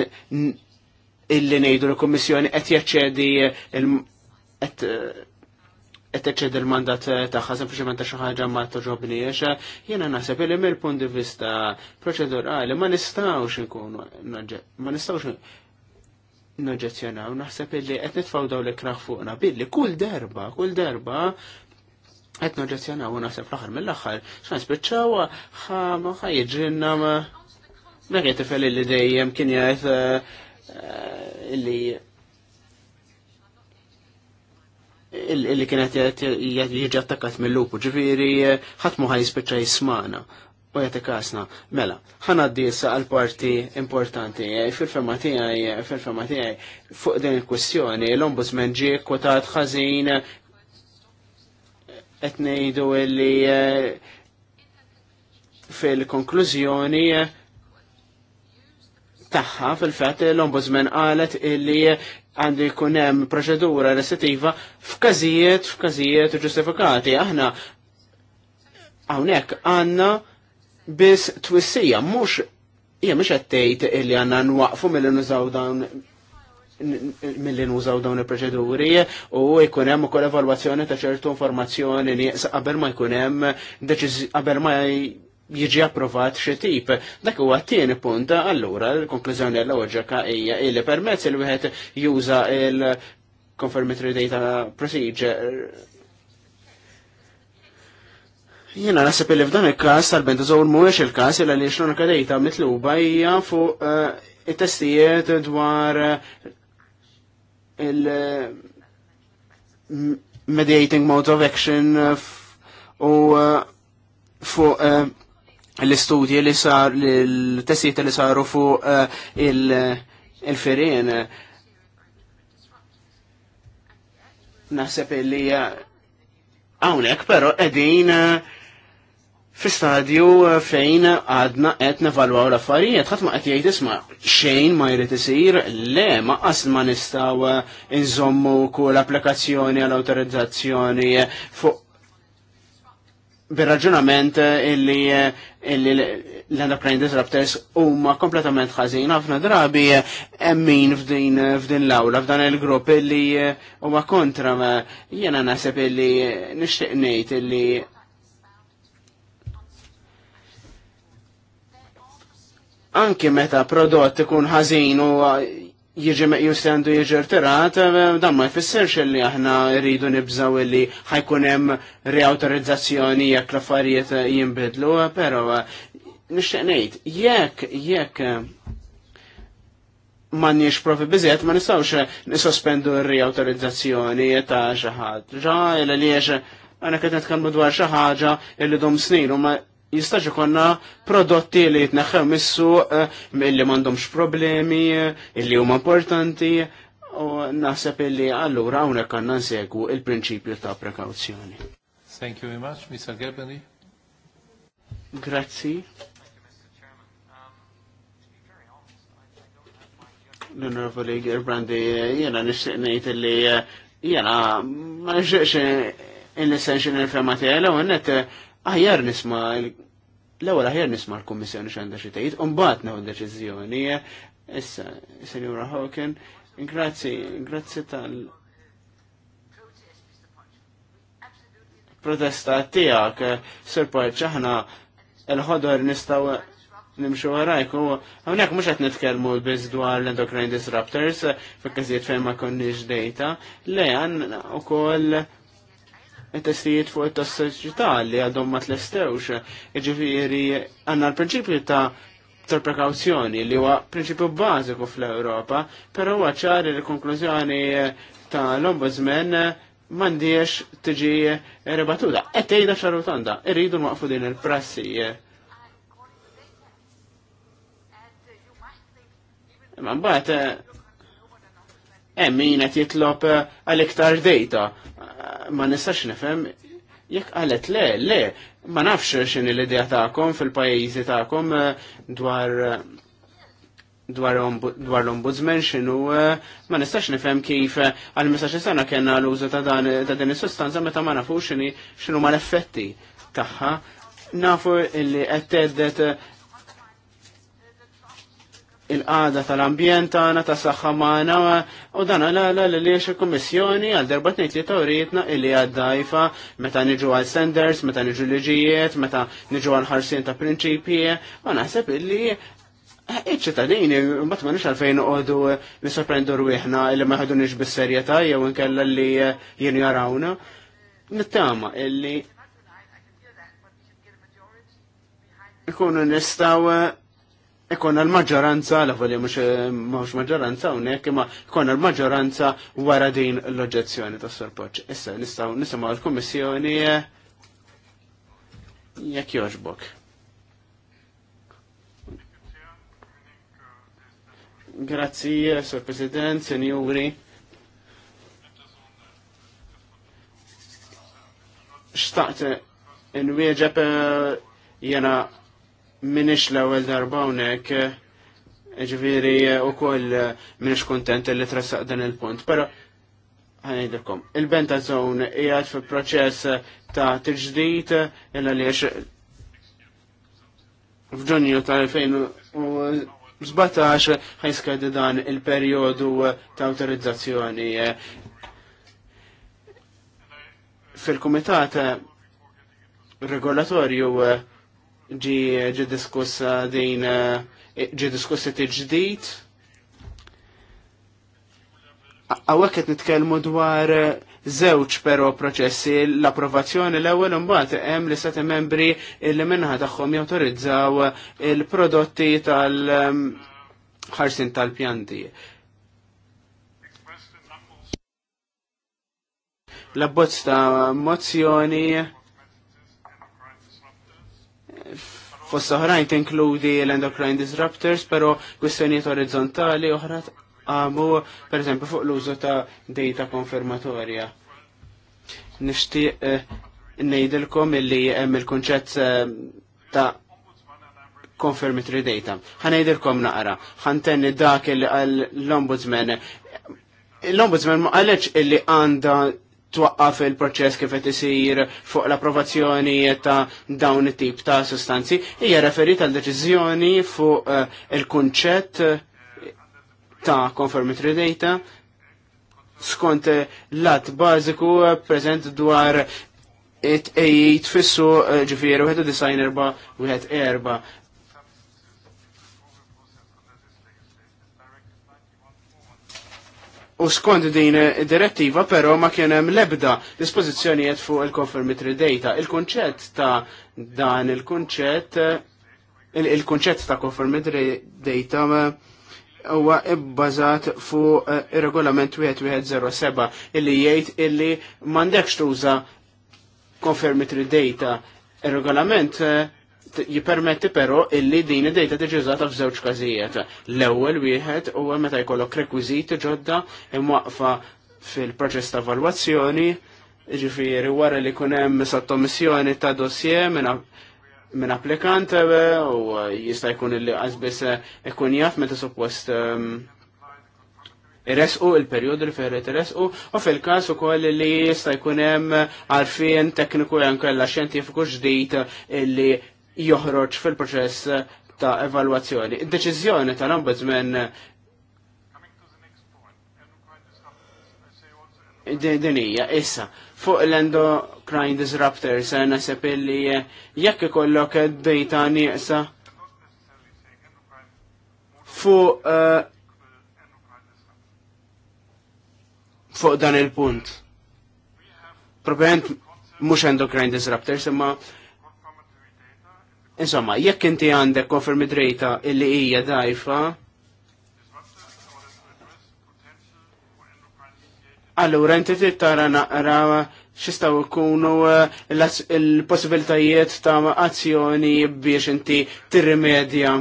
illi ngħidu l-Kummissjoni qed jaċċedi qed qed il-mandat tagħha sempliċement ta' xi ħaġa ma toġobniex, jiena naħseb li mill-punt di vista proċedurali ma nistgħux inkunu ma nistgħux noġezzjonaw, naħseb li qed nitfgħu dawn l-ikraħ fuqna billi kull derba, kull derba qed noġezzjonaw u naħseb l aħħar mill-aħħar x'għan spiċċaw ħa ħajġrinna ma qed tifel li dejjem kien jgħid eh, eh, illi illi kienet jieġi attakkat mill-lupu, ġifiri ħatmu ħaj jispiċċa jismana u jgħati kasna. Mela, ħanaddi jissa għal-parti importanti, fil-fema tijaj, fil-fema tijaj, fuq din il-kwestjoni, l-ombudsman ġi kwotat ħazin, etnejdu illi eh, fil-konklużjoni, tagħha fil-fatt l-Ombudsman qalet illi għandu jkun hemm proċedura restrittiva f'każijiet f'każijiet ġustifikati. Aħna hawnhekk għandna biss twissija mhux hija mhux qed tgħid illi għandna nwaqfu milli nużaw dawn mill-li nużaw dawn il-proċeduri u jkun hemm ukoll evalwazzjoni ta' ċertu informazzjoni nieqsa qabel ma jkun hemm qabel ma jiġi approvat xi tip. Dak huwa t-tieni punt, allura l-konklużjoni l-loġika hija illi permezz il wieħed juża il confirmatory data procedure. Jena nasib li f'dan il-kas tal-bentazol mhuwiex il-kas il għaliex l-unika data mitluba hija fuq eh, it-testijiet dwar eh, il-mediating mode of action eh, u fuq l-istudji li sar, l-tessijiet li saru fuq eh, il-ferien. Naħseb li għawnek, eh, pero edin eh, fi stadju fejn għadna qed nevalwaw l-affarijiet, ħadd ma qed jgħid isma' xejn ma jrid isir, le ma qas ma nistgħu inżommu kull applikazzjoni għall awtorizzazzjoni fuq bir-raġunament eh, illi eh, l-enterprise disruptors huma kompletament ħażin ħafna drabi eh, emmin f'din f'din l-awla f'dan il-grupp illi huma kontra ma jiena naħseb illi nixtieq ngħid illi anki meta prodott ikun ħażin u jieġi meqjus li għandu jiġi rtirat, eh, dan ma jfissirx li aħna rridu nibżaw li ħajkun hemm reautorizzazzjoni jekk l-affarijiet eh, jinbidlu, eh, pero nixtieq ngħid, jekk jekk m'għandniex profi biżiet ma nistawx nisospendu r-reautorizzazzjoni ta' xi ħadd. il li għax għana qed nitkellmu dwar xi ħaġa li dom snilu, ma jistax konna prodotti li jitneħħem missu eh, illi m'għandhomx problemi, eh, illi huma importanti, u naħseb illi allura hawnhekk għandna nsegwu il-prinċipju ta' prekawzjoni. Thank you very much, Mr. Gebeni. Grazzi. L-Onorevoli Gerbrandi, jena nishtiq nejt illi eh, jena ma nixtieqx in-essential il-fema tiegħi l-ewwel nisma l-ewwel aħjar nisma' l-Kummissjoni x'għandha xi tgħid, u mbagħad nagħu deċiżjoni. Issa, Sinjura Hawken, grazzi, grazzi tal- protesta tijak, Sir Parċ, aħna l-ħodor nistaw nimxu għarajk, u għonek mux għet nitkelmu biz dwar l-endocrine disruptors, fekkazijiet fejn ma konniġ data, le għan u koll testijiet fuq it-tossiċità li għadhom ma tlestewx. Ġifieri għandna l-prinċipju ta' tal prekawzjoni li huwa prinċipju bażiku fl-Ewropa, però huwa ċari l-konklużjoni ta' l-Ombudsman m'għandix tiġi rebatuta. Qed tgħidha xarutonda, irridu nwaqfu din il-prassi. Ma mbagħad hemm eh, min qed jitlob għal iktar data ma nistax nifhem jekk qalet le, le, ma nafx x'inhi l-idea tagħkom fil-pajjiżi tagħkom eh, dwar eh, dwar l-ombudsman xinu eh, ma nistax nifhem kif għal mistax sena kena l-użu ta' din is-sustanza meta ma nafux xinu ma l-effetti tagħha nafu illi qed teddet il-qada tal-ambjent tagħna ta' saħħa magħna u dan għala li liex il kummissjoni għal darba tnejn li tawrietna illi dajfa meta niġu għal senders, meta niġu liġijiet, meta niġu għal ħarsien ta' prinċipji, ma naħseb illi iċ ċittadin mbatt ma nix għalfejn noqogħdu nisorprendu rwieħna illi ma ħadu nix bis serjetà jew nkella li jien jarawna. Nittama illi ikunu nistaw Ikon l-maġġoranza, la volja mux maġġoranza unnek, ma ikon l-maġġoranza wara din l-oġezzjoni ta' sorpoċ. Issa nistaw nisimaw l komissjoni jek joġbok. Grazzi, Sor President, Senjuri. Xtaqt n-wieġeb eh, jena minix l ewwel darba unek, ġviri u koll minix kontent li trasaq dan il-punt. Pero, ħanidilkom, il-benta zon jgħad fi proċess ta' t-ġdijt, illa li f'ġunju tal-2017 ħajskadi dan il-periodu ta' autorizzazzjoni. Fil-komitat regolatorju ġi diskuss diskussa din eh, ġi it ġdid. Għawek għet nitkelmu dwar eh, zewċ pero proċessi l-approvazzjoni l-ewwel mbagħad hemm li seti membri li minnaħa tagħhom jawtorizzaw il-prodotti tal-ħarsin ehm, tal-pjanti. L-abbozz ta' mozzjoni Fost oħrajn tinkludi l-endocrine disruptors, pero kwistjonijiet orizzontali oħra għamu, per eżempju, fuq l-użu ta' data konfermatorja. Nishtiq eh, nejdilkom illi hemm il-kunċett eh, ta' confirmatory data. Ħanejdilkom naqra, ħantenni dak il-ombudsman. L-ombudsman ma qalex illi għanda twaqqaf il-proċess kif qed isir fuq l-approvazzjoni ta' dawn it-tip ta' sostanzi hija referita għal deċiżjoni fuq eh, il-kunċett eh, ta' confirmatory data skont eh, l-att bażiku preżent dwar it ejjit fissu ġifieri wieħed u design erba' wieħed erba' U skont din direttiva però ma kien hemm l-ebda fuq il-confirmatory data. Il-kunċett ta' dan il-kunċett il-kunċett ta' confirmatory data huwa ibbażat fuq eh, ir-regolament 2107 illi jgħid illi m'għandekx tuża confirmatory data. Ir-regolament eh, jipermetti però illi din id data tiġi f'żewġ każijiet. L-ewwel wieħed huwa meta jkollok rekwiżiti ġodda imwaqfa fil-proċess ta' valwazzjoni, ġifieri wara li kun hemm sottomissjoni ta' dossier minn applikant u jista' jkun illi qasbis ikun jaf meta suppost ehm, Iresqu il-periodu ferret iresqu u fil-kas u koll li jista' jkun hemm għarfien tekniku jankella xjentifiku ġdid li joħroġ fil-proċess ta' evalwazzjoni. Deċizjoni deċiżjoni tal-Ombudsman dinija, issa, fuq l-endocrine disruptors, nasib illi eh, jekk ikollok data nieqsa fuq eh, fuq dan il-punt. Probabilment mhux endocrine disruptors, imma Insomma, jekk inti għandek konfermi rejta illi hija dajfa, allura inti tittara naqra xistaw ikunu eh, l possibilitajiet ta' azzjoni biex inti tirrimedja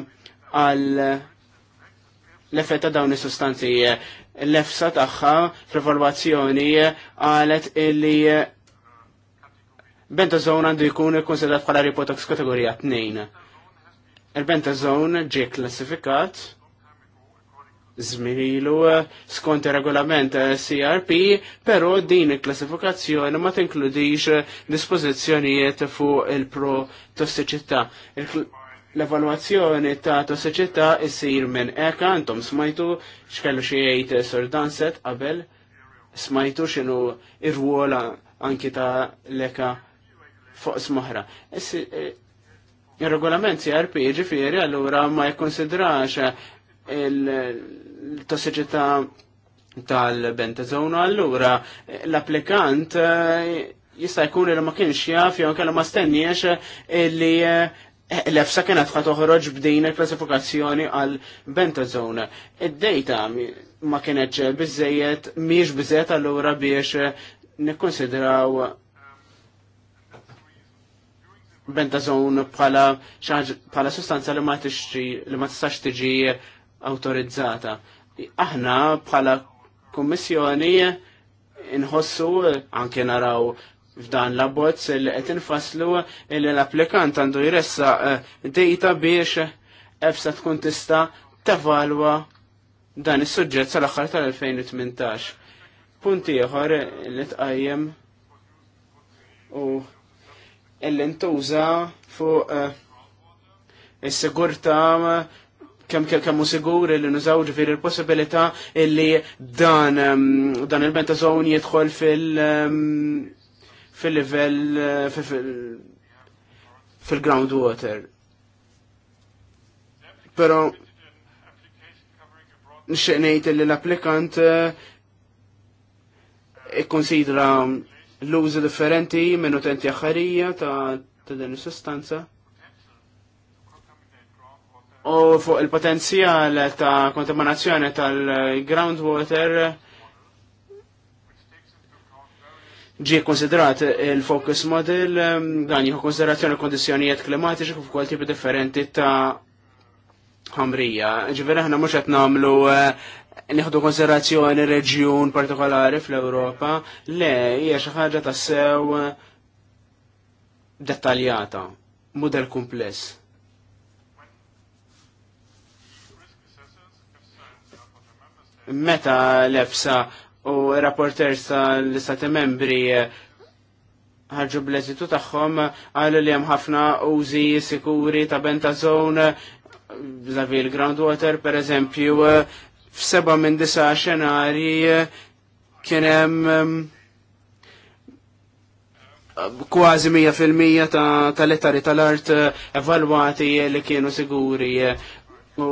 għal l-effett ta' dawn is-sustanzi. L-efsa tagħha fl qalet illi Bentazone għandu jkun il-konsidrat bħala ripotax kategorija 2. il bentazone ġie klassifikat zmirilu skont regolament CRP, pero din il-klassifikazzjoni ma tinkludix dispożizzjonijiet fuq il-pro tossiċità. L-evalwazzjoni ta' tossiċità issir minn eka, intom smajtu xkellu xi jgħid Sir Danset qabel smajtu x'inhu ir-ruola anki ta' l-eka fuq smoħra. Eh, il-regolament CRP ġifiri allura ma jikkonsidrax eh, il-tossiċità tal-bentazonu allura eh, l-applikant jista' jkun li ma kienx jaf jew kellha ma stenniex li l-efsa kienet ħad toħroġ b'din il-klassifikazzjoni għal bentazone. Id-dejta ma kienet bizzejiet, miex bizzejiet allura biex nikkonsidraw zon bħala bħala sustanza li ma tixtri li ma tistax tiġi autorizzata. Aħna bħala kummissjoni inħossu anke naraw f'dan l-abbozz li qed infaslu li l-applikant għandu jressa eh, dejta biex EFSA tkun tista' tevalwa dan is-suġġett sal-aħħar tal-2018. Punt ieħor li tqajjem u l-intuża fuq eh, is-sigurta kemm kemm kemm sigur li nużaw ġifier il possibilita illi dan ehm, dan il bentazon jidħol fil- ehm, fil-level eh, fil groundwater water. Pero nxeqnejt li l-applikant eh, ikkonsidra l-użi differenti minn utenti aħħarija ta' din is-sustanza. U fuq il-potenzjal ta' kontaminazzjoni tal-groundwater ġie konsiderat il-focus model um, dan jieħu konsiderazzjoni kondizjonijiet klimatiċi fuq kol tipi differenti ta' ħamrija. Ġifieri aħna mhux qed nagħmlu uh, nieħdu konsiderazzjoni reġjun partikolari fl-Ewropa, le hija xi ħaġa tassew dettaljata, mudell kumpless. Meta l-EFSA u rapporters tal-istati membri ħarġu bl-eżitu tagħhom għal li hemm ħafna użi sikuri ta' bentażon Zavil groundwater per eżempju, f'seba' minn disa xenarji eh, kien hemm ehm, kważi 100% ta' tal-ettari tal-art eh, evalwati eh, li kienu siguri. U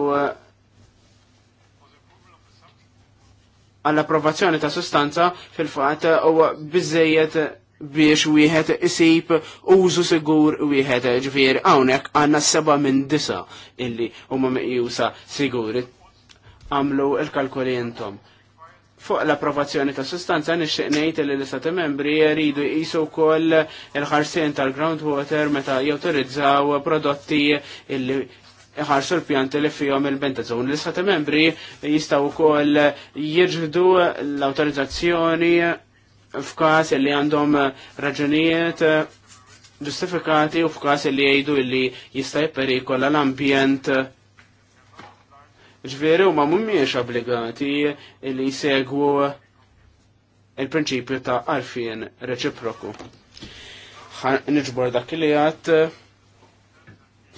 għall-approvazzjoni ta' sostanza fil-fat u bizzejiet biex wieħed isib użu sigur wieħed ġifier hawnhekk għandna seba' minn disa illi huma meqjusa siguri għamlu il kalkuli jentom. Fuq l-approvazzjoni ta' sustanza nixtieq ngħid li l-istati membri jridu jqisu wkoll il-ħarsien tal-groundwater meta jawtorizzaw prodotti illi ħarsu l-pjanti li fihom il-bentazon. L-istati membri jistgħu wkoll jiġbdu l-awtorizzazzjoni f'każ li għandhom raġunijiet ġustifikati u f'każ li jgħidu li jista' jperikola l-ambjent Ġveri u ma mummiex obbligati li jsegwu il-prinċipju ta' arfien reċiproku. Nġbor dak li għat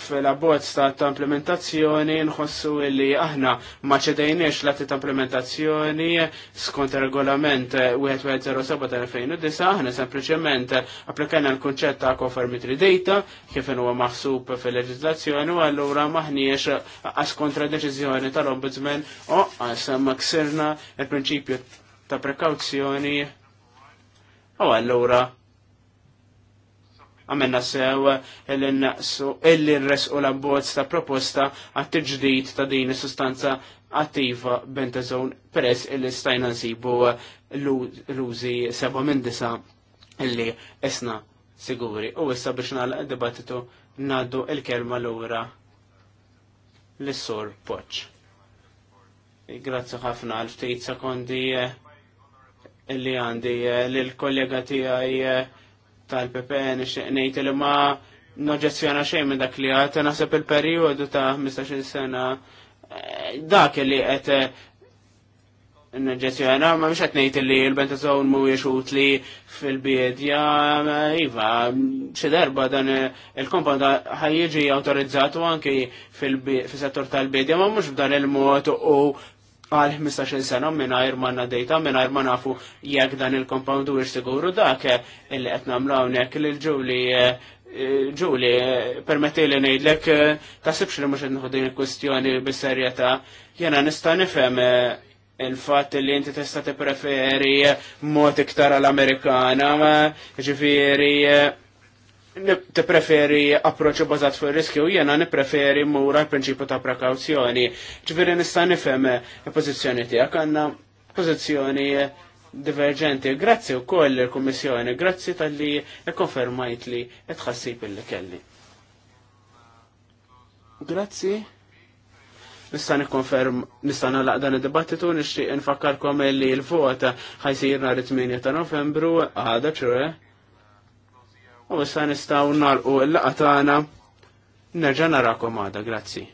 fil bozz ta' implementazzjoni nħossu li aħna ma ċedejniex l ta' implementazzjoni skont regolament 1207 ta' 2009, aħna sempliċement applikajna l-kunċett ta' conformity data kif huwa maħsub fil leġizlazzjoni u allura maħniex għas kontra deċiżjoni tal-Ombudsman u għas ksirna il-prinċipju ta' prekawzjoni u allura għamenna sew illi nresqu l-abbozz ta' proposta għat ġdid ta' din sustanza attiva bentazon peress il stajna nsibu l-użi seba minn disa illi esna siguri. U issa biex nagħlaq dibattitu naddu il-kelma l-ura l-sur Poċ. Grazzi ħafna għal ftit sekondi illi għandi eh, l-kollega tijaj tal-PP e nixtieq ngħid li ma noġezzjona xejn minn dak li għad naħseb il-perjodu ta' 15 sena eh, dak li qed eh, noġezzjona ma biex għatnejt li l-bentazon mu jiexut li fil-biedja, iva, darba dan eh, il-komponda ħajġi autorizzatu anki fil-settur tal-biedja, ma mux b'dan il-mod u għal 15 sena mingħajr ma dejta, mingħajr ma nafu jekk dan il kompound u siguru dak eh, il qed nagħmlu hawnhekk lil ġuli ġuli eh, eh, permetti li ngħidlek tasibx li mhux qed din il kustjoni bis-serjetà. Jena nista' nifhem il-fatt li inti tista' tippreferi mod iktar għall-Amerikana, ġifieri preferi approċċu bazat fuq riskju jena nippreferi mura l-prinċipju ta' prekawzjoni. Ġifieri nista' nifhem il-pożizzjoni tiegħek għandna pożizzjoni divergenti. Grazzi wkoll il-Kummissjoni, grazzi tal-li ikkonfermajt li qed tħassib illi kelli. Grazzi. Nista' nikkonferm nista' nagħlaq dan id-dibattitu nixtieq infakkarkom li l-vota ħajsir nhar it-8 ta' Novembru għada ċure. Eh? U issa nistgħu nagħlqu l-laqgħa tagħna nerġa' narakom għada, grazzi.